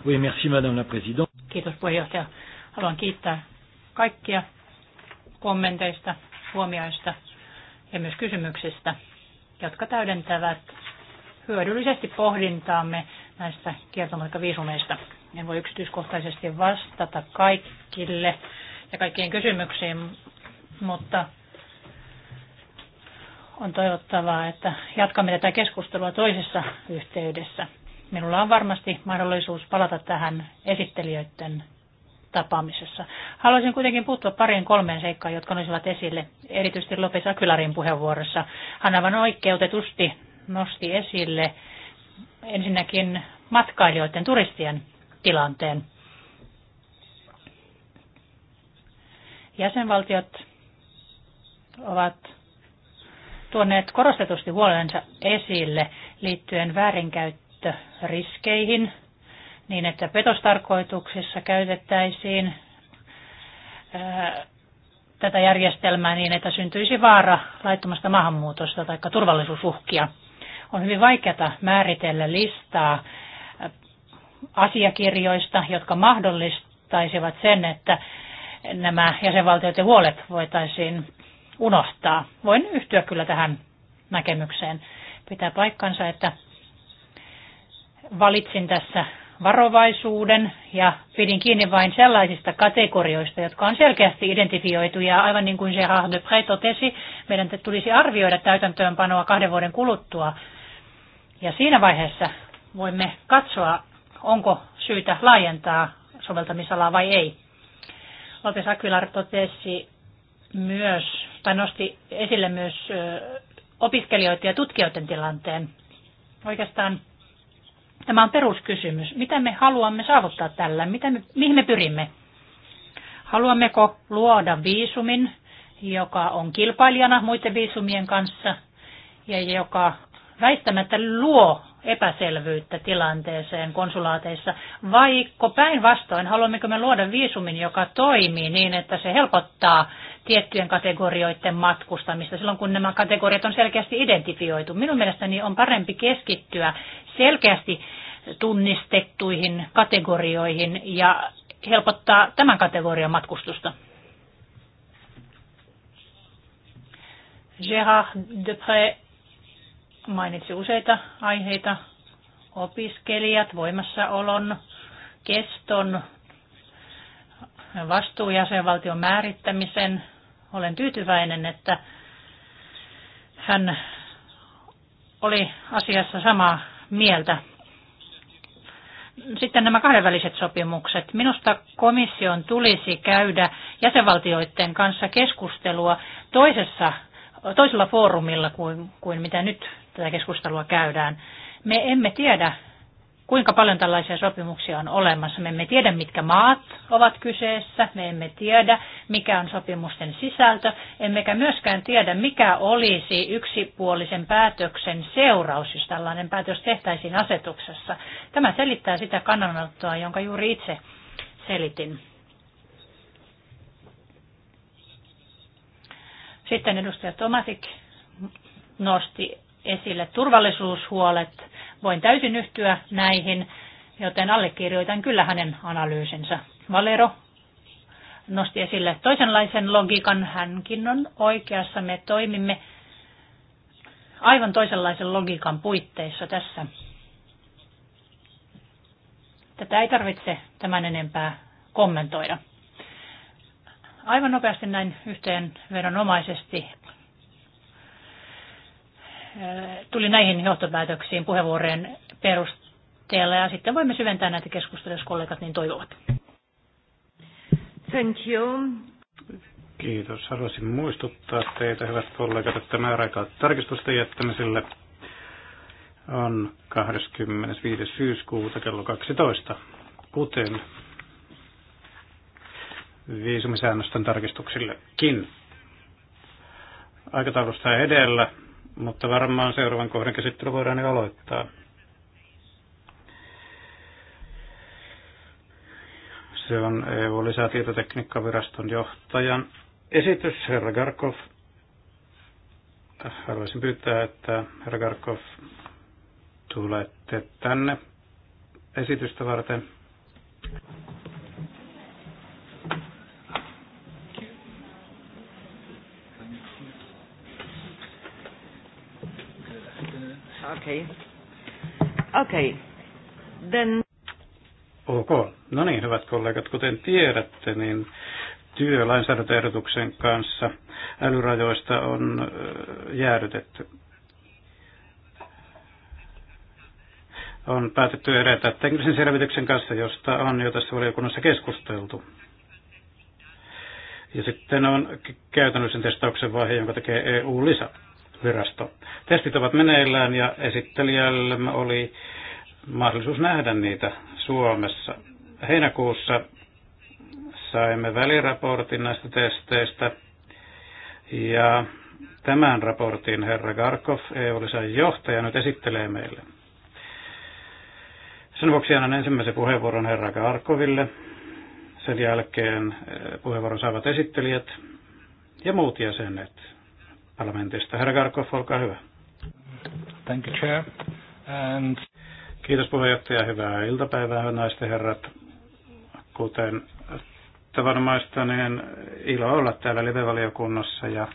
Oui, merci madame la présidente. Kiitos puheenjohtaja. Haluan kiittää kaikkia kommenteista, huomioista ja myös kysymyksistä, jotka täydentävät hyödyllisesti pohdintaamme näistä kiertomatkaviisumeista. En voi yksityiskohtaisesti vastata kaikille ja kaikkien kysymyksiin, mutta on toivottavaa, että jatkamme tätä keskustelua toisessa yhteydessä. Minulla on varmasti mahdollisuus palata tähän esittelijöiden tapaamisessa. Haluaisin kuitenkin puuttua pariin kolmeen seikkaan, jotka nousivat esille, erityisesti Lopes Akylarin puheenvuorossa. Hän aivan oikeutetusti nosti esille ensinnäkin matkailijoiden, turistien tilanteen. Jäsenvaltiot ovat tuoneet korostetusti huolensa esille liittyen väärinkäyttöriskeihin, niin että petostarkoituksissa käytettäisiin tätä järjestelmää niin, että syntyisi vaara laittomasta maahanmuutosta tai turvallisuusuhkia. On hyvin vaikeata määritellä listaa asiakirjoista, jotka mahdollistaisivat sen, että nämä jäsenvaltioiden huolet voitaisiin unohtaa. Voin yhtyä kyllä tähän näkemykseen. Pitää paikkansa, että valitsin tässä varovaisuuden ja pidin kiinni vain sellaisista kategorioista, jotka on selkeästi identifioitu. Ja aivan niin kuin Gerard de Pré totesi, meidän tulisi arvioida täytäntöönpanoa kahden vuoden kuluttua. Ja siinä vaiheessa voimme katsoa, onko syytä laajentaa soveltamisalaa vai ei. Lopes Akylar totesi myös tai nosti esille myös opiskelijoiden ja tutkijoiden tilanteen. Oikeastaan tämä on peruskysymys. Mitä me haluamme saavuttaa tällä? Mitä me, mihin me pyrimme? Haluammeko luoda viisumin, joka on kilpailijana muiden viisumien kanssa ja joka väistämättä luo epäselvyyttä tilanteeseen konsulaateissa, vaikka päinvastoin haluammeko me luoda viisumin, joka toimii niin, että se helpottaa tiettyjen kategorioiden matkustamista silloin, kun nämä kategoriat on selkeästi identifioitu. Minun mielestäni on parempi keskittyä selkeästi tunnistettuihin kategorioihin ja helpottaa tämän kategorian matkustusta. Gérard Depré mainitsi useita aiheita. Opiskelijat, voimassaolon, keston, vastuu jäsenvaltion määrittämisen. Olen tyytyväinen, että hän oli asiassa samaa mieltä. Sitten nämä kahdenväliset sopimukset. Minusta komission tulisi käydä jäsenvaltioiden kanssa keskustelua toisessa, toisella foorumilla kuin, kuin mitä nyt tätä keskustelua käydään. Me emme tiedä, kuinka paljon tällaisia sopimuksia on olemassa. Me emme tiedä, mitkä maat ovat kyseessä, me emme tiedä, mikä on sopimusten sisältö, emmekä myöskään tiedä, mikä olisi yksipuolisen päätöksen seuraus, jos tällainen päätös tehtäisiin asetuksessa. Tämä selittää sitä kannanottoa, jonka juuri itse selitin. Sitten edustaja Tomasik nosti esille turvallisuushuolet. Voin täysin yhtyä näihin, joten allekirjoitan kyllä hänen analyysinsä. Valero nosti esille toisenlaisen logiikan. Hänkin on oikeassa. Me toimimme aivan toisenlaisen logiikan puitteissa tässä. Tätä ei tarvitse tämän enempää kommentoida. Aivan nopeasti näin yhteenvedonomaisesti tuli näihin johtopäätöksiin puheenvuorojen perusteella ja sitten voimme syventää näitä keskusteluja, jos kollegat niin toivovat. Thank you. Kiitos. Haluaisin muistuttaa teitä, hyvät kollegat, että määräaika tarkistusten jättämiselle on 25. syyskuuta kello 12, kuten viisumisäännösten tarkistuksillekin. Aikataulusta edellä mutta varmaan seuraavan kohdan käsittely voidaan jo aloittaa. Se on EU-lisätietotekniikkaviraston johtajan esitys, herra Garkov. Haluaisin pyytää, että herra Garkov tulette tänne esitystä varten. Okei. Okay. Okei. Okay. Then... Ok. No niin, hyvät kollegat, kuten tiedätte, niin työlainsäädäntöehdotuksen kanssa älyrajoista on jäädytetty. On päätetty edetä teknisen selvityksen kanssa, josta on jo tässä valiokunnassa keskusteltu. Ja sitten on käytännöllisen testauksen vaihe, jonka tekee EU-lisä virasto. Testit ovat meneillään ja esittelijällemme oli mahdollisuus nähdä niitä Suomessa. Heinäkuussa saimme väliraportin näistä testeistä ja tämän raportin herra Garkov, EU-lisän johtaja, nyt esittelee meille. Sen vuoksi annan ensimmäisen puheenvuoron herra Garkoville. Sen jälkeen eh, puheenvuoron saavat esittelijät ja muut jäsenet parlamentista. Herra Karkov, olkaa hyvä. Thank you, Chair. And... Kiitos puheenjohtaja. Hyvää iltapäivää, hyvät naiset ja herrat. Kuten tavanomaista, niin ilo olla täällä live-valiokunnassa ja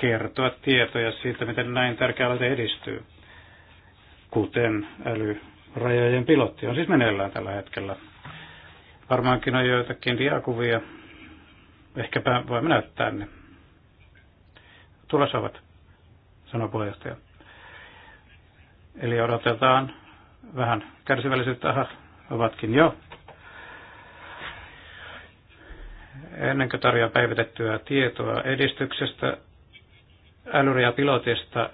kertoa tietoja siitä, miten näin tärkeä aloite edistyy, kuten älyrajojen pilotti on siis meneillään tällä hetkellä. Varmaankin on joitakin diakuvia. Ehkäpä voimme näyttää ne. Niin tulosavat, sanoi puheenjohtaja. Eli odotetaan vähän kärsivällisyyttä, aha, ovatkin jo. Ennen kuin tarjoaa päivitettyä tietoa edistyksestä, älyriä pilotista,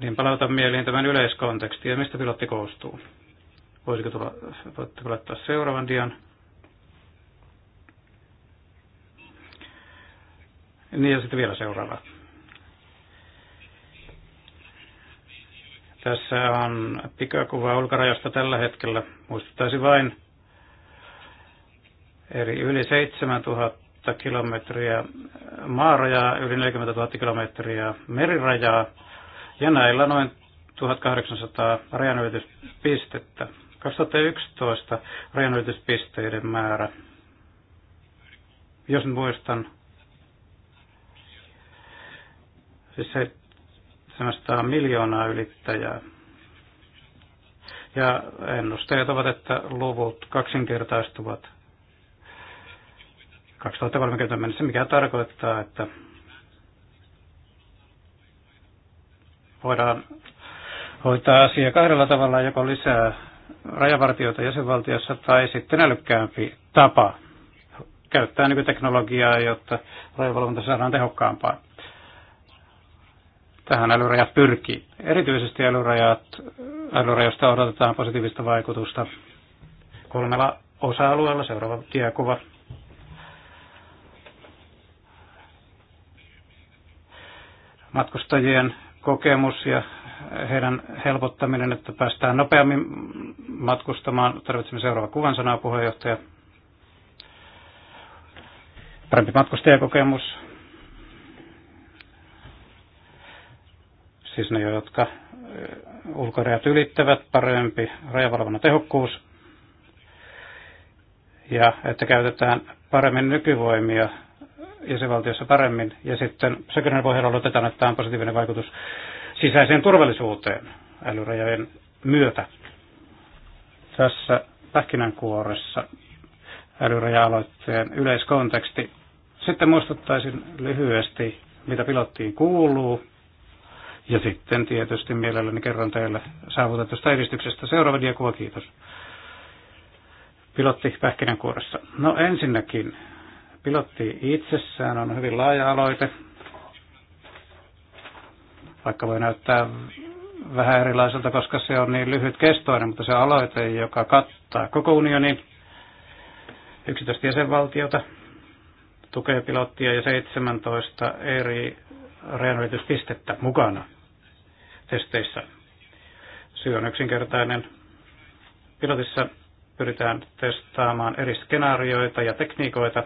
niin palautan mieliin tämän yleiskontekstin ja mistä pilotti koostuu. Voisiko tulla, voitteko laittaa seuraavan dian? Niin ja sitten vielä seuraava. Tässä on pikakuva ulkorajasta tällä hetkellä. Muistuttaisi vain eri yli 7000 kilometriä maarajaa, yli 40 000 kilometriä merirajaa ja näillä noin 1800 rajanylityspistettä. 2011 rajanylityspisteiden määrä, jos muistan siis 700 miljoonaa ylittäjää. Ja ennusteet ovat, että luvut kaksinkertaistuvat 2030 mennessä, mikä tarkoittaa, että voidaan hoitaa asia kahdella tavalla, joko lisää rajavartioita jäsenvaltiossa tai sitten älykkäämpi tapa käyttää nykyteknologiaa, jotta rajavalvonta saadaan tehokkaampaa tähän älyrajat pyrkii. Erityisesti älyrajat, älyrajoista odotetaan positiivista vaikutusta kolmella osa-alueella. Seuraava tiekuva. Matkustajien kokemus ja heidän helpottaminen, että päästään nopeammin matkustamaan. Tarvitsemme seuraava kuvan sanaa puheenjohtaja. Parempi matkustajakokemus, siis ne, jotka ulkorajat ylittävät, parempi rajavalvonnan tehokkuus, ja että käytetään paremmin nykyvoimia jäsenvaltiossa paremmin, ja sitten sekunnan pohjalla otetaan, että tämä on positiivinen vaikutus sisäiseen turvallisuuteen älyrajojen myötä. Tässä pähkinänkuoressa älyraja-aloitteen yleiskonteksti. Sitten muistuttaisin lyhyesti, mitä pilottiin kuuluu, ja sitten tietysti mielelläni kerron teille saavutetusta edistyksestä. Seuraava diakuva, kiitos. Pilotti pähkinänkuoressa. No ensinnäkin, pilotti itsessään on hyvin laaja aloite, vaikka voi näyttää vähän erilaiselta, koska se on niin lyhyt kestoinen, mutta se aloite, joka kattaa koko unionin 11 jäsenvaltiota, tukee pilottia ja 17 eri reanalytyspistettä mukana testeissä. Syy on yksinkertainen. Pilotissa pyritään testaamaan eri skenaarioita ja tekniikoita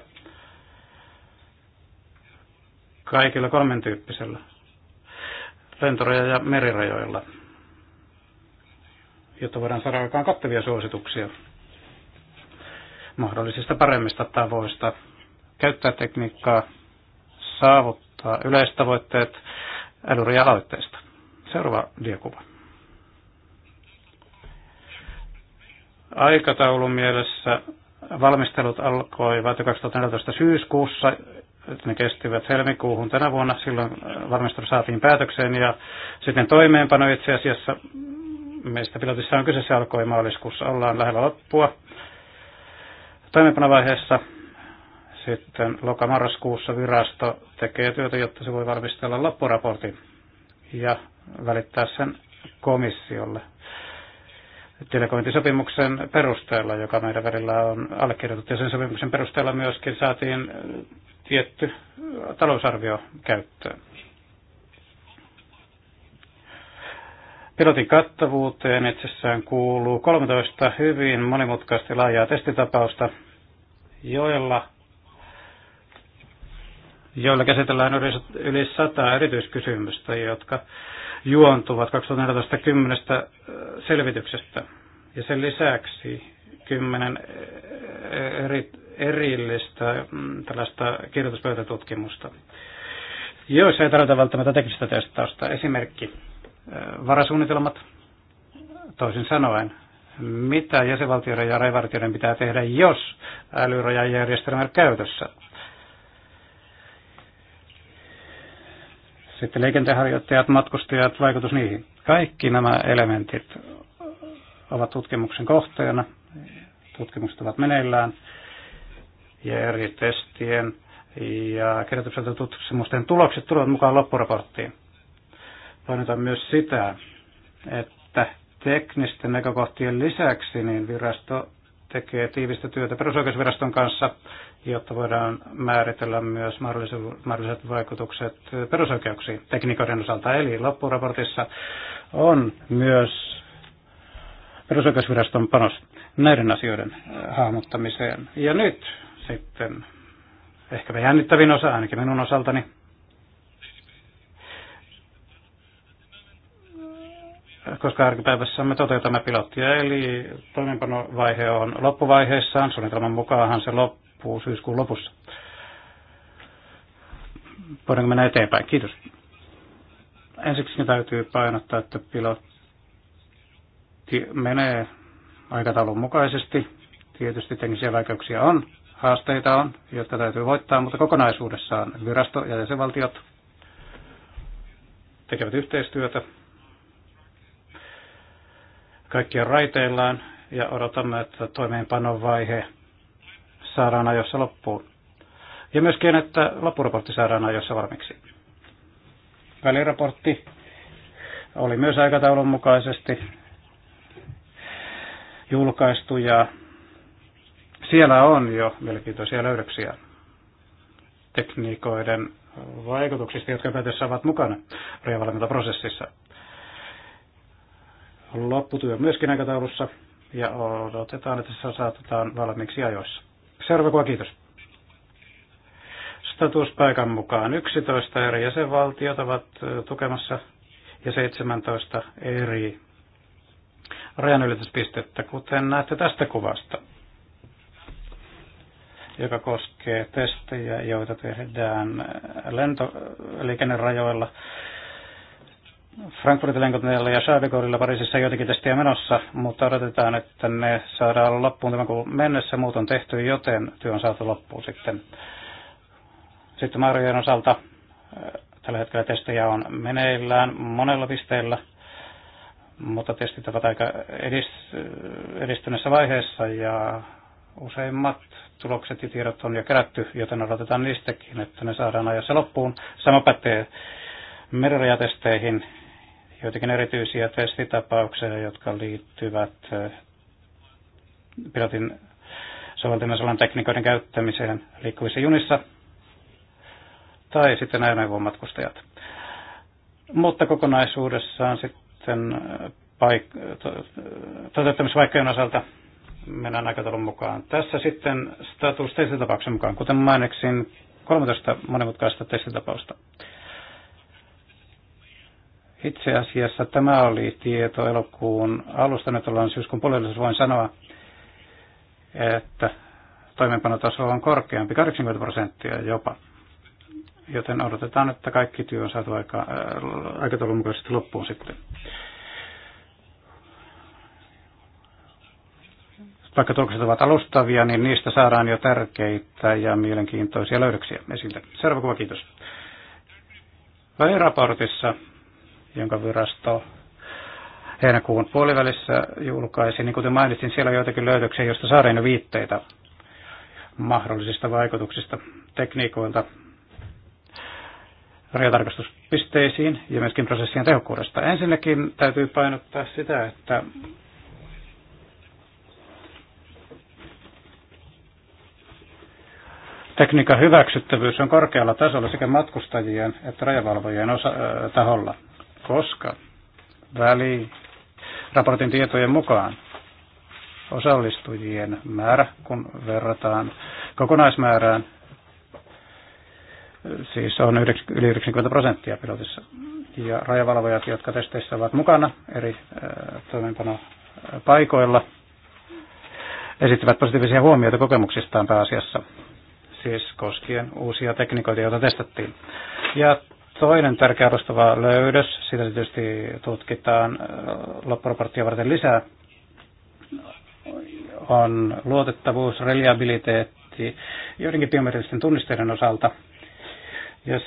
kaikilla kolmen tyyppisellä lentoreja ja merirajoilla, jotta voidaan saada aikaan kattavia suosituksia mahdollisista paremmista tavoista käyttää tekniikkaa, saavuttaa ottaa yleistavoitteet aloitteista. Seuraava diakuva. Aikataulun mielessä valmistelut alkoivat 2014 syyskuussa, ne kestivät helmikuuhun tänä vuonna, silloin äh, valmistelu saatiin päätökseen ja sitten toimeenpano itse asiassa meistä pilotissa on kyseessä alkoi maaliskuussa, ollaan lähellä loppua. Toimeenpanovaiheessa sitten lokamarraskuussa virasto tekee työtä, jotta se voi valmistella loppuraportin ja välittää sen komissiolle telekomintisopimuksen perusteella, joka meidän välillä on allekirjoitettu, ja sen sopimuksen perusteella myöskin saatiin tietty talousarvio käyttöön. Pilotin kattavuuteen itsessään kuuluu 13 hyvin monimutkaisesti laajaa testitapausta, joilla joilla käsitellään yli sata erityiskysymystä, jotka juontuvat 2014 äh, selvityksestä. Ja sen lisäksi kymmenen äh, eri, erillistä mm, tällaista kirjoituspöytätutkimusta, joissa ei tarvita välttämättä teknistä testausta. Esimerkki, äh, varasuunnitelmat, toisin sanoen, mitä jäsenvaltioiden ja raivartioiden pitää tehdä, jos älyrajajärjestelmä on käytössä. Sitten liikenteenharjoittajat, matkustajat, vaikutus niihin. Kaikki nämä elementit ovat tutkimuksen kohteena. Tutkimukset ovat meneillään. Ja eri testien ja kirjoitukselta tutkimusten tulokset tulevat mukaan loppuraporttiin. Painotan myös sitä, että teknisten näkökohtien lisäksi niin virasto tekee tiivistä työtä perusoikeusviraston kanssa, jotta voidaan määritellä myös mahdolliset vaikutukset perusoikeuksiin tekniikoiden osalta. Eli loppuraportissa on myös perusoikeusviraston panos näiden asioiden äh, hahmottamiseen. Ja nyt sitten ehkäpä jännittävin osa, ainakin minun osaltani, koska arkipäivässä me toteutamme pilottia, eli toimenpanovaihe on loppuvaiheessaan, suunnitelman mukaanhan se loppuu syyskuun lopussa. Voidaanko mennä eteenpäin? Kiitos. Ensiksi täytyy painottaa, että pilotti menee aikataulun mukaisesti. Tietysti teknisiä vaikeuksia on, haasteita on, jotka täytyy voittaa, mutta kokonaisuudessaan virasto ja jäsenvaltiot tekevät yhteistyötä kaikki on raiteillaan ja odotamme, että toimeenpanovaihe saadaan ajoissa loppuun. Ja myöskin, että loppuraportti saadaan ajoissa valmiiksi. Väliraportti oli myös aikataulun mukaisesti julkaistu ja siellä on jo mielenkiintoisia löydöksiä tekniikoiden vaikutuksista, jotka päätössä ovat mukana prosessissa lopputyö myöskin aikataulussa ja odotetaan, että se saatetaan valmiiksi ajoissa. Seuraava kuva, kiitos. Statuspaikan mukaan 11 eri jäsenvaltiot ovat tukemassa ja 17 eri rajanylityspistettä, kuten näette tästä kuvasta, joka koskee testejä, joita tehdään lentoliikennerajoilla. Frankfurtin lentokoneella ja Schadegorilla Pariisissa joitakin testejä menossa, mutta odotetaan, että ne saadaan loppuun tämän kuun mennessä. Muut on tehty, joten työ on saatu loppuun sitten. Sitten Marjojen osalta eh, tällä hetkellä testejä on meneillään monella pisteellä, mutta testit ovat aika edistyneessä vaiheessa ja useimmat tulokset ja tiedot on jo kerätty, joten odotetaan niistäkin, että ne saadaan ajassa loppuun. Sama pätee merirajatesteihin, joitakin erityisiä testitapauksia, jotka liittyvät eh, pilotin soveltimisalan tekniikoiden käyttämiseen liikkuvissa junissa tai sitten ajoneuvomatkustajat. Mutta kokonaisuudessaan sitten eh, paik- to- toteuttamisvaikkojen osalta mennään aikataulun mukaan. Tässä sitten status testitapauksen mukaan, kuten mainitsin, 13 monimutkaista testitapausta. Itse asiassa tämä oli tieto elokuun alusta. Nyt ollaan syyskuun jos Voin sanoa, että toimeenpanotaso on korkeampi, 80 prosenttia jopa. Joten odotetaan, että kaikki työ on saatu aika, äh, aikataulun mukaisesti loppuun sitten. Vaikka tulokset ovat alustavia, niin niistä saadaan jo tärkeitä ja mielenkiintoisia löydöksiä esille. Seuraava kuva, kiitos. Väliraportissa jonka virasto heinäkuun puolivälissä julkaisi. Niin kuten mainitsin, siellä on joitakin löytöksiä, joista saadaan viitteitä mahdollisista vaikutuksista tekniikoilta rajatarkastuspisteisiin ja myöskin prosessien tehokkuudesta. Ensinnäkin täytyy painottaa sitä, että tekniikan hyväksyttävyys on korkealla tasolla sekä matkustajien että rajavalvojien osa- taholla koska väli raportin tietojen mukaan osallistujien määrä, kun verrataan kokonaismäärään, siis on yli 90 prosenttia pilotissa. Ja rajavalvojat, jotka testeissä ovat mukana eri äh, toimenpanopaikoilla, esittävät positiivisia huomioita kokemuksistaan pääasiassa, siis koskien uusia teknikoita, joita testattiin. Ja Toinen tärkeä arvostava löydös, sitä tietysti tutkitaan loppuraporttia varten lisää, on luotettavuus, reliabiliteetti joidenkin biometristen tunnisteiden osalta ja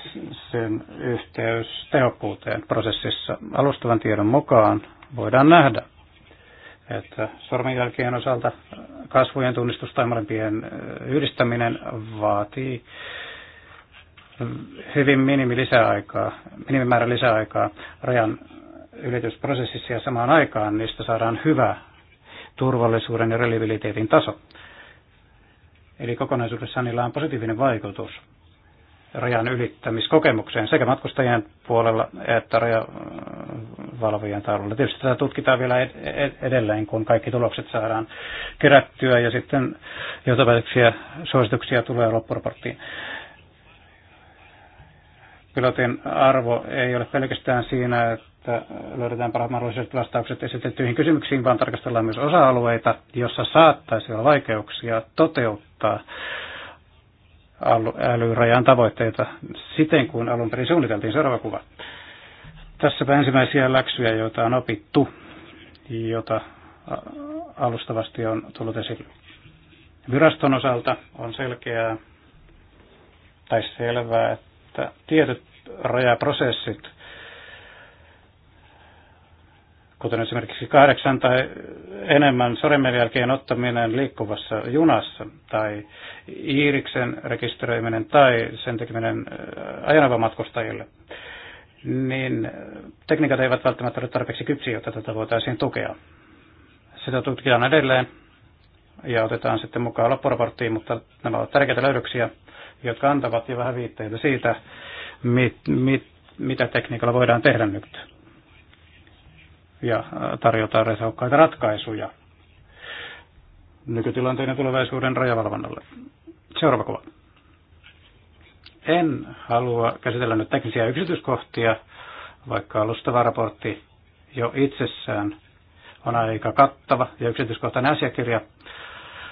sen yhteys tehokkuuteen prosessissa. Alustavan tiedon mukaan voidaan nähdä, että sormenjälkien osalta kasvojen tunnistus tai molempien yhdistäminen vaatii hyvin minimi lisäaikaa, minimimäärä lisäaikaa rajan ylitysprosessissa ja samaan aikaan niistä saadaan hyvä turvallisuuden ja reliabiliteetin taso. Eli kokonaisuudessaan niillä on positiivinen vaikutus rajan ylittämiskokemukseen sekä matkustajien puolella että rajavalvojen taululla. Tietysti tätä tutkitaan vielä edelleen, kun kaikki tulokset saadaan kerättyä ja sitten johtopäätöksiä, suosituksia tulee loppuraporttiin pilotin arvo ei ole pelkästään siinä, että löydetään parhaat mahdolliset vastaukset esitettyihin kysymyksiin, vaan tarkastellaan myös osa-alueita, joissa saattaisi olla vaikeuksia toteuttaa älyrajan tavoitteita siten, kuin alun perin suunniteltiin. Seuraava kuva. Tässäpä ensimmäisiä läksyjä, joita on opittu, jota alustavasti on tullut esille. Viraston osalta on selkeää tai selvää, että että tietyt rajaprosessit, kuten esimerkiksi kahdeksan tai enemmän jälkeen ottaminen liikkuvassa junassa tai Iiriksen rekisteröiminen tai sen tekeminen äh, ajanavamatkustajille, niin tekniikat eivät välttämättä ole tarpeeksi kypsiä, jotta tätä voitaisiin tukea. Sitä tutkitaan edelleen ja otetaan sitten mukaan loppuraporttiin, mutta nämä ovat tärkeitä löydöksiä jotka antavat jo vähän viitteitä siitä, mit, mit, mitä tekniikalla voidaan tehdä nyt ja tarjotaan resaukkaita ratkaisuja nykytilanteen ja tulevaisuuden rajavalvonnalle. Seuraava kuva. En halua käsitellä nyt teknisiä yksityiskohtia, vaikka alustava raportti jo itsessään on aika kattava ja yksityiskohtainen asiakirja,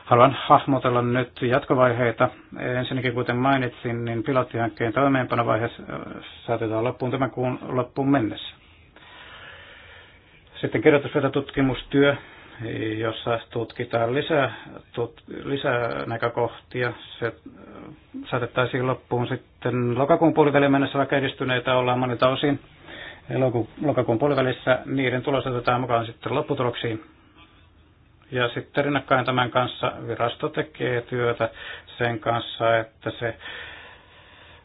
Haluan hahmotella nyt jatkovaiheita. Ensinnäkin, kuten mainitsin, niin pilottihankkeen toimeenpanovaiheessa saatetaan loppuun tämän kuun loppuun mennessä. Sitten tutkimustyö, jossa tutkitaan lisää, tut, lisää näkökohtia. Se saatettaisiin loppuun sitten lokakuun puoliväliin mennessä, vaikka edistyneitä ollaan monilta osin. lokakuun puolivälissä niiden tulos otetaan mukaan sitten lopputuloksiin ja sitten rinnakkain tämän kanssa virasto tekee työtä sen kanssa, että se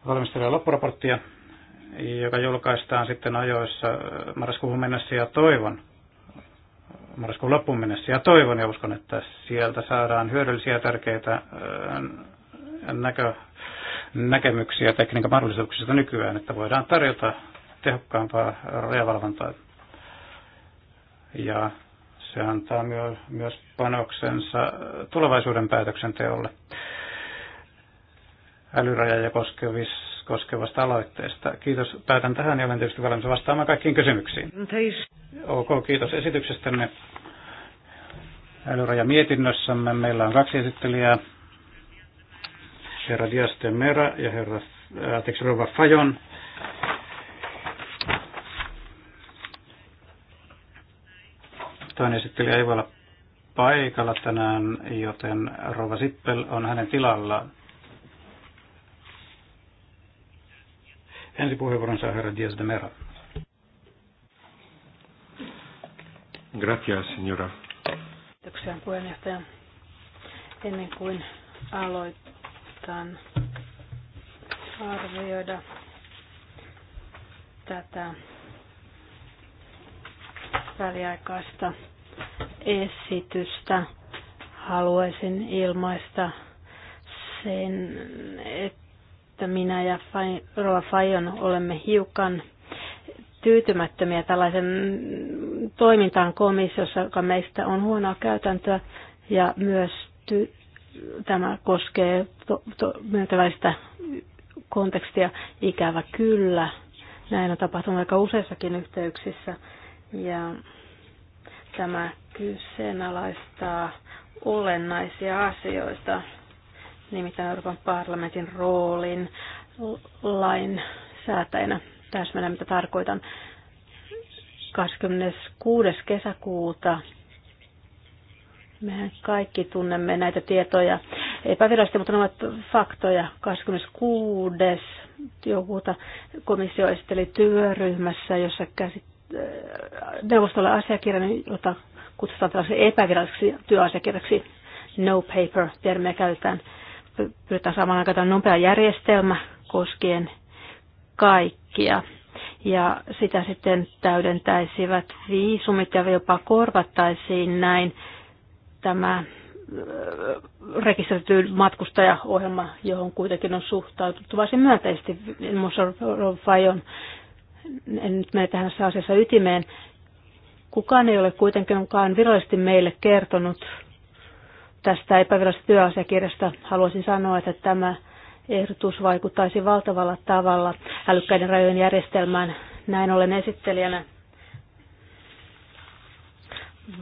valmistelee loppuraporttia, joka julkaistaan sitten ajoissa marraskuun mennessä ja toivon, marraskuun loppuun mennessä ja toivon ja uskon, että sieltä saadaan hyödyllisiä ja tärkeitä äh, näkö, näkemyksiä tekniikan mahdollisuuksista nykyään, että voidaan tarjota tehokkaampaa rajavalvontaa ja se antaa myös panoksensa tulevaisuuden päätöksenteolle älyrajoja koskevissa koskevasta aloitteesta. Kiitos. Päätän tähän ja olen tietysti valmis vastaamaan kaikkiin kysymyksiin. Ok, kiitos esityksestänne. Älyraja mietinnössämme meillä on kaksi esittelijää. Herra Dias de Mera ja herra, äh, anteeksi, Rova Fajon. Toinen esittelijä ei voi olla paikalla tänään, joten Rova Sippel on hänen tilallaan. Ensi puheenvuoron saa herra Diaz de Mera. Gracias, señora. Kiitoksia puheenjohtaja. Ennen kuin aloitan arvioida tätä väliaikaista esitystä. Haluaisin ilmaista sen, että minä ja Rova Fajon olemme hiukan tyytymättömiä tällaisen toimintaan komissiossa, joka meistä on huonoa käytäntöä ja myös ty- tämä koskee to- to- myöntäväistä kontekstia ikävä kyllä. Näin on tapahtunut aika useissakin yhteyksissä ja tämä kyseenalaistaa olennaisia asioita, nimittäin Euroopan parlamentin roolin lain säätäjänä. Täsmennä, mitä tarkoitan. 26. kesäkuuta mehän kaikki tunnemme näitä tietoja epävirallisesti, mutta ne ovat faktoja. 26. joulukuuta komissio esitteli työryhmässä, jossa käsit neuvostolle asiakirjan, jota kutsutaan tällaisen epäviralliseksi työasiakirjaksi, no paper termiä käytetään. Pyritään saamaan aikaan nopea järjestelmä koskien kaikkia. Ja sitä sitten täydentäisivät viisumit ja jopa korvattaisiin näin tämä rekisteröity matkustajaohjelma, johon kuitenkin on suhtauduttu varsin myönteisesti. on en nyt mene tähän asiassa ytimeen. Kukaan ei ole kuitenkaan virallisesti meille kertonut tästä epävirallisesta työasiakirjasta. Haluaisin sanoa, että tämä ehdotus vaikuttaisi valtavalla tavalla älykkäiden rajojen järjestelmään. Näin olen esittelijänä.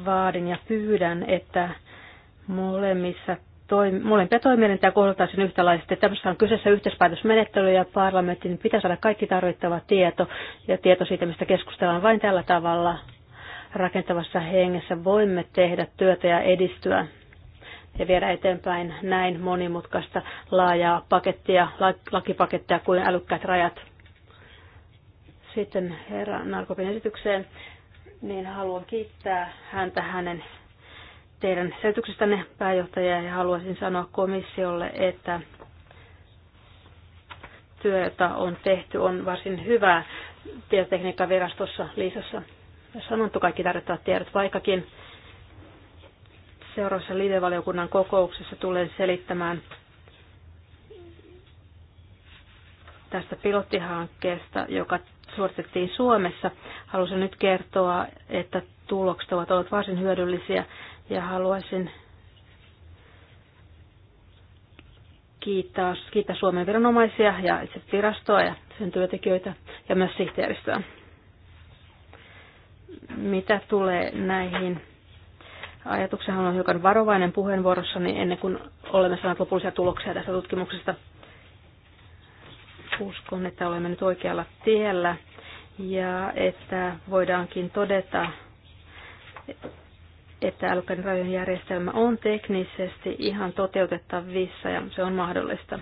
Vaadin ja pyydän, että molemmissa toim- molempia toimielintä kohdeltaisiin yhtälaisesti. Tämmöisessä on kyseessä yhteispäätösmenettely ja parlamentin niin pitää saada kaikki tarvittava tieto ja tieto siitä, mistä keskustellaan. Vain tällä tavalla rakentavassa hengessä voimme tehdä työtä ja edistyä ja viedä eteenpäin näin monimutkaista laajaa pakettia, lakipakettia kuin älykkäät rajat. Sitten herra Narkopin esitykseen, niin haluan kiittää häntä hänen teidän selityksestänne pääjohtaja ja haluaisin sanoa komissiolle, että työ, jota on tehty, on varsin hyvää tietotekniikkavirastossa Liisassa. Ja sanottu kaikki tarvittavat tiedot, vaikkakin seuraavassa live-valiokunnan kokouksessa tulen selittämään tästä pilottihankkeesta, joka suoritettiin Suomessa. Haluaisin nyt kertoa, että tulokset ovat olleet varsin hyödyllisiä ja haluaisin kiittää, kiittää Suomen viranomaisia ja itse virastoa ja sen työntekijöitä ja myös sihteeristöä. Mitä tulee näihin ajatuksiin, on hiukan varovainen puheenvuorossani ennen kuin olemme saaneet lopullisia tuloksia tästä tutkimuksesta. Uskon, että olemme nyt oikealla tiellä ja että voidaankin todeta, että älkän rajojen järjestelmä on teknisesti ihan toteutettavissa ja se on mahdollista.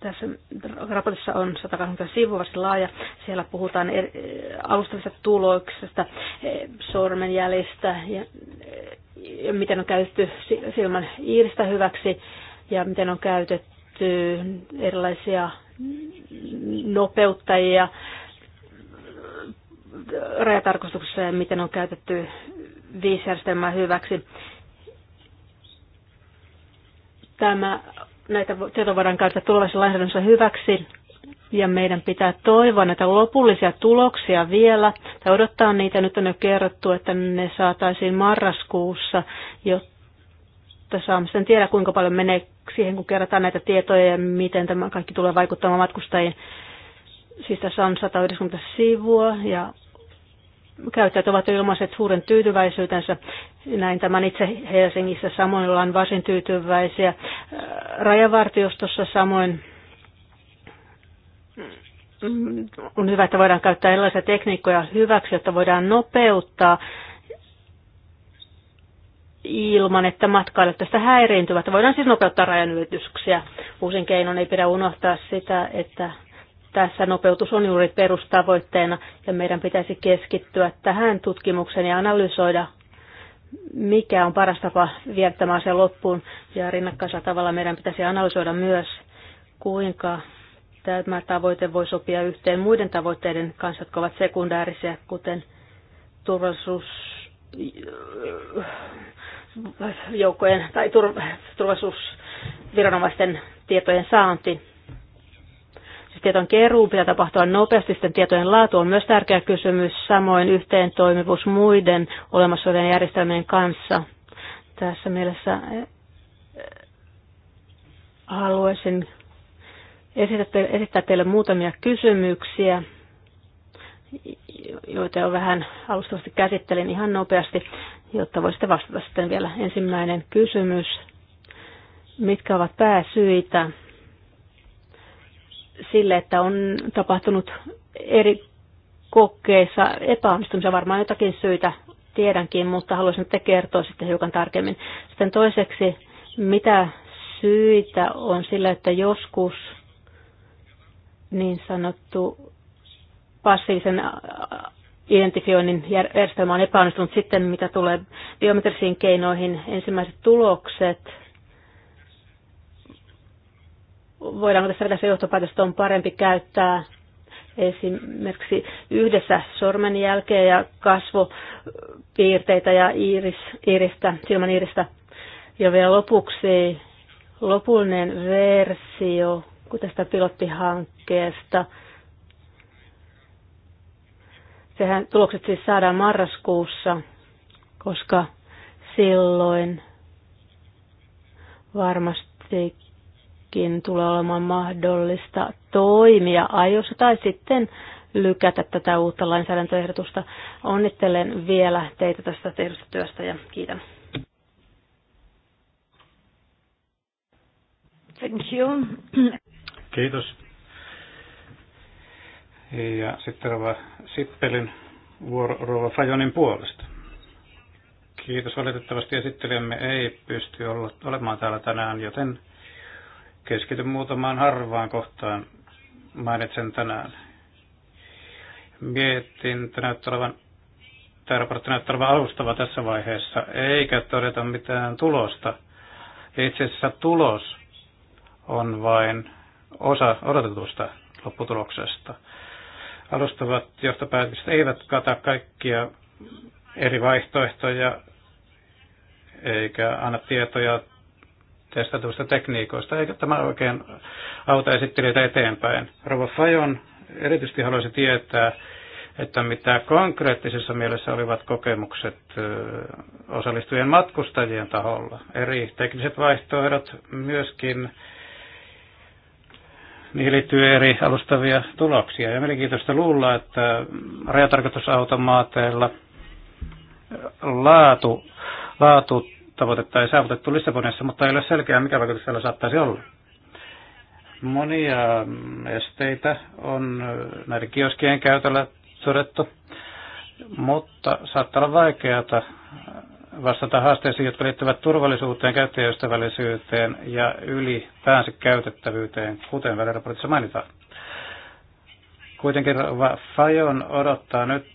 Tässä raportissa on 180 sivua, varsin laaja. Siellä puhutaan äh, alustavista tuloksista, äh, sormenjäljistä äh, ja miten on käytetty silmän iiristä hyväksi ja miten on käytetty erilaisia nopeuttajia, rajatarkastuksessa ja miten on käytetty viisijärjestelmää hyväksi. Tämä, näitä tietoja voidaan käyttää tulevaisessa lainsäädännössä hyväksi ja meidän pitää toivoa näitä lopullisia tuloksia vielä tai odottaa niitä. Nyt on jo kerrottu, että ne saataisiin marraskuussa, jotta saamme sen tiedä, kuinka paljon menee siihen, kun kerätään näitä tietoja ja miten tämä kaikki tulee vaikuttamaan matkustajien. Siis tässä on 190 sivua ja käyttäjät ovat ilmaiset suuren tyytyväisyytensä. Näin tämän itse Helsingissä samoin ollaan varsin tyytyväisiä. Äh, rajavartiostossa samoin mm, on hyvä, että voidaan käyttää erilaisia tekniikkoja hyväksi, jotta voidaan nopeuttaa ilman, että matkailijat tästä häiriintyvät. Voidaan siis nopeuttaa rajanylityksiä. Uusin keinon ei pidä unohtaa sitä, että tässä nopeutus on juuri perustavoitteena ja meidän pitäisi keskittyä tähän tutkimukseen ja analysoida, mikä on paras tapa viedä tämä asia loppuun. Ja rinnakkaisella tavalla meidän pitäisi analysoida myös, kuinka tämä tavoite voi sopia yhteen muiden tavoitteiden kanssa, jotka ovat sekundäärisiä, kuten turvallisuus äh, joukkojen tai turvallisuusviranomaisten tietojen saanti Siis tietojen keruun pitää tapahtua nopeasti, sitten tietojen laatu on myös tärkeä kysymys, samoin yhteen toimivuus muiden olemassa olevien järjestelmien kanssa. Tässä mielessä eh, haluaisin esittää teille muutamia kysymyksiä, joita jo vähän alustavasti käsittelin ihan nopeasti, jotta voisitte vastata sitten vielä. Ensimmäinen kysymys. Mitkä ovat pääsyitä sille, että on tapahtunut eri kokeissa epäonnistumisia, varmaan jotakin syitä tiedänkin, mutta haluaisin, että kertoa sitten hiukan tarkemmin. Sitten toiseksi, mitä syitä on sillä, että joskus niin sanottu passiivisen identifioinnin järjestelmä on epäonnistunut. Sitten mitä tulee biometrisiin keinoihin, ensimmäiset tulokset – voidaanko tässä vielä se johtopäätös, että on parempi käyttää esimerkiksi yhdessä sormenjälkeä ja kasvopiirteitä ja iiris, iiristä, silmän iiristä. Ja vielä lopuksi lopullinen versio tästä pilottihankkeesta. Sehän tulokset siis saadaan marraskuussa, koska silloin varmasti todellakin tulee olemaan mahdollista toimia ajoissa tai sitten lykätä tätä uutta lainsäädäntöehdotusta. Onnittelen vielä teitä tästä tehdystä työstä ja kiitän. Thank you. Kiitos. Ja sitten Rova Sippelin vuoro Rova Fajonin puolesta. Kiitos. Valitettavasti esittelijämme ei pysty olla, olemaan täällä tänään, joten Keskityn muutamaan harvaan kohtaan, mainitsen tänään. Mietin, että näyttää olevan, tämä raportti näyttää olevan alustava tässä vaiheessa, eikä todeta mitään tulosta. Itse asiassa tulos on vain osa odotetusta lopputuloksesta. Alustavat johtopäätökset eivät kata kaikkia eri vaihtoehtoja, eikä anna tietoja testatuista tekniikoista, eikä tämä oikein auta esittelijöitä eteenpäin. Rova Fajon erityisesti haluaisi tietää, että mitä konkreettisessa mielessä olivat kokemukset osallistujien matkustajien taholla. Eri tekniset vaihtoehdot myöskin, niihin liittyy eri alustavia tuloksia. Ja mielenkiintoista luulla, että rajatarkastusautomaateilla laatu, laatu tavoitetta ei saavutettu Lissabonissa, mutta ei ole selkeää, mikä vaikutus siellä saattaisi olla. Monia mm, esteitä on näiden kioskien käytöllä todettu, mutta saattaa olla vaikeata vastata haasteisiin, jotka liittyvät turvallisuuteen, käyttäjäystävällisyyteen ja ylipäänsä käytettävyyteen, kuten väliraportissa mainitaan. Kuitenkin Fajon odottaa nyt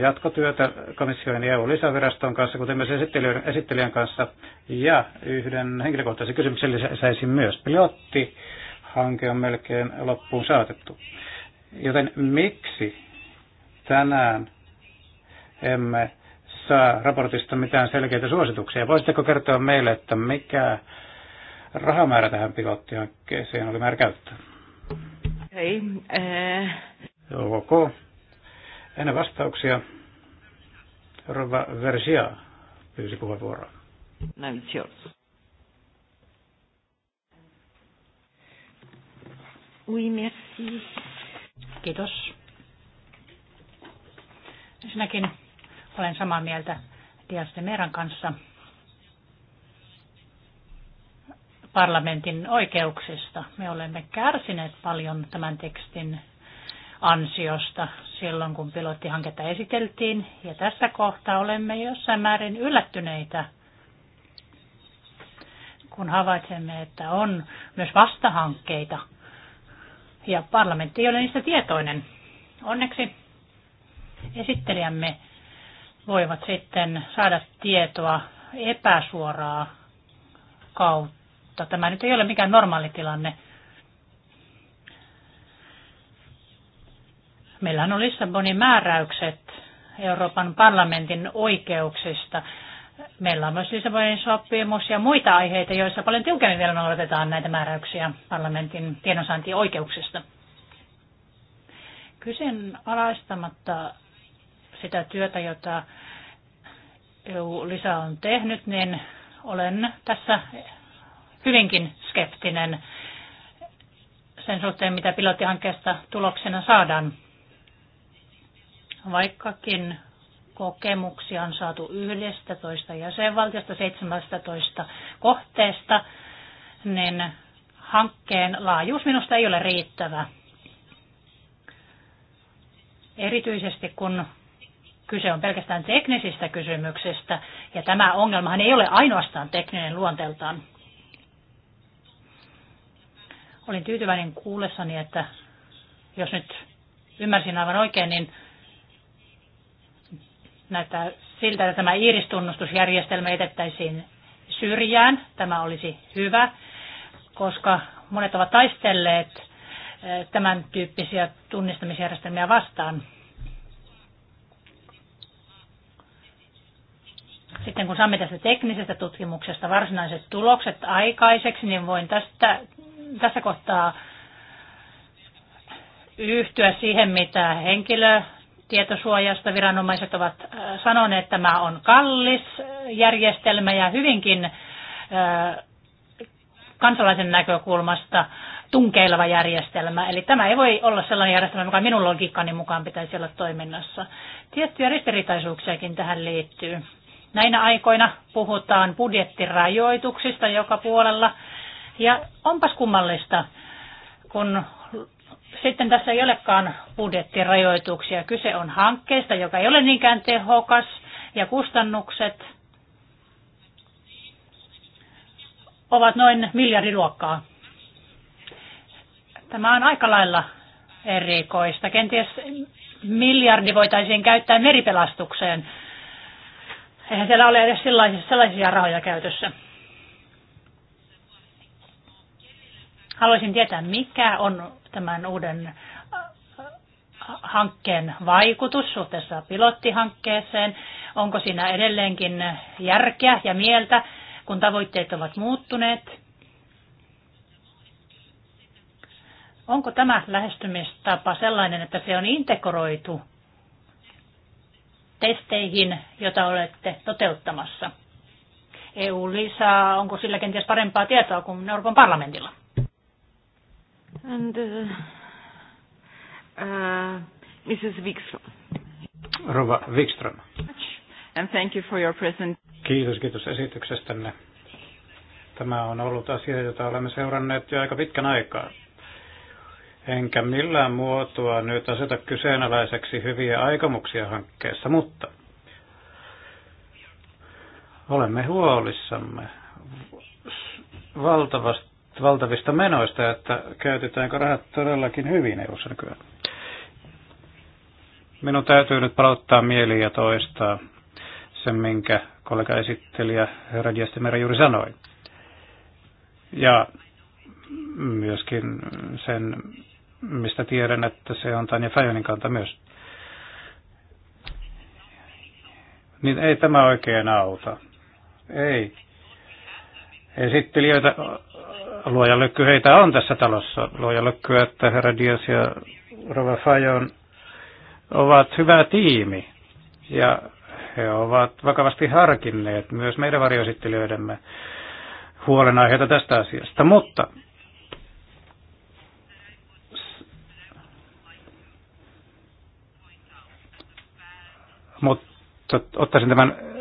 jatkotyötä komission ja EU-lisäviraston kanssa, kuten myös esittelijän, esittelijän kanssa. Ja yhden henkilökohtaisen kysymyksen lisäisin myös. Pilottihanke on melkein loppuun saatettu. Joten miksi tänään emme saa raportista mitään selkeitä suosituksia? Voisitteko kertoa meille, että mikä rahamäärä tähän pilottihankkeeseen oli määrä käyttää? Ei. Ää... Eh. Ok. Ennen vastauksia. Rova Versia pyysi puheenvuoroa. No, it's yours. Oui, merci. Kiitos. Ensinnäkin olen samaa mieltä Diaste Meran kanssa parlamentin oikeuksista. Me olemme kärsineet paljon tämän tekstin ansiosta silloin, kun pilottihanketta esiteltiin. Ja tässä kohtaa olemme jossain määrin yllättyneitä, kun havaitsemme, että on myös vastahankkeita. Ja parlamentti ei ole niistä tietoinen. Onneksi esittelijämme voivat sitten saada tietoa epäsuoraa kautta mutta tämä nyt ei ole mikään normaali tilanne. Meillä on Lissabonin määräykset Euroopan parlamentin oikeuksista. Meillä on myös Lissabonin sopimus ja muita aiheita, joissa paljon tiukemmin vielä noudatetaan näitä määräyksiä parlamentin tiedonsaantioikeuksista. Kysyn alaistamatta sitä työtä, jota EU-lisä on tehnyt, niin olen tässä hyvinkin skeptinen sen suhteen, mitä pilottihankkeesta tuloksena saadaan. Vaikkakin kokemuksia on saatu 11 jäsenvaltiosta 17 kohteesta, niin hankkeen laajuus minusta ei ole riittävä. Erityisesti kun kyse on pelkästään teknisistä kysymyksistä, ja tämä ongelmahan ei ole ainoastaan tekninen luonteeltaan. Olin tyytyväinen kuullessani, että jos nyt ymmärsin aivan oikein, niin näyttää siltä, että tämä iiristunnustusjärjestelmä etettäisiin syrjään. Tämä olisi hyvä, koska monet ovat taistelleet eh, tämän tyyppisiä tunnistamisjärjestelmiä vastaan. Sitten kun saamme tästä teknisestä tutkimuksesta varsinaiset tulokset aikaiseksi, niin voin tästä tässä kohtaa yhtyä siihen, mitä henkilö tietosuojasta viranomaiset ovat äh, sanoneet, että tämä on kallis järjestelmä ja hyvinkin äh, kansalaisen näkökulmasta tunkeileva järjestelmä. Eli tämä ei voi olla sellainen järjestelmä, joka minun logiikkani mukaan pitäisi olla toiminnassa. Tiettyjä ristiriitaisuuksiakin tähän liittyy. Näinä aikoina puhutaan budjettirajoituksista joka puolella. Ja onpas kummallista, kun sitten tässä ei olekaan budjettirajoituksia. Kyse on hankkeesta, joka ei ole niinkään tehokas, ja kustannukset ovat noin miljardiluokkaa. Tämä on aika lailla erikoista. Kenties miljardi voitaisiin käyttää meripelastukseen. Eihän siellä ole edes sellaisia, sellaisia rahoja käytössä. Haluaisin tietää, mikä on tämän uuden äh, äh, hankkeen vaikutus suhteessa pilottihankkeeseen. Onko siinä edelleenkin järkeä ja mieltä, kun tavoitteet ovat muuttuneet? Onko tämä lähestymistapa sellainen, että se on integroitu testeihin, joita olette toteuttamassa? EU-lisää, onko sillä kenties parempaa tietoa kuin Euroopan parlamentilla? And uh, uh, Mrs. Wikström. Rova Wikström. And thank you for your present. Kiitos, kiitos esityksestänne. Tämä on ollut asia, jota olemme seuranneet jo aika pitkän aikaa. Enkä millään muotoa nyt aseta kyseenalaiseksi hyviä aikomuksia hankkeessa, mutta olemme huolissamme valtavasti valtavista menoista, että käytetäänkö rahat todellakin hyvin eussa nykyään. Minun täytyy nyt palauttaa mieliin ja toistaa sen, minkä kollega esittelijä herra Diestemera juuri sanoi. Ja myöskin sen, mistä tiedän, että se on Tanja Fajonin kanta myös. Niin ei tämä oikein auta. Ei. Esittelijöitä luoja lykky heitä on tässä talossa. Luoja lykky, että herra Dias ja Rova Fajon ovat hyvä tiimi ja he ovat vakavasti harkinneet myös meidän varjoesittelijöidemme huolenaiheita tästä asiasta. Mutta mutta ottaisin tämän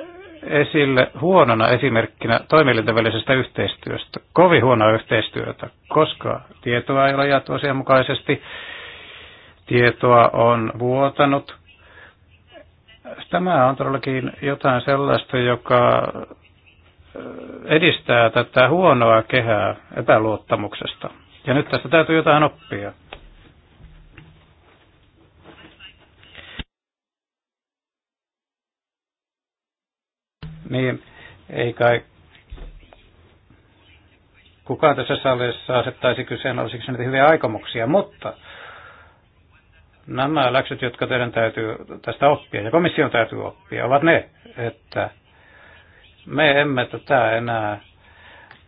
esille huonona esimerkkinä toimielintävälisestä yhteistyöstä. Kovin huonoa yhteistyötä, koska tietoa ei ole jaettu asianmukaisesti, tietoa on vuotanut. Tämä on todellakin jotain sellaista, joka eh, edistää tätä huonoa kehää epäluottamuksesta. Ja nyt tästä täytyy jotain oppia. Niin, ei kai kukaan tässä salissa asettaisi kyseenalaisiksi näitä hyviä aikomuksia, mutta nämä läksyt, jotka teidän täytyy tästä oppia ja komission täytyy oppia, ovat ne, että me emme tätä enää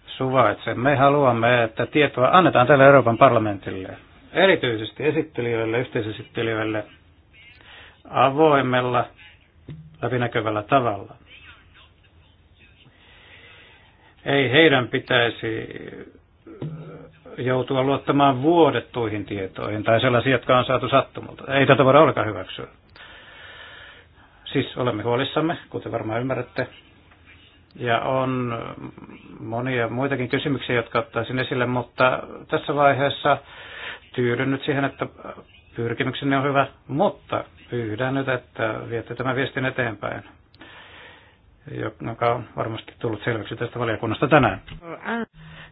suvaitse. Me haluamme, että tietoa annetaan tälle Euroopan parlamentille, erityisesti esittelijöille, yhteisesittelijöille, avoimella, läpinäkyvällä tavalla. Ei heidän pitäisi äh, joutua luottamaan vuodettuihin tietoihin tai sellaisiin, jotka on saatu sattumalta. Ei tätä voida ollenkaan hyväksyä. Siis olemme huolissamme, kuten varmaan ymmärrätte. Ja on monia muitakin kysymyksiä, jotka ottaisin esille, mutta tässä vaiheessa tyydyn nyt siihen, että pyrkimyksenne on hyvä, mutta pyydän nyt, että viette tämän viestin eteenpäin joka on varmasti tullut selväksi tästä valiokunnasta tänään.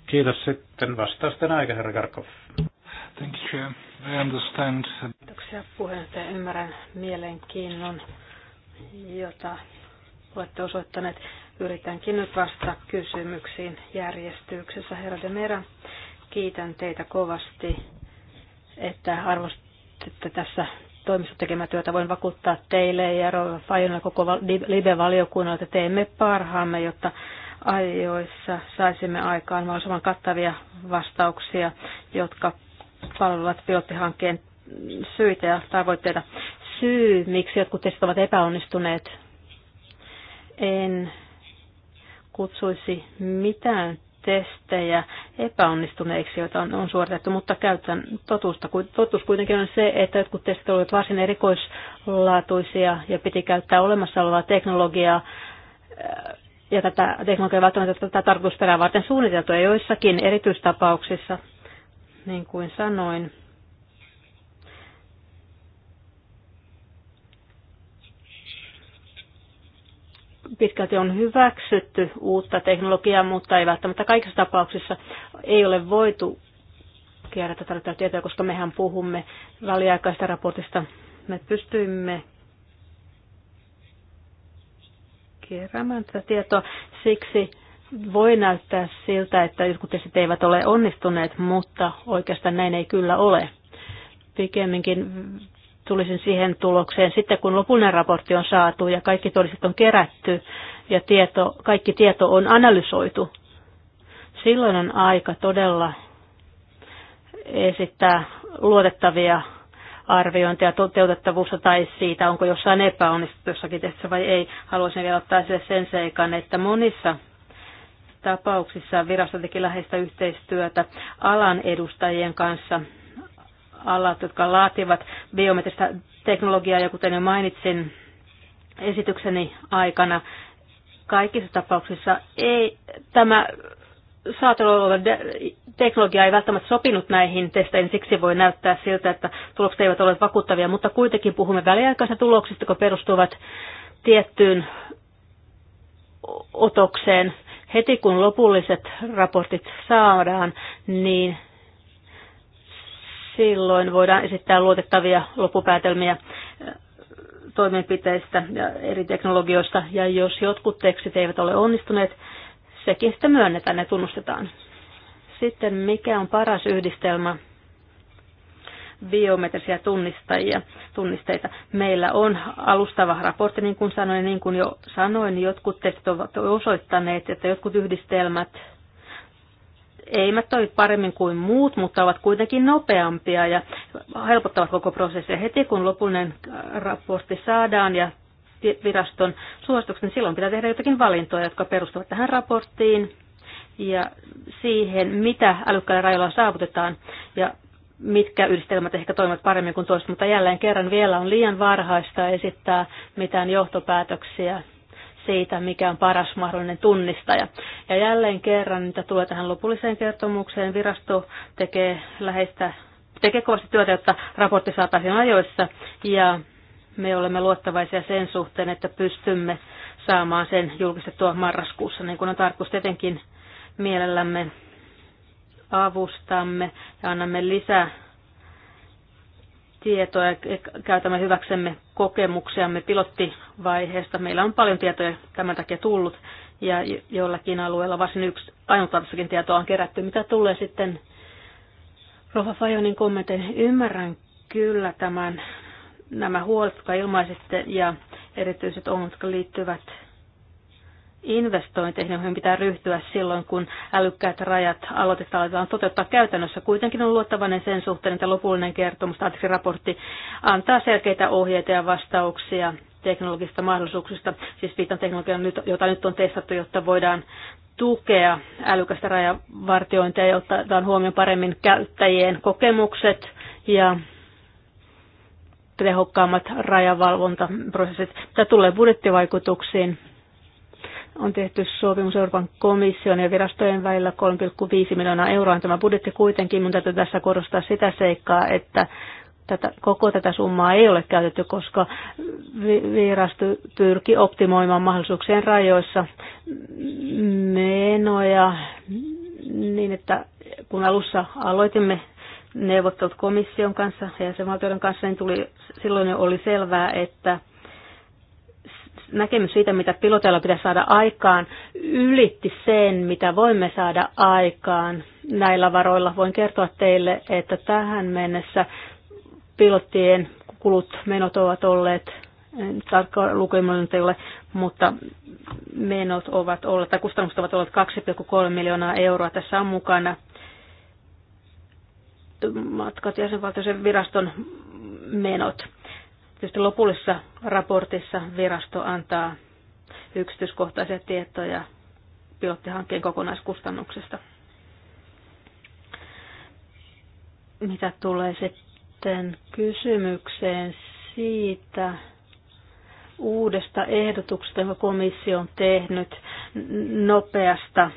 Kiitos sitten vastausten aika, herra Karkov. Thank you. I understand. Kiitoksia puheenjohtaja. Ymmärrän mielenkiinnon, jota olette osoittaneet. Yritänkin nyt vastata kysymyksiin järjestyksessä. Herra de Mera, kiitän teitä kovasti, että arvostitte tässä toimisto tekemä työtä. Voin vakuuttaa teille ja Fajonille koko Libe-valiokunnalle, että teemme parhaamme, jotta ajoissa saisimme aikaan mahdollisimman kattavia vastauksia, jotka palvelevat pilottihankkeen syitä ja tavoitteita. Syy, miksi jotkut testit ovat epäonnistuneet, en kutsuisi mitään testejä epäonnistuneiksi, joita on, on suoritettu, mutta käytän totusta. Totuus kuitenkin on se, että jotkut testit olivat varsin erikoislaatuisia ja piti käyttää olemassa olevaa teknologiaa äh, ja tätä teknologiaa välttämättä tätä tarkoitusperää varten suunniteltu ja joissakin erityistapauksissa, niin kuin sanoin, pitkälti on hyväksytty uutta teknologiaa, mutta ei välttämättä kaikissa tapauksissa ei ole voitu kerätä tällaista tietoa, koska mehän puhumme väliaikaista raportista. Me pystyimme keräämään tätä tietoa. Siksi voi näyttää siltä, että jotkut testit eivät ole onnistuneet, mutta oikeastaan näin ei kyllä ole. Pikemminkin tulisin siihen tulokseen sitten, kun lopullinen raportti on saatu ja kaikki todistet on kerätty ja tieto, kaikki tieto on analysoitu. Silloin on aika todella esittää luotettavia arviointia toteutettavuutta tai siitä, onko jossain epäonnistuttu jossakin tehtävässä vai ei. Haluaisin vielä ottaa esille sen seikan, että monissa tapauksissa virasto teki läheistä yhteistyötä alan edustajien kanssa alat, jotka laativat biometristä teknologiaa, ja kuten jo mainitsin esitykseni aikana, kaikissa tapauksissa ei tämä saatolla oleva teknologia ei välttämättä sopinut näihin testeihin, siksi voi näyttää siltä, että tulokset eivät ole vakuuttavia, mutta kuitenkin puhumme väliaikaisista tuloksista, jotka perustuvat tiettyyn otokseen. Heti kun lopulliset raportit saadaan, niin Silloin voidaan esittää luotettavia loppupäätelmiä toimenpiteistä ja eri teknologioista, ja jos jotkut tekstit eivät ole onnistuneet, sekin sitten myönnetään ja tunnustetaan. Sitten mikä on paras yhdistelmä biometrisiä tunnistajia, tunnisteita. Meillä on alustava raportti, niin kuin sanoin, niin kuin jo sanoin, jotkut tekstit ovat osoittaneet, että jotkut yhdistelmät – eivät toimi paremmin kuin muut, mutta ovat kuitenkin nopeampia ja helpottavat koko prosessia. Heti kun lopullinen äh, raportti saadaan ja viraston suosituksen, niin silloin pitää tehdä jotakin valintoja, jotka perustuvat tähän raporttiin ja siihen, mitä älykkäillä rajoilla saavutetaan ja mitkä yhdistelmät ehkä toimivat paremmin kuin toiset, mutta jälleen kerran vielä on liian varhaista esittää mitään johtopäätöksiä siitä, mikä on paras mahdollinen tunnistaja. Ja jälleen kerran, mitä tulee tähän lopulliseen kertomukseen, virasto tekee läheistä tekee kovasti työtä, jotta raportti saataisiin ajoissa, ja me olemme luottavaisia sen suhteen, että pystymme saamaan sen julkistettua marraskuussa, niin kuin on tarkoitus tietenkin mielellämme avustamme ja annamme lisää tietoja käytämme hyväksemme kokemuksiamme pilottivaiheesta. Meillä on paljon tietoja tämän takia tullut ja jollakin alueella varsin yksi ainutlaatuisakin tietoa on kerätty. Mitä tulee sitten Rova Fajonin kommentin, ymmärrän kyllä tämän, nämä huolet, jotka ilmaisitte ja erityiset ongelmat, jotka liittyvät investointeihin, joihin pitää ryhtyä silloin, kun älykkäät rajat aloitetaan. aletaan toteuttaa käytännössä. Kuitenkin on luottavainen sen suhteen, että lopullinen kertomus, anteeksi raportti, antaa selkeitä ohjeita ja vastauksia teknologisista mahdollisuuksista, siis viitan teknologian, jota nyt on testattu, jotta voidaan tukea älykästä rajavartiointia ja ottaa huomioon paremmin käyttäjien kokemukset ja tehokkaammat rajavalvontaprosessit. Tämä tulee budjettivaikutuksiin on tehty sopimus Euroopan komission ja virastojen välillä 3,5 miljoonaa euroa. Tämä budjetti kuitenkin, mutta täytyy tässä korostaa sitä seikkaa, että tätä, koko tätä summaa ei ole käytetty, koska virasto pyrkii optimoimaan mahdollisuuksien rajoissa menoja niin, että kun alussa aloitimme neuvottelut komission kanssa ja jäsenvaltioiden kanssa, niin tuli, silloin jo oli selvää, että näkemys siitä, mitä piloteilla pitää saada aikaan, ylitti sen, mitä voimme saada aikaan näillä varoilla. Voin kertoa teille, että tähän mennessä pilottien kulut, menot ovat olleet, en tarkkaan lukemalla mutta menot ovat olleet, tai kustannukset ovat olleet 2,3 miljoonaa euroa. Tässä on mukana matkat jäsenvaltioiden viraston menot. Tietysti lopullisessa raportissa virasto antaa yksityiskohtaisia tietoja pilottihankkeen kokonaiskustannuksista. Mitä tulee sitten kysymykseen siitä uudesta ehdotuksesta, jonka komissio on tehnyt nopeasta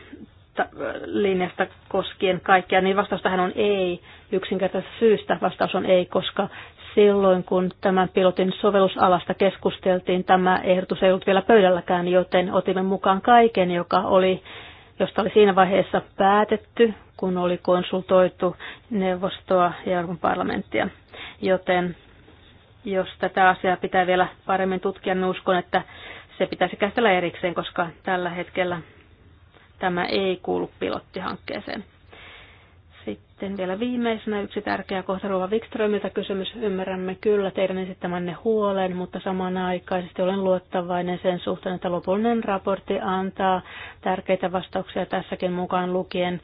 linjasta koskien kaikkia, niin vastaus tähän on ei. Yksinkertaisesta syystä vastaus on ei, koska silloin, kun tämän pilotin sovellusalasta keskusteltiin, tämä ehdotus ei ollut vielä pöydälläkään, joten otimme mukaan kaiken, joka oli, josta oli siinä vaiheessa päätetty, kun oli konsultoitu neuvostoa ja Euroopan parlamenttia. Joten jos tätä asiaa pitää vielä paremmin tutkia, niin uskon, että se pitäisi käsitellä erikseen, koska tällä hetkellä tämä ei kuulu pilottihankkeeseen. Sitten vielä viimeisenä yksi tärkeä kohta Rova Wikströmiltä kysymys. Ymmärrämme kyllä teidän esittämänne huolen, mutta samanaikaisesti olen luottavainen sen suhteen, että lopullinen raportti antaa tärkeitä vastauksia tässäkin mukaan lukien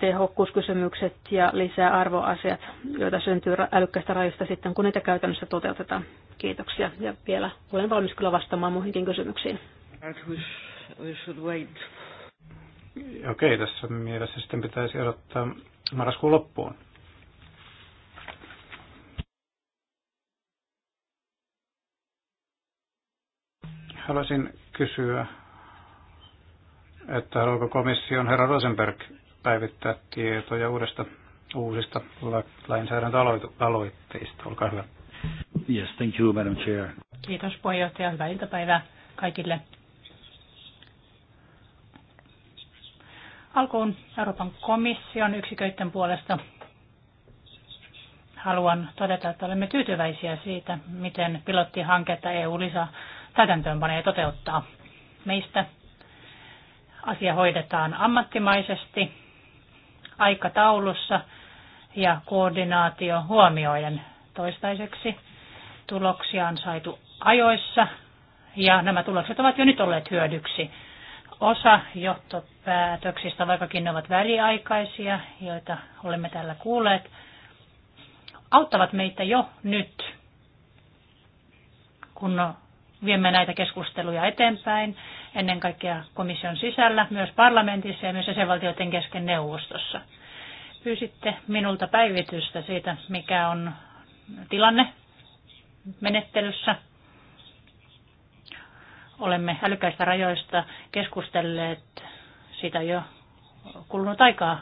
tehokkuuskysymykset ja lisää arvoasiat, joita syntyy älykkäistä rajoista sitten, kun niitä käytännössä toteutetaan. Kiitoksia ja vielä olen valmis kyllä vastaamaan muihinkin kysymyksiin. We should wait Okei, tässä mielessä sitten pitäisi odottaa marraskuun loppuun. Haluaisin kysyä, että haluaako komission herra Rosenberg päivittää tietoja uudesta uusista lainsäädäntöaloitteista. Olkaa hyvä. Yes, thank you, Madam Chair. Kiitos puheenjohtaja. Hyvää iltapäivää kaikille. Alkuun Euroopan komission yksiköiden puolesta haluan todeta, että olemme tyytyväisiä siitä, miten pilottihanketta eu lisää täytäntöönpanee ja toteuttaa. Meistä asia hoidetaan ammattimaisesti, aikataulussa ja koordinaatio huomioiden toistaiseksi. Tuloksia on saatu ajoissa ja nämä tulokset ovat jo nyt olleet hyödyksi Osa johtopäätöksistä, vaikkakin ne ovat väliaikaisia, joita olemme täällä kuulleet, auttavat meitä jo nyt, kun viemme näitä keskusteluja eteenpäin, ennen kaikkea komission sisällä, myös parlamentissa ja myös jäsenvaltioiden kesken neuvostossa. Pyysitte minulta päivitystä siitä, mikä on tilanne menettelyssä Olemme älykäistä rajoista keskustelleet siitä jo kulunut aikaa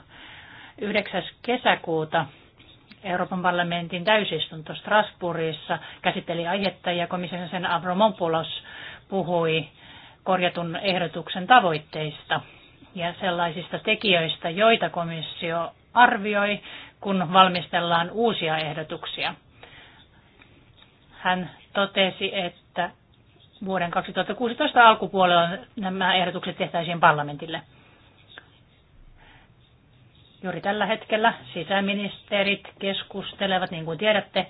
9. kesäkuuta Euroopan parlamentin täysistunto Strasbourgissa käsitteli aihetta ja komission sen Avromopoulos puhui korjatun ehdotuksen tavoitteista ja sellaisista tekijöistä, joita komissio arvioi, kun valmistellaan uusia ehdotuksia. Hän totesi, että vuoden 2016 alkupuolella nämä ehdotukset tehtäisiin parlamentille. Juuri tällä hetkellä sisäministerit keskustelevat, niin kuin tiedätte,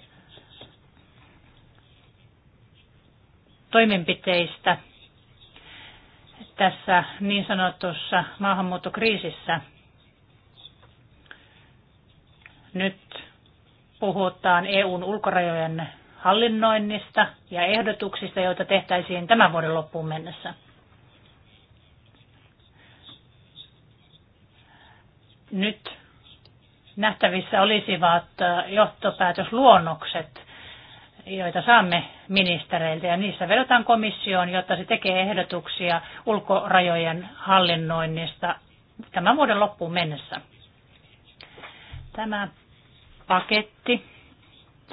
toimenpiteistä tässä niin sanotussa maahanmuuttokriisissä. Nyt puhutaan EUn ulkorajojen hallinnoinnista ja ehdotuksista, joita tehtäisiin tämän vuoden loppuun mennessä. Nyt nähtävissä olisivat johtopäätösluonnokset, joita saamme ministereiltä, ja niissä vedotaan komissioon, jotta se tekee ehdotuksia ulkorajojen hallinnoinnista tämän vuoden loppuun mennessä. Tämä paketti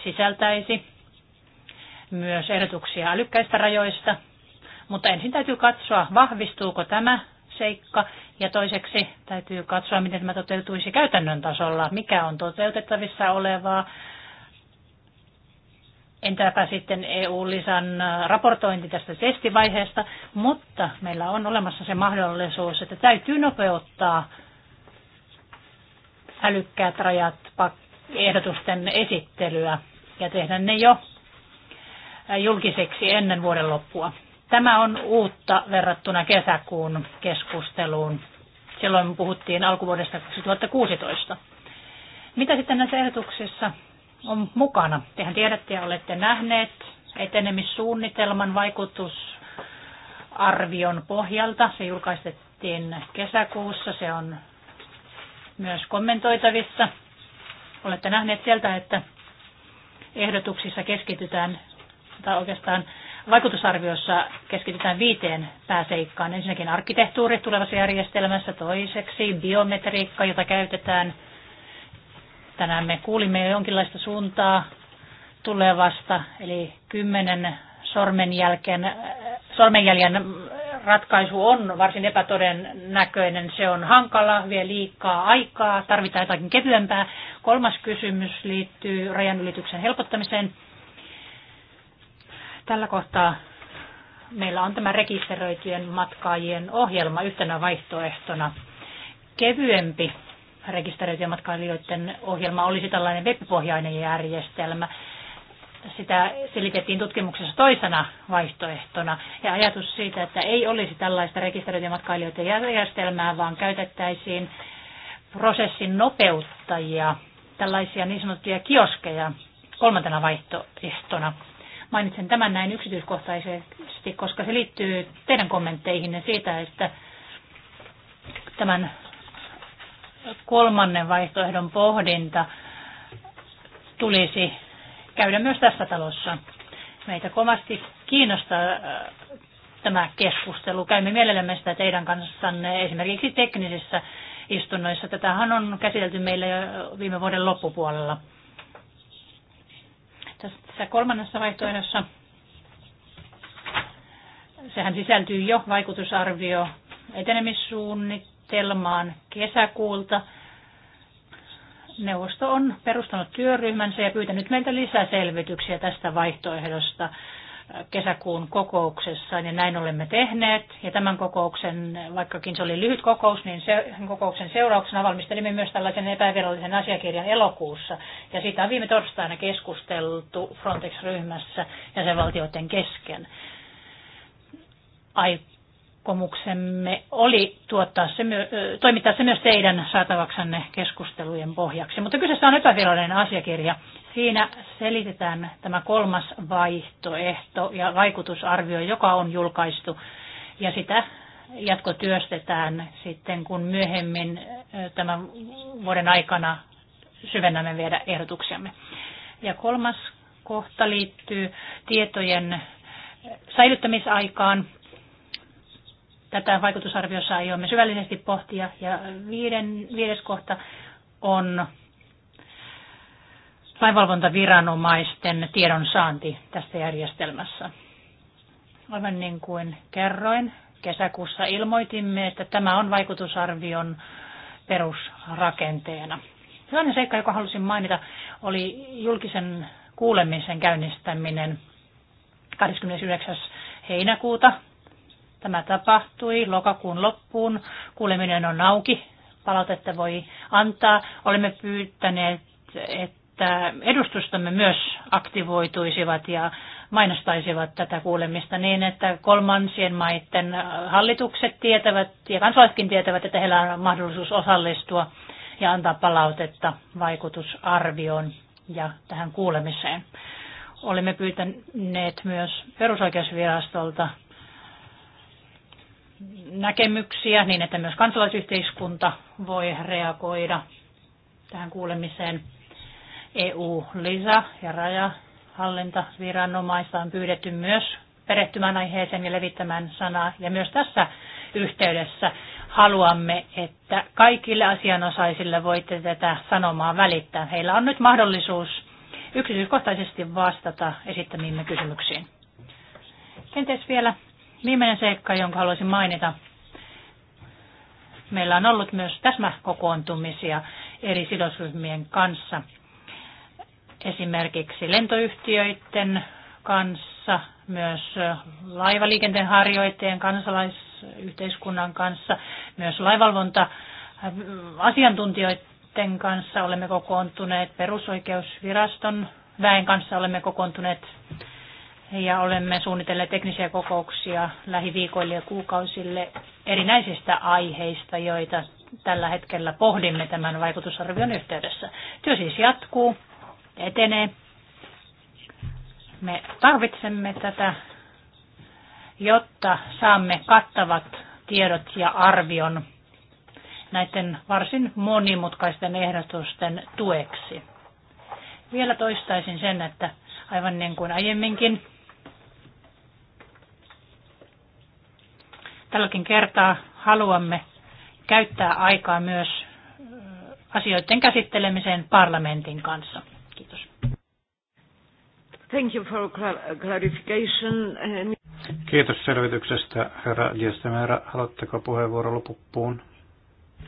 sisältäisi myös ehdotuksia älykkäistä rajoista, mutta ensin täytyy katsoa, vahvistuuko tämä seikka ja toiseksi täytyy katsoa, miten tämä toteutuisi käytännön tasolla, mikä on toteutettavissa olevaa. Entäpä sitten EU-lisan raportointi tästä testivaiheesta, mutta meillä on olemassa se mahdollisuus, että täytyy nopeuttaa älykkäät rajat ehdotusten esittelyä ja tehdä ne jo Äh, julkiseksi ennen vuoden loppua. Tämä on uutta verrattuna kesäkuun keskusteluun. Silloin puhuttiin alkuvuodesta 2016. Mitä sitten näissä ehdotuksissa on mukana? Tehän tiedätte ja olette nähneet etenemissuunnitelman vaikutusarvion pohjalta. Se julkaistettiin kesäkuussa. Se on myös kommentoitavissa. Olette nähneet sieltä, että ehdotuksissa keskitytään mutta oikeastaan vaikutusarviossa keskitytään viiteen pääseikkaan. Ensinnäkin arkkitehtuuri tulevassa järjestelmässä, toiseksi biometriikka, jota käytetään. Tänään me kuulimme jo jonkinlaista suuntaa tulevasta, eli kymmenen sormenjälken, sormenjäljen ratkaisu on varsin epätodennäköinen. Se on hankala, vie liikaa aikaa, tarvitaan jotakin kevyempää. Kolmas kysymys liittyy rajanylityksen helpottamiseen. Tällä kohtaa meillä on tämä rekisteröityjen matkaajien ohjelma yhtenä vaihtoehtona. Kevyempi rekisteröityjen matkailijoiden ohjelma olisi tällainen webpohjainen järjestelmä. Sitä selitettiin tutkimuksessa toisena vaihtoehtona. Ja ajatus siitä, että ei olisi tällaista rekisteröityjen matkailijoiden järjestelmää, vaan käytettäisiin prosessin nopeuttajia, tällaisia niin sanottuja kioskeja kolmantena vaihtoehtona. Mainitsen tämän näin yksityiskohtaisesti, koska se liittyy teidän kommentteihinne siitä, että tämän kolmannen vaihtoehdon pohdinta tulisi käydä myös tässä talossa. Meitä kovasti kiinnostaa äh, tämä keskustelu. Käymme mielellämme sitä teidän kanssanne esimerkiksi teknisissä istunnoissa. Tätähän on käsitelty meillä jo viime vuoden loppupuolella. Tässä kolmannessa vaihtoehdossa sehän sisältyy jo vaikutusarvio etenemissuunnitelmaan kesäkuulta. Neuvosto on perustanut työryhmänsä ja pyytänyt meiltä lisäselvityksiä tästä vaihtoehdosta kesäkuun kokouksessa, ja niin näin olemme tehneet. Ja tämän kokouksen, vaikkakin se oli lyhyt kokous, niin sen kokouksen seurauksena valmistelimme myös tällaisen epävirallisen asiakirjan elokuussa. Ja siitä on viime torstaina keskusteltu Frontex-ryhmässä ja sen valtioiden kesken. Ai, aikomuksemme oli tuottaa se, toimittaa se myös teidän saatavaksanne keskustelujen pohjaksi. Mutta kyseessä on epävirallinen asiakirja. Siinä selitetään tämä kolmas vaihtoehto ja vaikutusarvio, joka on julkaistu. Ja sitä jatkotyöstetään sitten, kun myöhemmin tämän vuoden aikana syvennämme vielä ehdotuksiamme. Ja kolmas kohta liittyy tietojen säilyttämisaikaan Tätä vaikutusarviossa aiomme syvällisesti pohtia. Ja viiden, viides kohta on lainvalvontaviranomaisten tiedonsaanti tässä järjestelmässä. Aivan niin kuin kerroin, kesäkuussa ilmoitimme, että tämä on vaikutusarvion perusrakenteena. Sellainen seikka, joka halusin mainita, oli julkisen kuulemisen käynnistäminen 29. heinäkuuta Tämä tapahtui lokakuun loppuun. Kuuleminen on auki. Palautetta voi antaa. Olemme pyytäneet, että edustustamme myös aktivoituisivat ja mainostaisivat tätä kuulemista niin, että kolmansien maiden hallitukset tietävät ja kansalaisetkin tietävät, että heillä on mahdollisuus osallistua ja antaa palautetta vaikutusarvioon ja tähän kuulemiseen. Olemme pyytäneet myös perusoikeusvirastolta näkemyksiä niin, että myös kansalaisyhteiskunta voi reagoida tähän kuulemiseen. EU-lisä ja rajahallintaviranomaista on pyydetty myös perehtymään aiheeseen ja levittämään sanaa. Ja myös tässä yhteydessä haluamme, että kaikille asianosaisille voitte tätä sanomaa välittää. Heillä on nyt mahdollisuus yksityiskohtaisesti vastata esittämiimme kysymyksiin. Kenties vielä Viimeinen seikka, jonka haluaisin mainita. Meillä on ollut myös täsmäkokoontumisia eri sidosryhmien kanssa. Esimerkiksi lentoyhtiöiden kanssa, myös laivaliikenteen harjoitteen kansalaisyhteiskunnan kanssa, myös laivalvonta asiantuntijoiden kanssa olemme kokoontuneet, perusoikeusviraston väen kanssa olemme kokoontuneet ja olemme suunnitelleet teknisiä kokouksia lähiviikoille ja kuukausille erinäisistä aiheista, joita tällä hetkellä pohdimme tämän vaikutusarvion yhteydessä. Työ siis jatkuu ja etenee. Me tarvitsemme tätä, jotta saamme kattavat tiedot ja arvion näiden varsin monimutkaisten ehdotusten tueksi. Vielä toistaisin sen, että aivan niin kuin aiemminkin, Tälläkin kertaa haluamme käyttää aikaa myös asioiden käsittelemiseen parlamentin kanssa. Kiitos. Thank you for clarification. Kiitos selvityksestä, herra Diestemera. Haluatteko puheenvuoro loppuun?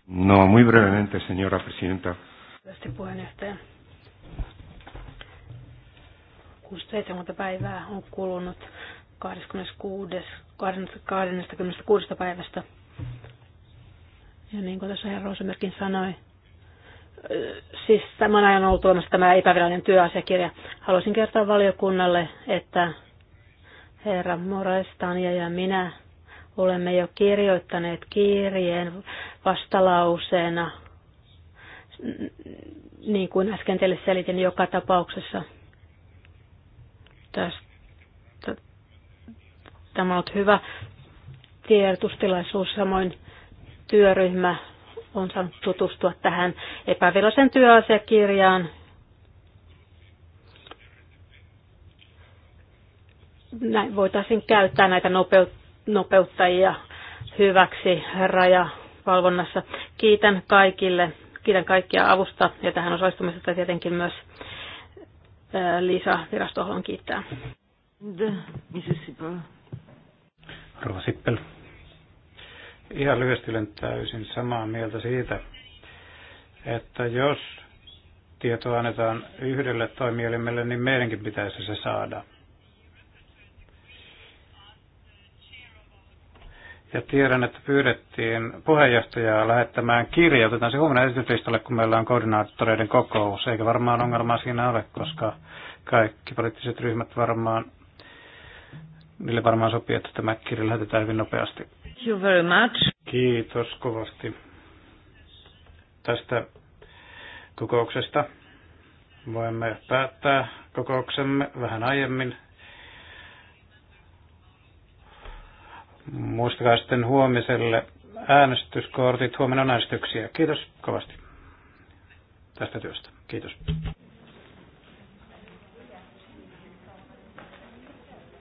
No, muy brevemente, señora presidenta. Tästä puheenjohtaja. Kuusi päivää on kulunut 26. 26. päivästä. Ja niin kuin tässä herra Rosenbergkin sanoi, siis tämän ajan on ollut olemassa tämä epävirallinen työasiakirja. Haluaisin kertoa valiokunnalle, että herra Moraes, Tanja ja minä olemme jo kirjoittaneet kirjeen vastalauseena, niin kuin äsken teille selitin joka tapauksessa tästä Tämä on ollut hyvä tiedotustilaisuus, samoin työryhmä on saanut tutustua tähän epävirallisen työasiakirjaan. Näin voitaisiin käyttää näitä nopeuttajia hyväksi rajavalvonnassa. Kiitän kaikille, kiitän kaikkia avusta ja tähän osallistumisesta tietenkin myös Liisa virastohalon kiittää. Mrs. Rova Sippel. Ihan lyhyesti olen täysin samaa mieltä siitä, että jos tietoa annetaan yhdelle toimielimelle, niin meidänkin pitäisi se saada. Ja tiedän, että pyydettiin puheenjohtajaa lähettämään kirja. Otetaan se huomenna esityslistalle, kun meillä on koordinaattoreiden kokous. Eikä varmaan ongelmaa siinä ole, koska kaikki poliittiset ryhmät varmaan Niille varmaan sopii, että tämä kirja lähetetään hyvin nopeasti. Thank you very much. Kiitos kovasti tästä kokouksesta. Voimme päättää kokouksemme vähän aiemmin. Muistakaa sitten huomiselle äänestyskortit. Huomenna on äänestyksiä. Kiitos kovasti tästä työstä. Kiitos.